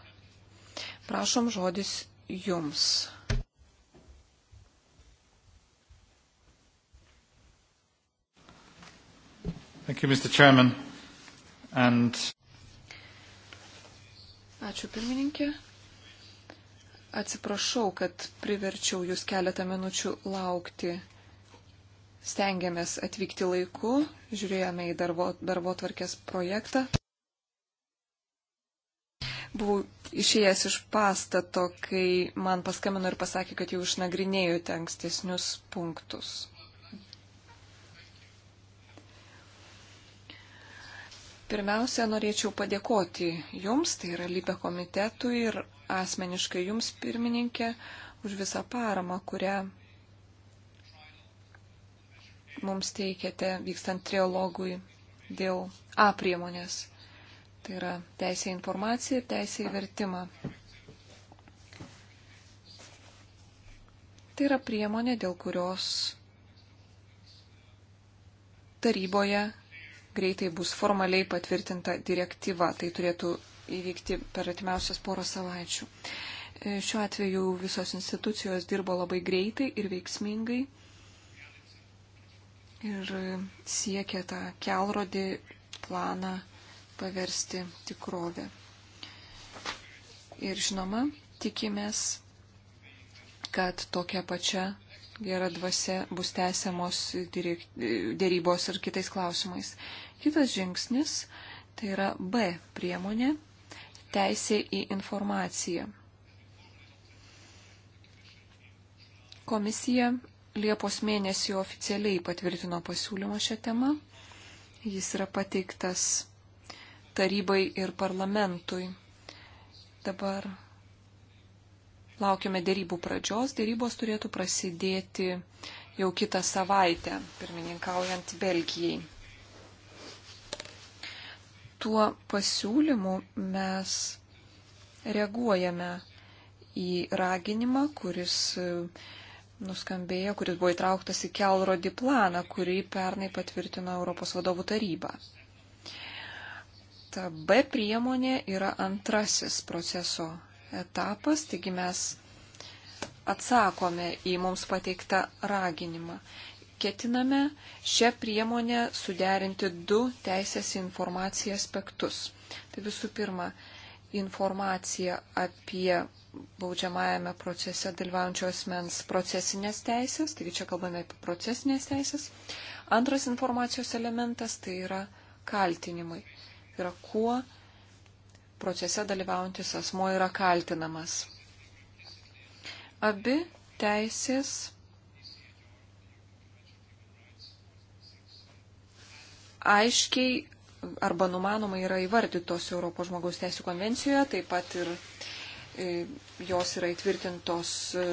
prašom žodis jums. Thank you, Mr. Chairman. And... Ačiū pirmininkė. Atsiprašau, kad priverčiau jūs keletą minučių laukti. Stengiamės atvykti laiku, žiūrėjome į darbo, darbo tvarkės projektą. Buvau išėjęs iš pastato, kai man paskambino ir pasakė, kad jau išnagrinėjote ankstesnius punktus. Pirmiausia, norėčiau padėkoti Jums, tai yra Lybe komitetui ir asmeniškai Jums, pirmininkė, už visą paramą, kurią mums teikėte vykstant triologui dėl A priemonės. Tai yra teisė informacija ir teisė į vertimą. Tai yra priemonė, dėl kurios taryboje greitai bus formaliai patvirtinta direktyva. Tai turėtų įvykti per atimiausias porą savaičių. E, šiuo atveju visos institucijos dirbo labai greitai ir veiksmingai ir siekia tą kelrodį planą paversti tikrovę. Ir žinoma, tikimės, kad tokia pačia gera dvasia bus tęsiamos dėrybos ir kitais klausimais. Kitas žingsnis tai yra B priemonė - teisė į informaciją. Komisija Liepos mėnesį oficialiai patvirtino pasiūlymą šią temą. Jis yra pateiktas tarybai ir parlamentui. Dabar laukiame dėrybų pradžios. Dėrybos turėtų prasidėti jau kitą savaitę, pirmininkaujant Belgijai. Tuo pasiūlymu mes reaguojame į raginimą, kuris e, nuskambėjo, kuris buvo įtrauktas į kelrodį planą, kurį pernai patvirtino Europos vadovų taryba. Ta B priemonė yra antrasis proceso etapas, taigi mes atsakome į mums pateiktą raginimą ketiname šią priemonę suderinti du teisės į informaciją aspektus. Tai visų pirma, informacija apie baudžiamajame procese dalyvaujančio asmens procesinės teisės, taigi čia kalbame apie procesinės teisės. Antras informacijos elementas tai yra kaltinimai. Tai yra kuo procese dalyvaujantis asmo yra kaltinamas. Abi teisės aiškiai arba numanomai yra įvardytos Europos žmogaus teisų konvencijoje, taip pat ir e, jos yra įtvirtintos e,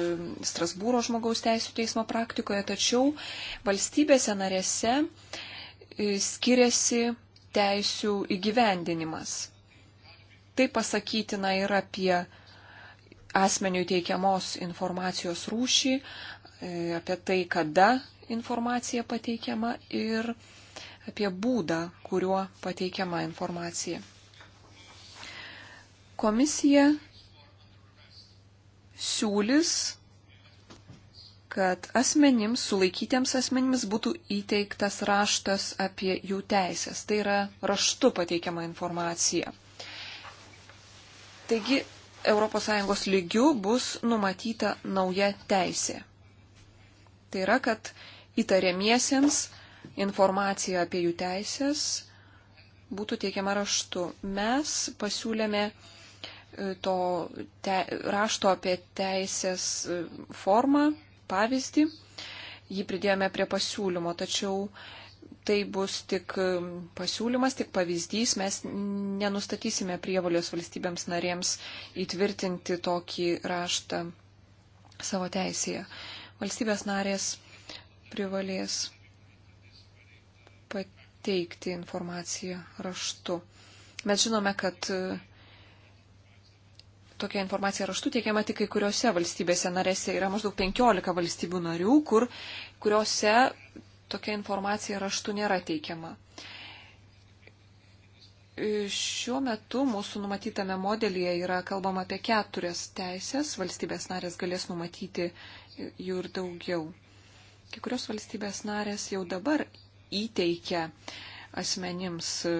Strasbūro žmogaus teisų teismo praktikoje, tačiau valstybėse narėse e, skiriasi teisių įgyvendinimas. Tai pasakytina ir apie asmenių teikiamos informacijos rūšį, apie tai, kada informacija pateikiama ir apie būdą, kuriuo pateikiama informacija. Komisija siūlis, kad asmenims, sulaikytiems asmenims būtų įteiktas raštas apie jų teisės. Tai yra raštu pateikiama informacija. Taigi ES lygių bus numatyta nauja teisė. Tai yra, kad įtariamiesiems informacija apie jų teisės būtų teikiama raštu. Mes pasiūlėme e, to te, rašto apie teisės e, formą, pavyzdį. Jį pridėjome prie pasiūlymo, tačiau tai bus tik e, pasiūlymas, tik pavyzdys, mes nenustatysime prievalės valstybėms narėms įtvirtinti tokį raštą savo teisėje. Valstybės narės privalės teikti informaciją raštu. Mes žinome, kad e, tokia informacija raštu teikiama tik kai kuriuose valstybėse narėse. Yra maždaug 15 valstybių narių, kur, kuriuose tokia informacija raštu nėra teikiama. E, šiuo metu mūsų numatytame modelyje yra kalbama apie keturias teisės. Valstybės narės galės numatyti e, jų ir daugiau. Kai kurios valstybės narės jau dabar įteikia asmenims e,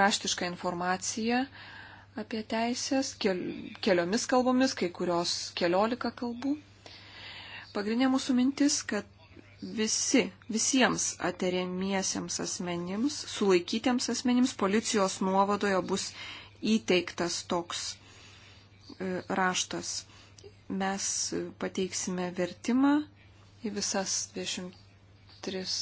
raštišką informaciją apie teisės keliomis kalbomis, kai kurios keliolika kalbų. Pagrindinė mūsų mintis, kad visi, visiems ateriamiesiems asmenims, sulaikytiems asmenims policijos nuovadoje bus įteiktas toks e, raštas. Mes pateiksime vertimą į visas 20 tris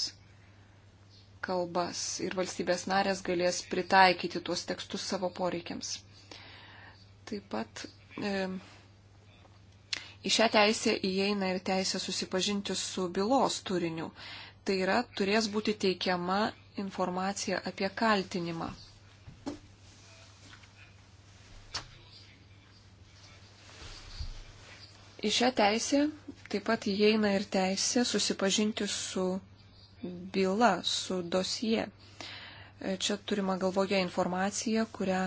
kalbas ir valstybės narės galės pritaikyti tuos tekstus savo poreikiams. Taip pat e, į šią teisę įeina ir teisė susipažinti su bylos turiniu. Tai yra, turės būti teikiama informacija apie kaltinimą. Į šią teisę taip pat įeina ir teisė susipažinti su byla, su dosie. Čia turima galvoje informacija, kurią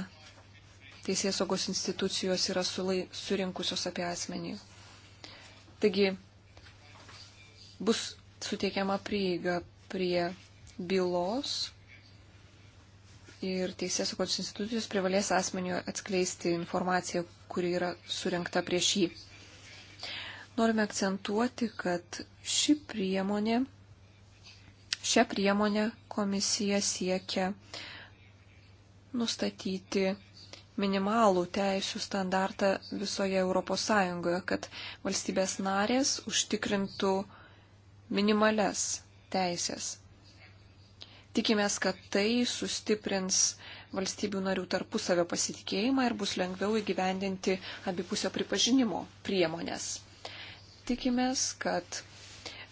teisės saugos institucijos yra sulai, surinkusios apie asmenį. Taigi bus suteikiama prieiga prie bylos ir teisės saugos institucijos privalės asmeniu atskleisti informaciją, kuri yra surinkta prieš jį. Norime akcentuoti, kad ši priemonė Šią priemonę komisija siekia nustatyti minimalų teisų standartą visoje ES, kad valstybės narės užtikrintų minimales teisės. Tikimės, kad tai sustiprins valstybių narių tarpusavio pasitikėjimą ir bus lengviau įgyvendinti abipusio pripažinimo priemonės. Tikimės, kad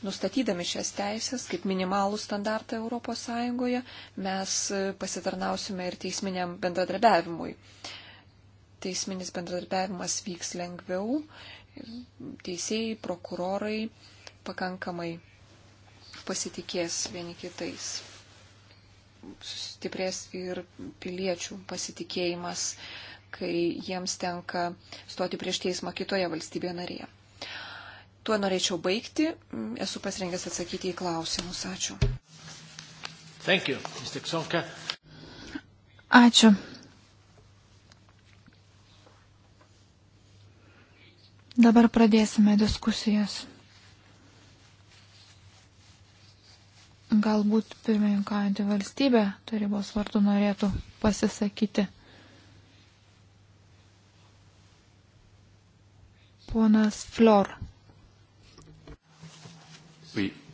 Nustatydami šias teisės kaip minimalų standartą ES, mes e, pasitarnausime ir teisminiam bendradarbiavimui. Teisminis bendradarbiavimas vyks lengviau, teisėjai, prokurorai pakankamai pasitikės vieni kitais. Sustiprės ir piliečių pasitikėjimas, kai jiems tenka stoti prieš teismą kitoje valstybėje narėje. Tuo norėčiau baigti. Mm, esu pasirengęs atsakyti į klausimus. Ačiū. Thank you, Mr. Ksonka. Ačiū. Dabar pradėsime diskusijas. Galbūt pirmininkaujantį valstybę tarybos vardu norėtų pasisakyti. Ponas Flor.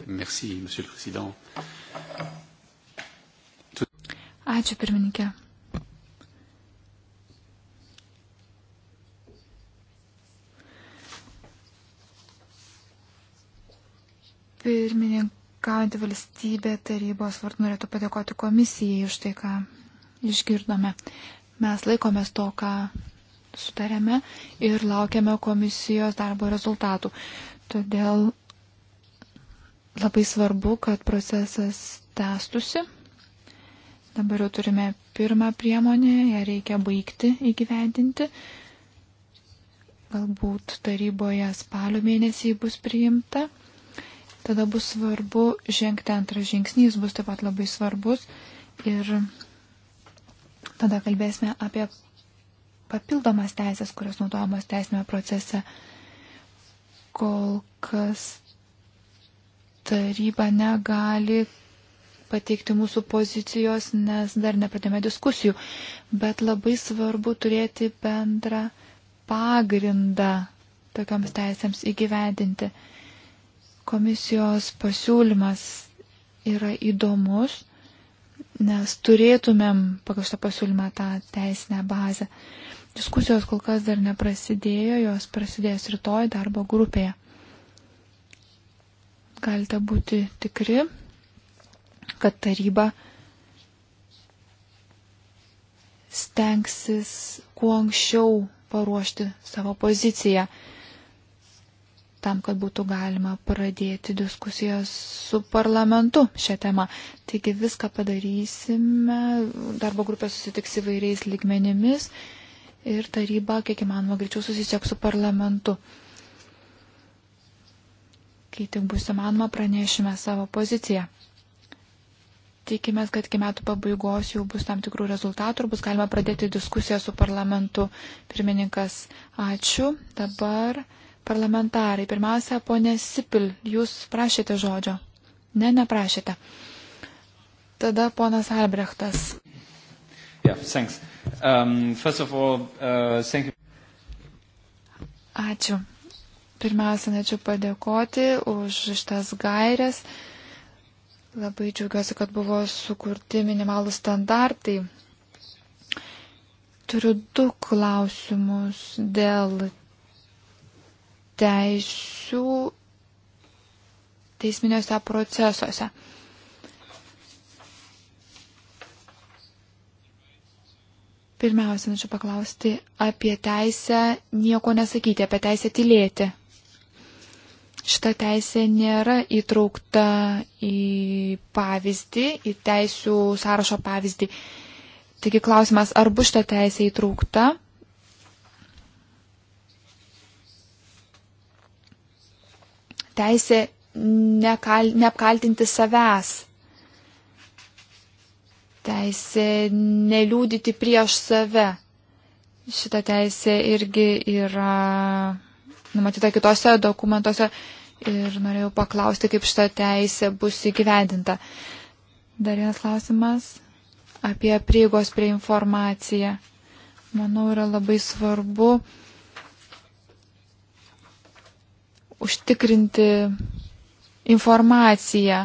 Merci, Monsieur le Président. Ačiū pirmininkė. Pirmininkaujantį valstybę tarybos vardu norėtų padėkoti komisijai už tai, ką išgirdome. Mes laikomės to, ką sutarėme ir laukiame komisijos darbo rezultatų. Todėl labai svarbu, kad procesas tęstusi. Dabar jau turime pirmą priemonę, ją reikia baigti įgyvendinti. Galbūt taryboje spalio mėnesį bus priimta. Tada bus svarbu žengti antrą žingsnį, jis bus taip pat labai svarbus. Ir tada kalbėsime apie papildomas teisės, kurios naudojamos teisinėme procese. Kol kas taryba negali pateikti mūsų pozicijos, nes dar nepradėjome diskusijų. Bet labai svarbu turėti bendrą pagrindą tokiams teisėms įgyvendinti. Komisijos pasiūlymas yra įdomus, nes turėtumėm pagal šitą pasiūlymą tą teisinę bazę. Diskusijos kol kas dar neprasidėjo, jos prasidės rytoj darbo grupėje galite būti tikri, kad taryba stengsis kuo anksčiau paruošti savo poziciją, tam, kad būtų galima pradėti diskusijas su parlamentu šią temą. Taigi viską padarysime, darbo grupė susitiks įvairiais lygmenimis ir taryba, kiek įmanoma, greičiau susisieks su parlamentu kai tik bus įmanoma, pranešime savo poziciją. Tikimės, kad iki metų pabaigos jau bus tam tikrų rezultatų ir bus galima pradėti diskusiją su parlamentu. Pirmininkas, ačiū. Dabar parlamentarai. Pirmiausia, ponė Sipil, jūs prašėte žodžio. Ne, neprašėte. Tada ponas Albrechtas. Yeah, thanks. Um, first of all, uh, thank you. Ačiū. Pirmiausia, norėčiau padėkoti už šitas gairias. Labai džiaugiuosi, kad buvo sukurti minimalų standartai. Turiu du klausimus dėl teisių teisminiuose procesuose. Pirmiausia, norėčiau paklausti apie teisę nieko nesakyti, apie teisę tylėti šita teisė nėra įtraukta į pavyzdį, į teisų sąrašo pavyzdį. Taigi klausimas, ar bus šita teisė įtraukta? Teisė nekal, neapkaltinti savęs. Teisė neliūdyti prieš save. Šita teisė irgi yra numatyta kitose dokumentuose ir norėjau paklausti, kaip šita teisė bus įgyvendinta. Dar vienas klausimas apie prieigos prie informaciją. Manau, yra labai svarbu užtikrinti informaciją,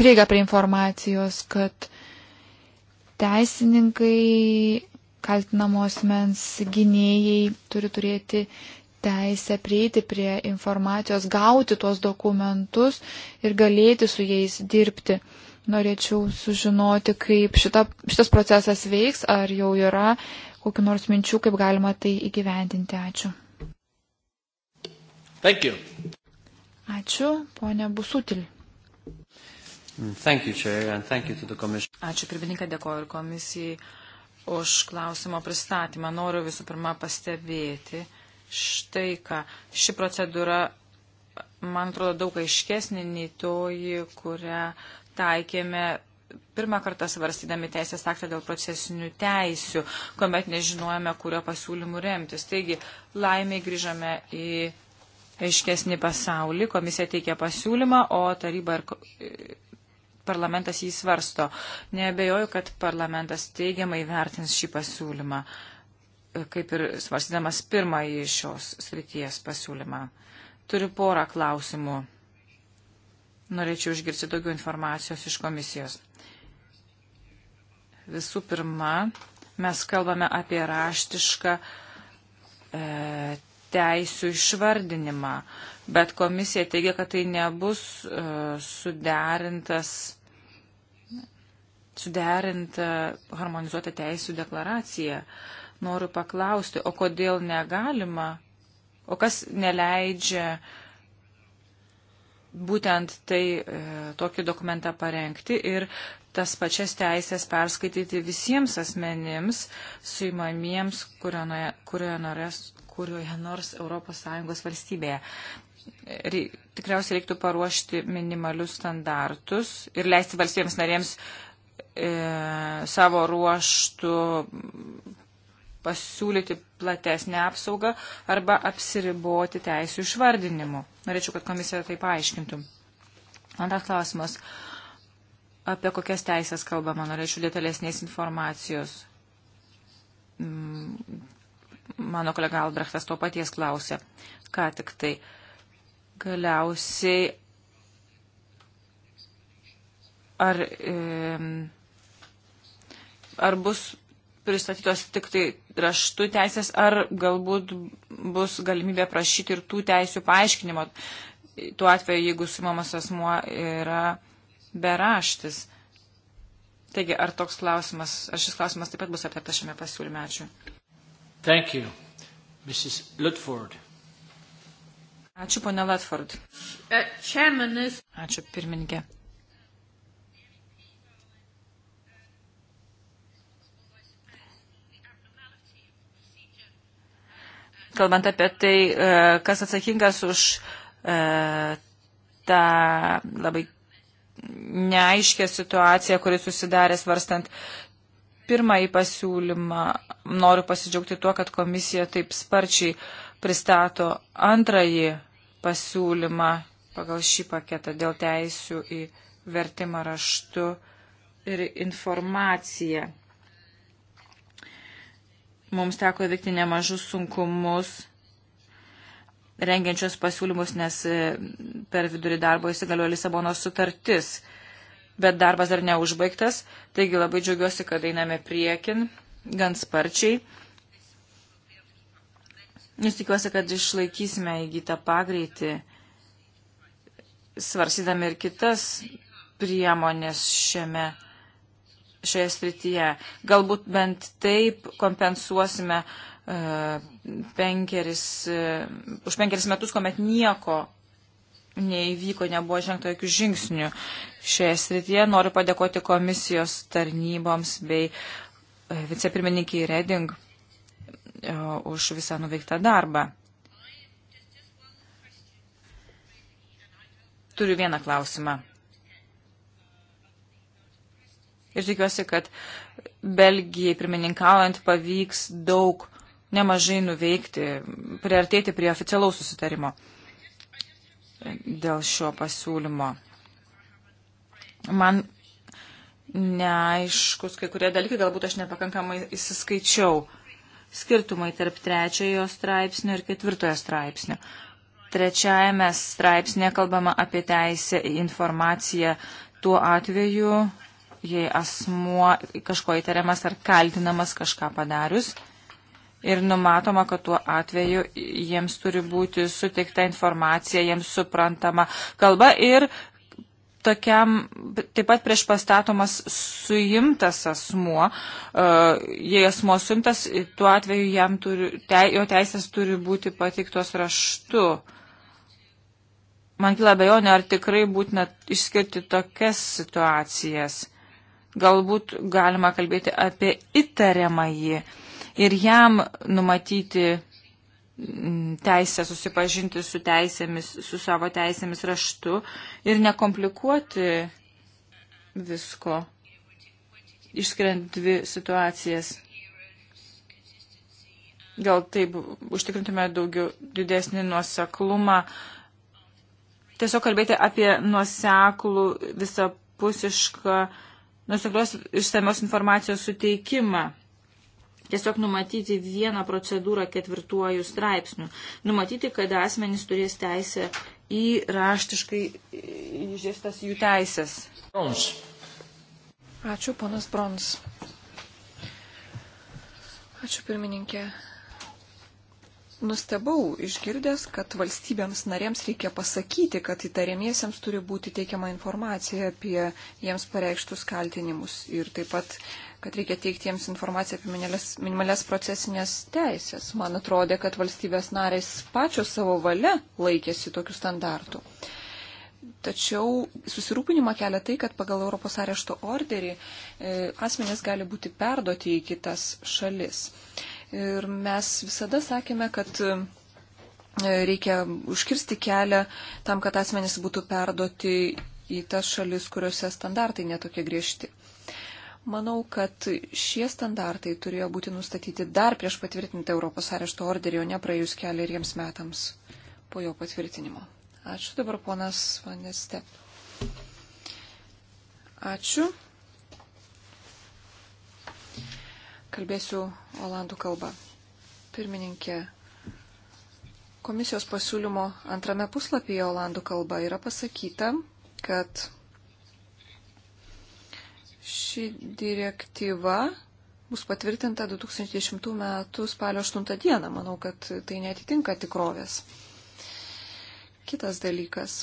prieigą prie informacijos, kad teisininkai kaltinamos mens gynėjai turi turėti teisę prieiti prie informacijos, gauti tuos dokumentus ir galėti su jais dirbti. Norėčiau sužinoti, kaip šita, šitas procesas veiks, ar jau yra kokiu nors minčių, kaip galima tai įgyvendinti. Ačiū. Thank you. Ačiū, ponė Busutil. Thank you, Chair, and thank you to the Commission. Ačiū, pirmininkai, dėkoju ir komisijai už klausimo pristatymą. Noriu visų pirma pastebėti, štai ką. Ši procedūra, man atrodo, daug aiškesnė nei toji, kurią taikėme pirmą kartą svarstydami teisės aktą dėl procesinių teisių, kuomet nežinojame, kurio pasiūlymų remtis. Taigi, laimiai grįžame į aiškesnį pasaulį, komisija teikia pasiūlymą, o taryba ir parlamentas jį svarsto. Nebejoju, kad parlamentas teigiamai vertins šį pasiūlymą. Uh, kaip ir svarstydamas pirmąjį šios srities pasiūlymą. Turiu porą klausimų. Norėčiau išgirsti daugiau informacijos iš komisijos. Visų pirma, mes kalbame apie raštišką e, teisų išvardinimą, bet komisija teigia, kad tai nebus e, suderintas, suderinta e, harmonizuota teisų deklaracija. E, noriu paklausti, o kodėl negalima, o kas neleidžia būtent tai e, tokį dokumentą parengti ir tas pačias teisės perskaityti visiems asmenims, suimamiems kurioje, kurioje, norės, kurioje nors ES valstybėje. Re, tikriausiai reiktų paruošti minimalius standartus ir leisti valstybėms narėms e, savo ruoštų pasiūlyti platesnę apsaugą arba apsiriboti teisų išvardinimu. Norėčiau, kad komisija tai paaiškintų. Antras klausimas. Apie kokias teisės kalbama? Norėčiau detalesnės informacijos. Mm, mano kolega Albrechtas to paties klausė. Ką tik tai. Galiausiai. Ar. E, ar bus pristatytos tik tai raštų teisės, ar galbūt bus galimybė prašyti ir tų teisių paaiškinimo, tuo atveju, jeigu sumamas asmuo yra beraštis. Taigi, ar toks klausimas, ar šis klausimas taip pat bus aptartas šiame pasiūlyme? Ačiū. Thank you. Mrs. Lutford. Ačiū, ponia Lutford. Uh, Ačiū, pirmininkė. kalbant apie tai, e, kas atsakingas už e, tą labai neaiškę situaciją, kuri susidarė svarstant pirmąjį pasiūlymą. Noriu pasidžiaugti tuo, kad komisija taip sparčiai pristato antrąjį pasiūlymą pagal šį paketą dėl teisių į vertimą raštu ir informaciją. Mums teko įveikti nemažus sunkumus rengiančios pasiūlymus, nes e, per vidurį darbo įsigaliojo Lisabonos sutartis, bet darbas dar neužbaigtas, taigi labai džiaugiuosi, kad einame priekin gan sparčiai. Jūs tikiuosi, kad išlaikysime įgytą pagreitį, svarsydami ir kitas priemonės šiame šioje srityje. Galbūt bent taip kompensuosime uh, penkeris, uh, už penkeris metus, kuomet nieko neįvyko, nebuvo žengta jokių žingsnių šioje srityje. Noriu padėkoti komisijos tarnyboms bei e, vicepirmininkiai Reding uh, už visą nuveiktą darbą. Turiu vieną klausimą. Ir tikiuosi, kad Belgijai pirmininkaujant pavyks daug nemažai nuveikti, priartėti prie oficialaus susitarimo dėl šio pasiūlymo. Man neaiškus kai kurie dalykai, galbūt aš nepakankamai įsiskaičiau skirtumai tarp trečiojo straipsnio ir ketvirtojo straipsnio. Trečiajame straipsnėje kalbama apie teisę į informaciją tuo atveju, jei asmuo kažko įtariamas ar kaltinamas kažką padarius. Ir numatoma, kad tuo atveju jiems turi būti suteikta informacija, jiems suprantama kalba ir tokiam taip pat prieš pastatomas suimtas asmuo. E, jei asmuo suimtas, tuo atveju jam turi, te, jo teisės turi būti patiktos raštu. Man kila bejonė, ar tikrai būtina išskirti tokias situacijas galbūt galima kalbėti apie įtariamąjį ir jam numatyti mm, teisę susipažinti su teisėmis, su savo teisėmis raštu ir nekomplikuoti visko, išskiriant dvi situacijas. Gal taip užtikrintume daugiau didesnį nuoseklumą. Tiesiog kalbėti apie nuoseklų visapusišką uh, nusiklios išsamios informacijos suteikimą. Tiesiog numatyti vieną procedūrą ketvirtuoju straipsniu. Numatyti, kada asmenys turės teisę į raštiškai išdėstas jų teisės. Brons. Ačiū, ponas Brons. Ačiū, pirmininkė nustebau išgirdęs, kad valstybėms narėms reikia pasakyti, kad įtariamiesiems turi būti teikiama informacija apie jiems pareikštus kaltinimus ir taip pat, kad reikia teikti jiems informaciją apie minimales, minimales procesinės teisės. Man atrodė, kad valstybės narės pačios savo valia laikėsi tokių standartų. Tačiau susirūpinimą kelia tai, kad pagal Europos arešto orderį e, asmenės gali būti perduoti į kitas šalis. Ir mes visada sakėme, kad e, reikia užkirsti kelią tam, kad asmenys būtų perduoti į tas šalis, kuriuose standartai netokie griežti. Manau, kad šie standartai turėjo būti nustatyti dar prieš patvirtintą Europos arešto orderį, o ne praėjus keliariems metams po jo patvirtinimo. Ačiū dabar ponas Vanestep. Ačiū. Kalbėsiu olandų kalbą. Pirmininkė, komisijos pasiūlymo antrame puslapyje olandų kalba yra pasakyta, kad ši direktyva bus patvirtinta 2010 m. spalio 8 d. Manau, kad tai netitinka tikrovės. Kitas dalykas.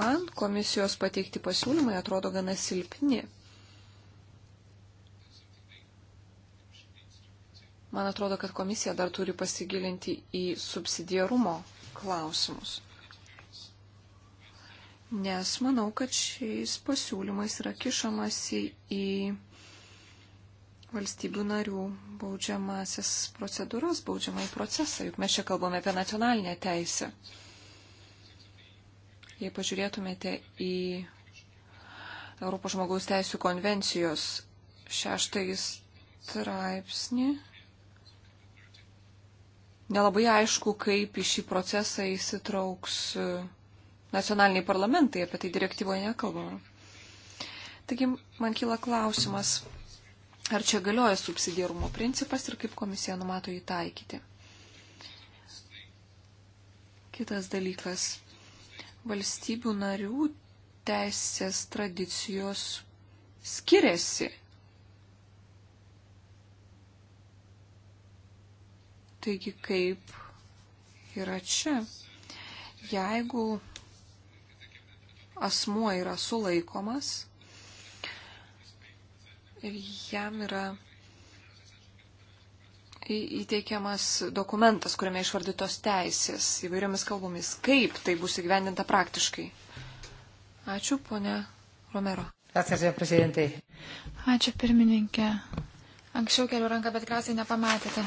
Man komisijos pateikti pasiūlymai atrodo gana silpni. Man atrodo, kad komisija dar turi pasigilinti į subsidiarumo klausimus. Nes manau, kad šiais pasiūlymais yra kišamasi į valstybių narių baudžiamasis procedūras, baudžiamąjį procesą, juk mes čia kalbame apie nacionalinę teisę. Jei pažiūrėtumėte į Europos žmogaus teisų konvencijos šeštąjį straipsnį, nelabai aišku, kaip į šį procesą įsitrauks e, nacionaliniai parlamentai, apie tai direktyvoje nekalbama. Taigi man kyla klausimas, ar čia galioja subsidiarumo principas ir kaip komisija numato jį taikyti. Kitas dalykas. Valstybių narių teisės tradicijos skiriasi Taigi kaip yra čia? Jeigu asmuo yra sulaikomas ir jam yra įteikiamas dokumentas, kuriame išvardytos teisės įvairiomis kalbomis. Kaip tai bus įgyvendinta praktiškai? Ačiū, ponė Romero. Ačiū, pirmininkė. Anksčiau keliu ranką, bet tikriausiai nepamatėte.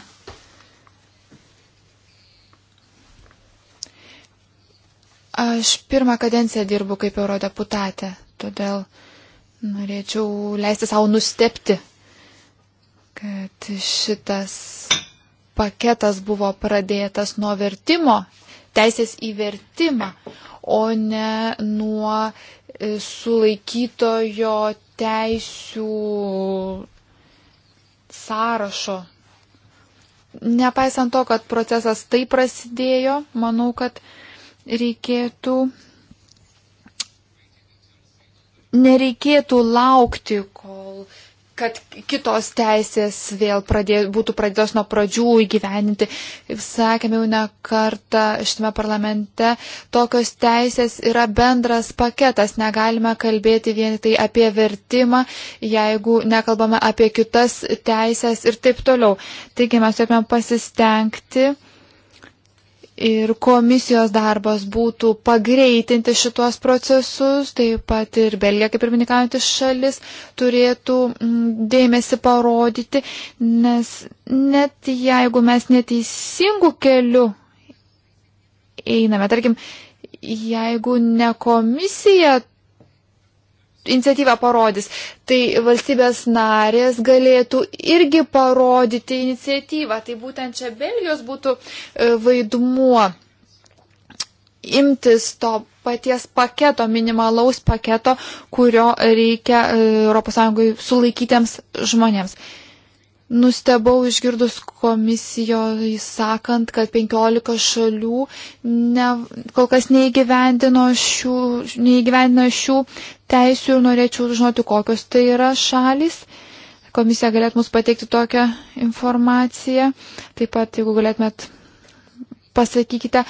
Aš pirmą kadenciją dirbu kaip eurodeputatė, todėl norėčiau leisti savo nustepti, kad šitas paketas buvo pradėtas nuo vertimo, teisės į vertimą, o ne nuo e, sulaikytojo teisių sąrašo. Nepaisant to, kad procesas taip prasidėjo, manau, kad uh, reikėtų, nereikėtų laukti, kol kad kitos teisės vėl pradė, būtų pradėtos nuo pradžių įgyveninti. Sakėme jau ne kartą šitame parlamente, tokios teisės yra bendras paketas, negalime kalbėti vien tai apie vertimą, jeigu nekalbame apie kitas teisės ir taip toliau. Taigi mes turėtume pasistengti ir komisijos darbas būtų pagreitinti šitos procesus, taip pat ir Belgija, kaip ir minikaujantis šalis, turėtų mm, dėmesį parodyti, nes net jeigu mes neteisingų kelių einame, tarkim, jeigu ne komisija iniciatyvą parodys, tai valstybės narės galėtų irgi parodyti iniciatyvą. Tai būtent čia Belgijos būtų e, vaidmuo imtis to paties paketo, minimalaus paketo, kurio reikia ES sulaikytiems žmonėms. Nustebau išgirdus komisijoje sakant, kad 15 šalių ne, kol kas neįgyvendino šių, neįgyvendino šių teisių ir norėčiau žinoti, kokios tai yra šalis. Komisija galėtų mums pateikti tokią informaciją. Taip pat, jeigu galėtumėt pasakykite,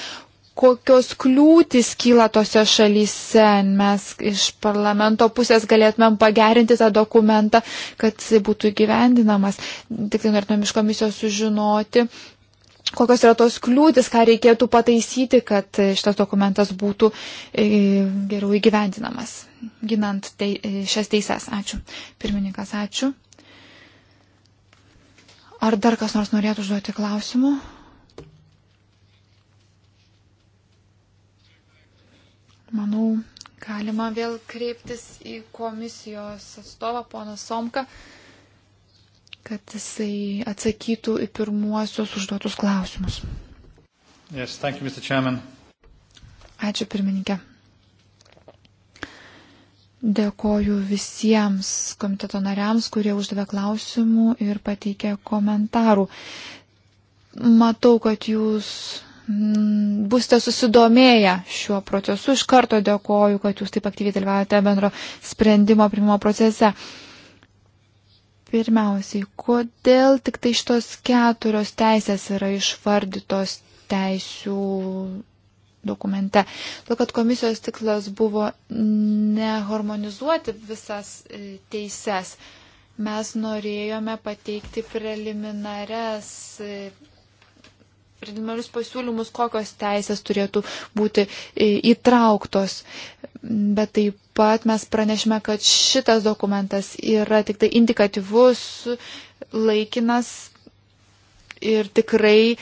kokios kliūtis kyla tose šalyse. Mes iš parlamento pusės galėtumėm pagerinti tą dokumentą, kad jis būtų gyvendinamas. Tik tai norėtumėm iš komisijos sužinoti, kokios yra tos kliūtis, ką reikėtų pataisyti, kad šitas dokumentas būtų e, geriau įgyvendinamas, ginant te, e, šias teises. Ačiū. Pirmininkas, ačiū. Ar dar kas nors norėtų užduoti klausimų? manau, galima vėl kreiptis į komisijos atstovą, poną Somką, kad jisai atsakytų į pirmuosius užduotus klausimus. Yes, thank you, Mr. Chairman. Ačiū pirmininkė. Dėkoju visiems komiteto nariams, kurie uždavė klausimų ir pateikė komentarų. Matau, kad jūs Mm, busite susidomėję šiuo procesu. Iš karto dėkoju, kad jūs taip aktyviai dalyvaujate bendro sprendimo primimo procese. Pirmiausiai, kodėl tik tai šitos keturios teisės yra išvardytos teisių dokumente. Tuo, kad komisijos tiklas buvo neharmonizuoti visas e, teises, mes norėjome pateikti preliminarias e, preliminarius pasiūlymus, kokios teisės turėtų būti e, įtrauktos. Bet taip pat mes pranešime, kad šitas dokumentas yra tik tai indikatyvus, laikinas ir tikrai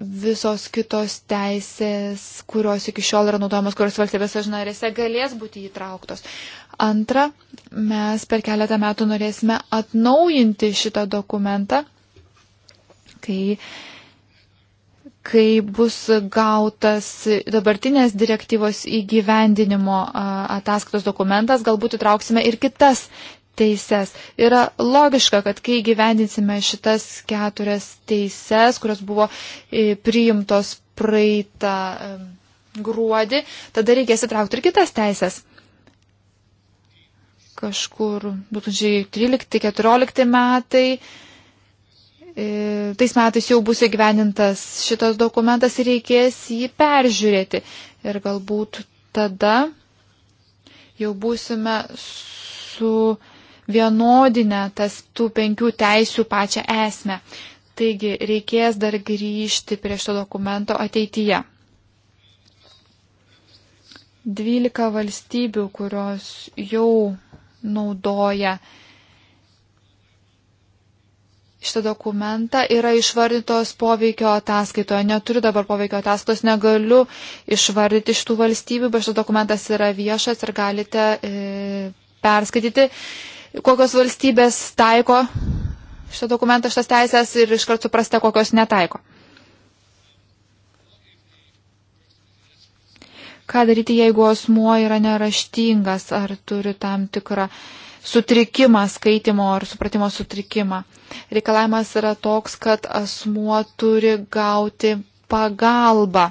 visos kitos teisės, kurios iki šiol yra naudojamos, kurios valstybės narėse galės būti įtrauktos. Antra, mes per keletą metų norėsime atnaujinti šitą dokumentą, kai uh, kai bus gautas dabartinės direktyvos įgyvendinimo ataskaitos dokumentas, galbūt įtrauksime ir kitas teises. Yra logiška, kad kai gyvendinsime šitas keturias teises, kurios buvo e, priimtos praeitą e, gruodį, tada reikės įtraukti ir kitas teises. Kažkur 2013-2014 metai E, tais metais jau bus įgyvenintas šitas dokumentas ir reikės jį peržiūrėti. Ir galbūt tada jau būsime su vienodinę tas tų penkių teisių pačią esmę. Taigi reikės dar grįžti prie šito dokumento ateityje. 12 valstybių, kurios jau naudoja uh, šitą dokumentą yra išvardytos poveikio ataskaitoje. Neturiu dabar poveikio ataskaitos, negaliu išvardyti šitų valstybių, bet šitas dokumentas yra viešas ir galite e, perskaityti, kokios valstybės taiko šitą dokumentą, šitas teisės ir iškart suprasite, kokios netaiko. Ką daryti, jeigu asmuo yra neraštingas ar turi tam tikrą sutrikimą skaitimo ar supratimo sutrikimą? reikalavimas yra toks, kad asmuo turi gauti pagalbą.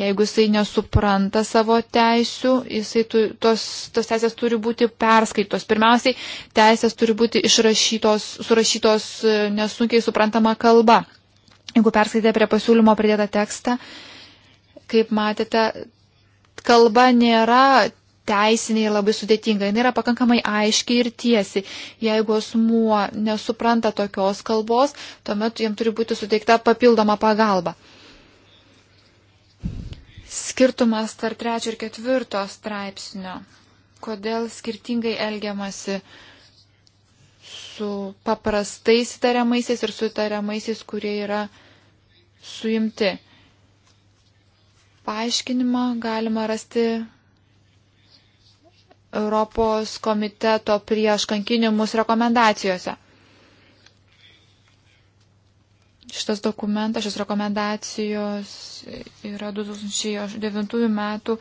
Jeigu jisai nesupranta savo teisių, jisai tu, tos, tos teisės turi būti perskaitos. Pirmiausiai, teisės turi būti išrašytos, surašytos e, nesunkiai suprantama kalba. Jeigu perskaitė prie pasiūlymo pridėtą tekstą, kaip matėte, kalba nėra teisinė ir labai sudėtinga. Jis yra pakankamai aiškiai ir tiesi. Jeigu asmuo nesupranta tokios kalbos, tuomet jam turi būti suteikta papildoma pagalba. Skirtumas tarp trečio ir ketvirto straipsnio. Kodėl skirtingai elgiamasi su paprastais įtariamaisiais ir su įtariamaisiais, kurie yra suimti. Paaiškinimą galima rasti Europos komiteto prieš kankinimus rekomendacijose. Šitas dokumentas, šis rekomendacijos yra 2009 metų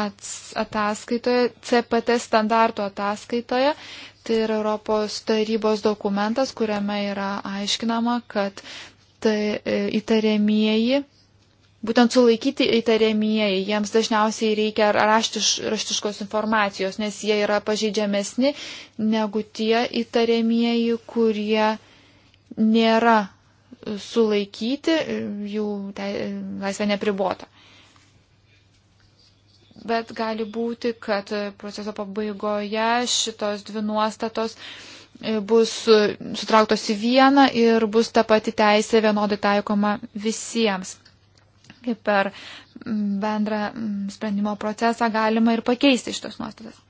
ataskaitoje, CPT standarto ataskaitoje. Tai yra Europos tarybos dokumentas, kuriame yra aiškinama, kad tai, e, įtariamieji būtent sulaikyti įtariamieji, jiems dažniausiai reikia raštiš, raštiškos informacijos, nes jie yra pažeidžiamesni negu tie įtariamieji, kurie nėra sulaikyti, jų laisvė nepribota. Bet gali būti, kad proceso pabaigoje šitos dvi nuostatos bus sutrauktos į vieną ir bus ta pati teisė vienodai taikoma visiems kaip per bendrą mm, sprendimo procesą galima ir pakeisti šitas nuostatas.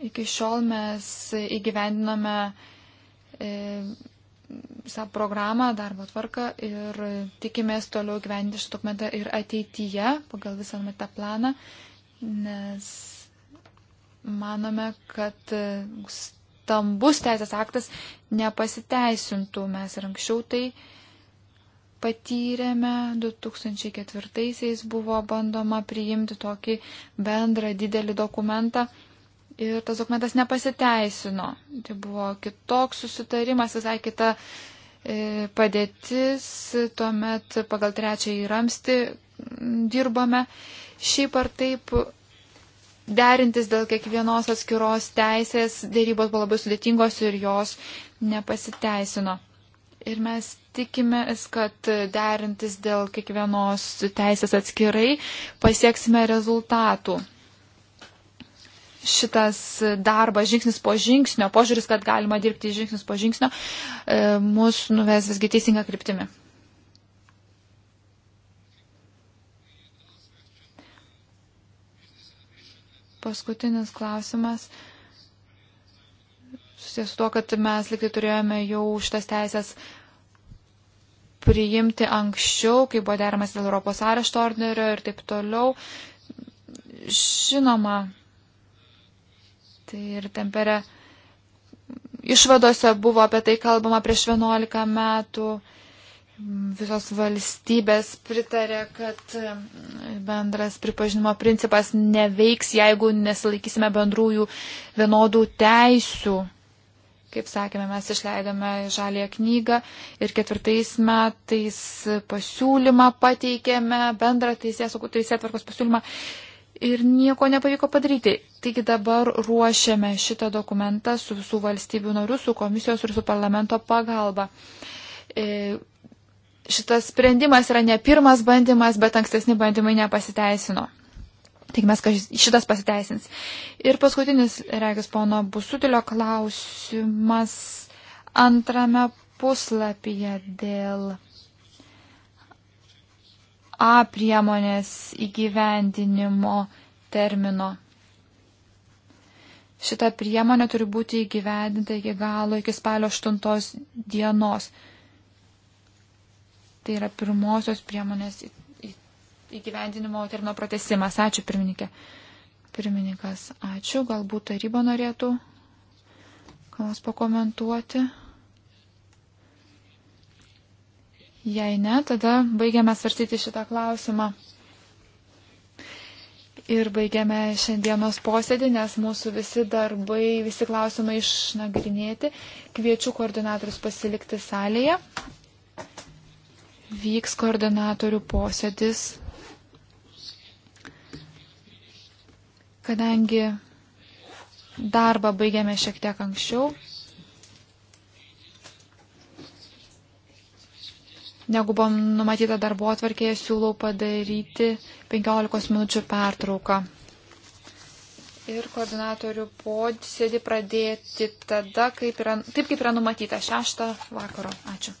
Iki šiol mes įgyvendinome e, visą programą, darbo tvarką ir tikimės toliau gyventi šitą dokumentą ir ateityje pagal visą metą planą, nes manome, kad bus stambus teisės aktas nepasiteisintų. Mes ir anksčiau tai patyrėme, 2004-aisiais buvo bandoma priimti tokį bendrą didelį dokumentą ir tas dokumentas nepasiteisino. Tai buvo kitoks susitarimas, visai kita e, padėtis, tuomet pagal trečiąjį ramsti dirbame. Šiaip ar taip derintis dėl kiekvienos atskiros teisės, dėrybos buvo labai sudėtingos ir jos nepasiteisino. Ir mes tikimės, kad derintis dėl kiekvienos teisės atskirai pasieksime rezultatų. Šitas darbas žingsnis po žingsnio, požiūris, kad galima dirbti žingsnis po žingsnio, e, mus nuves visgi teisinga kryptimi. paskutinis klausimas. Susijęs su to, kad mes liktai turėjome jau šitas teisės priimti anksčiau, kai buvo deramas dėl Europos arešto orderio ir taip toliau. Žinoma, tai ir temperė išvadose buvo apie tai kalbama prieš 11 metų visos valstybės pritarė, kad bendras pripažinimo principas neveiks, jeigu nesilaikysime bendrųjų vienodų teisių. Kaip sakėme, mes išleidome žalėją knygą ir ketvirtais metais pasiūlymą pateikėme, bendrą teisės, teisės tvarkos pasiūlymą ir nieko nepavyko padaryti. Taigi dabar ruošiame šitą dokumentą su visų valstybių narių, su komisijos ir su parlamento pagalba e, šitas sprendimas yra ne pirmas bandymas, bet ankstesni bandymai nepasiteisino. Tikimės, kad šitas pasiteisins. Ir paskutinis, regis, pono Busutilio klausimas antrame puslapyje dėl A priemonės įgyvendinimo termino. Šita priemonė turi būti įgyvendinta iki galo, iki spalio 8 dienos. Tai yra pirmosios priemonės įgyvendinimo termino pratesimas. Ačiū, pirmininkė. Pirmininkas, ačiū. Galbūt taryba norėtų ką nors pakomentuoti. Jei ne, tada baigiame svarstyti šitą klausimą. Ir baigiame šiandienos posėdį, nes mūsų visi darbai, visi klausimai išnagrinėti. Kviečiu koordinatorius pasilikti salėje vyks koordinatorių posėdis, kadangi darbą baigėme šiek tiek anksčiau. Negu buvom numatyta darbo atvarkėje, siūlau padaryti 15 minučių pertrauką ir koordinatorių posėdį pradėti tada, kaip yra, taip kaip yra numatyta, šeštą vakaro. Ačiū.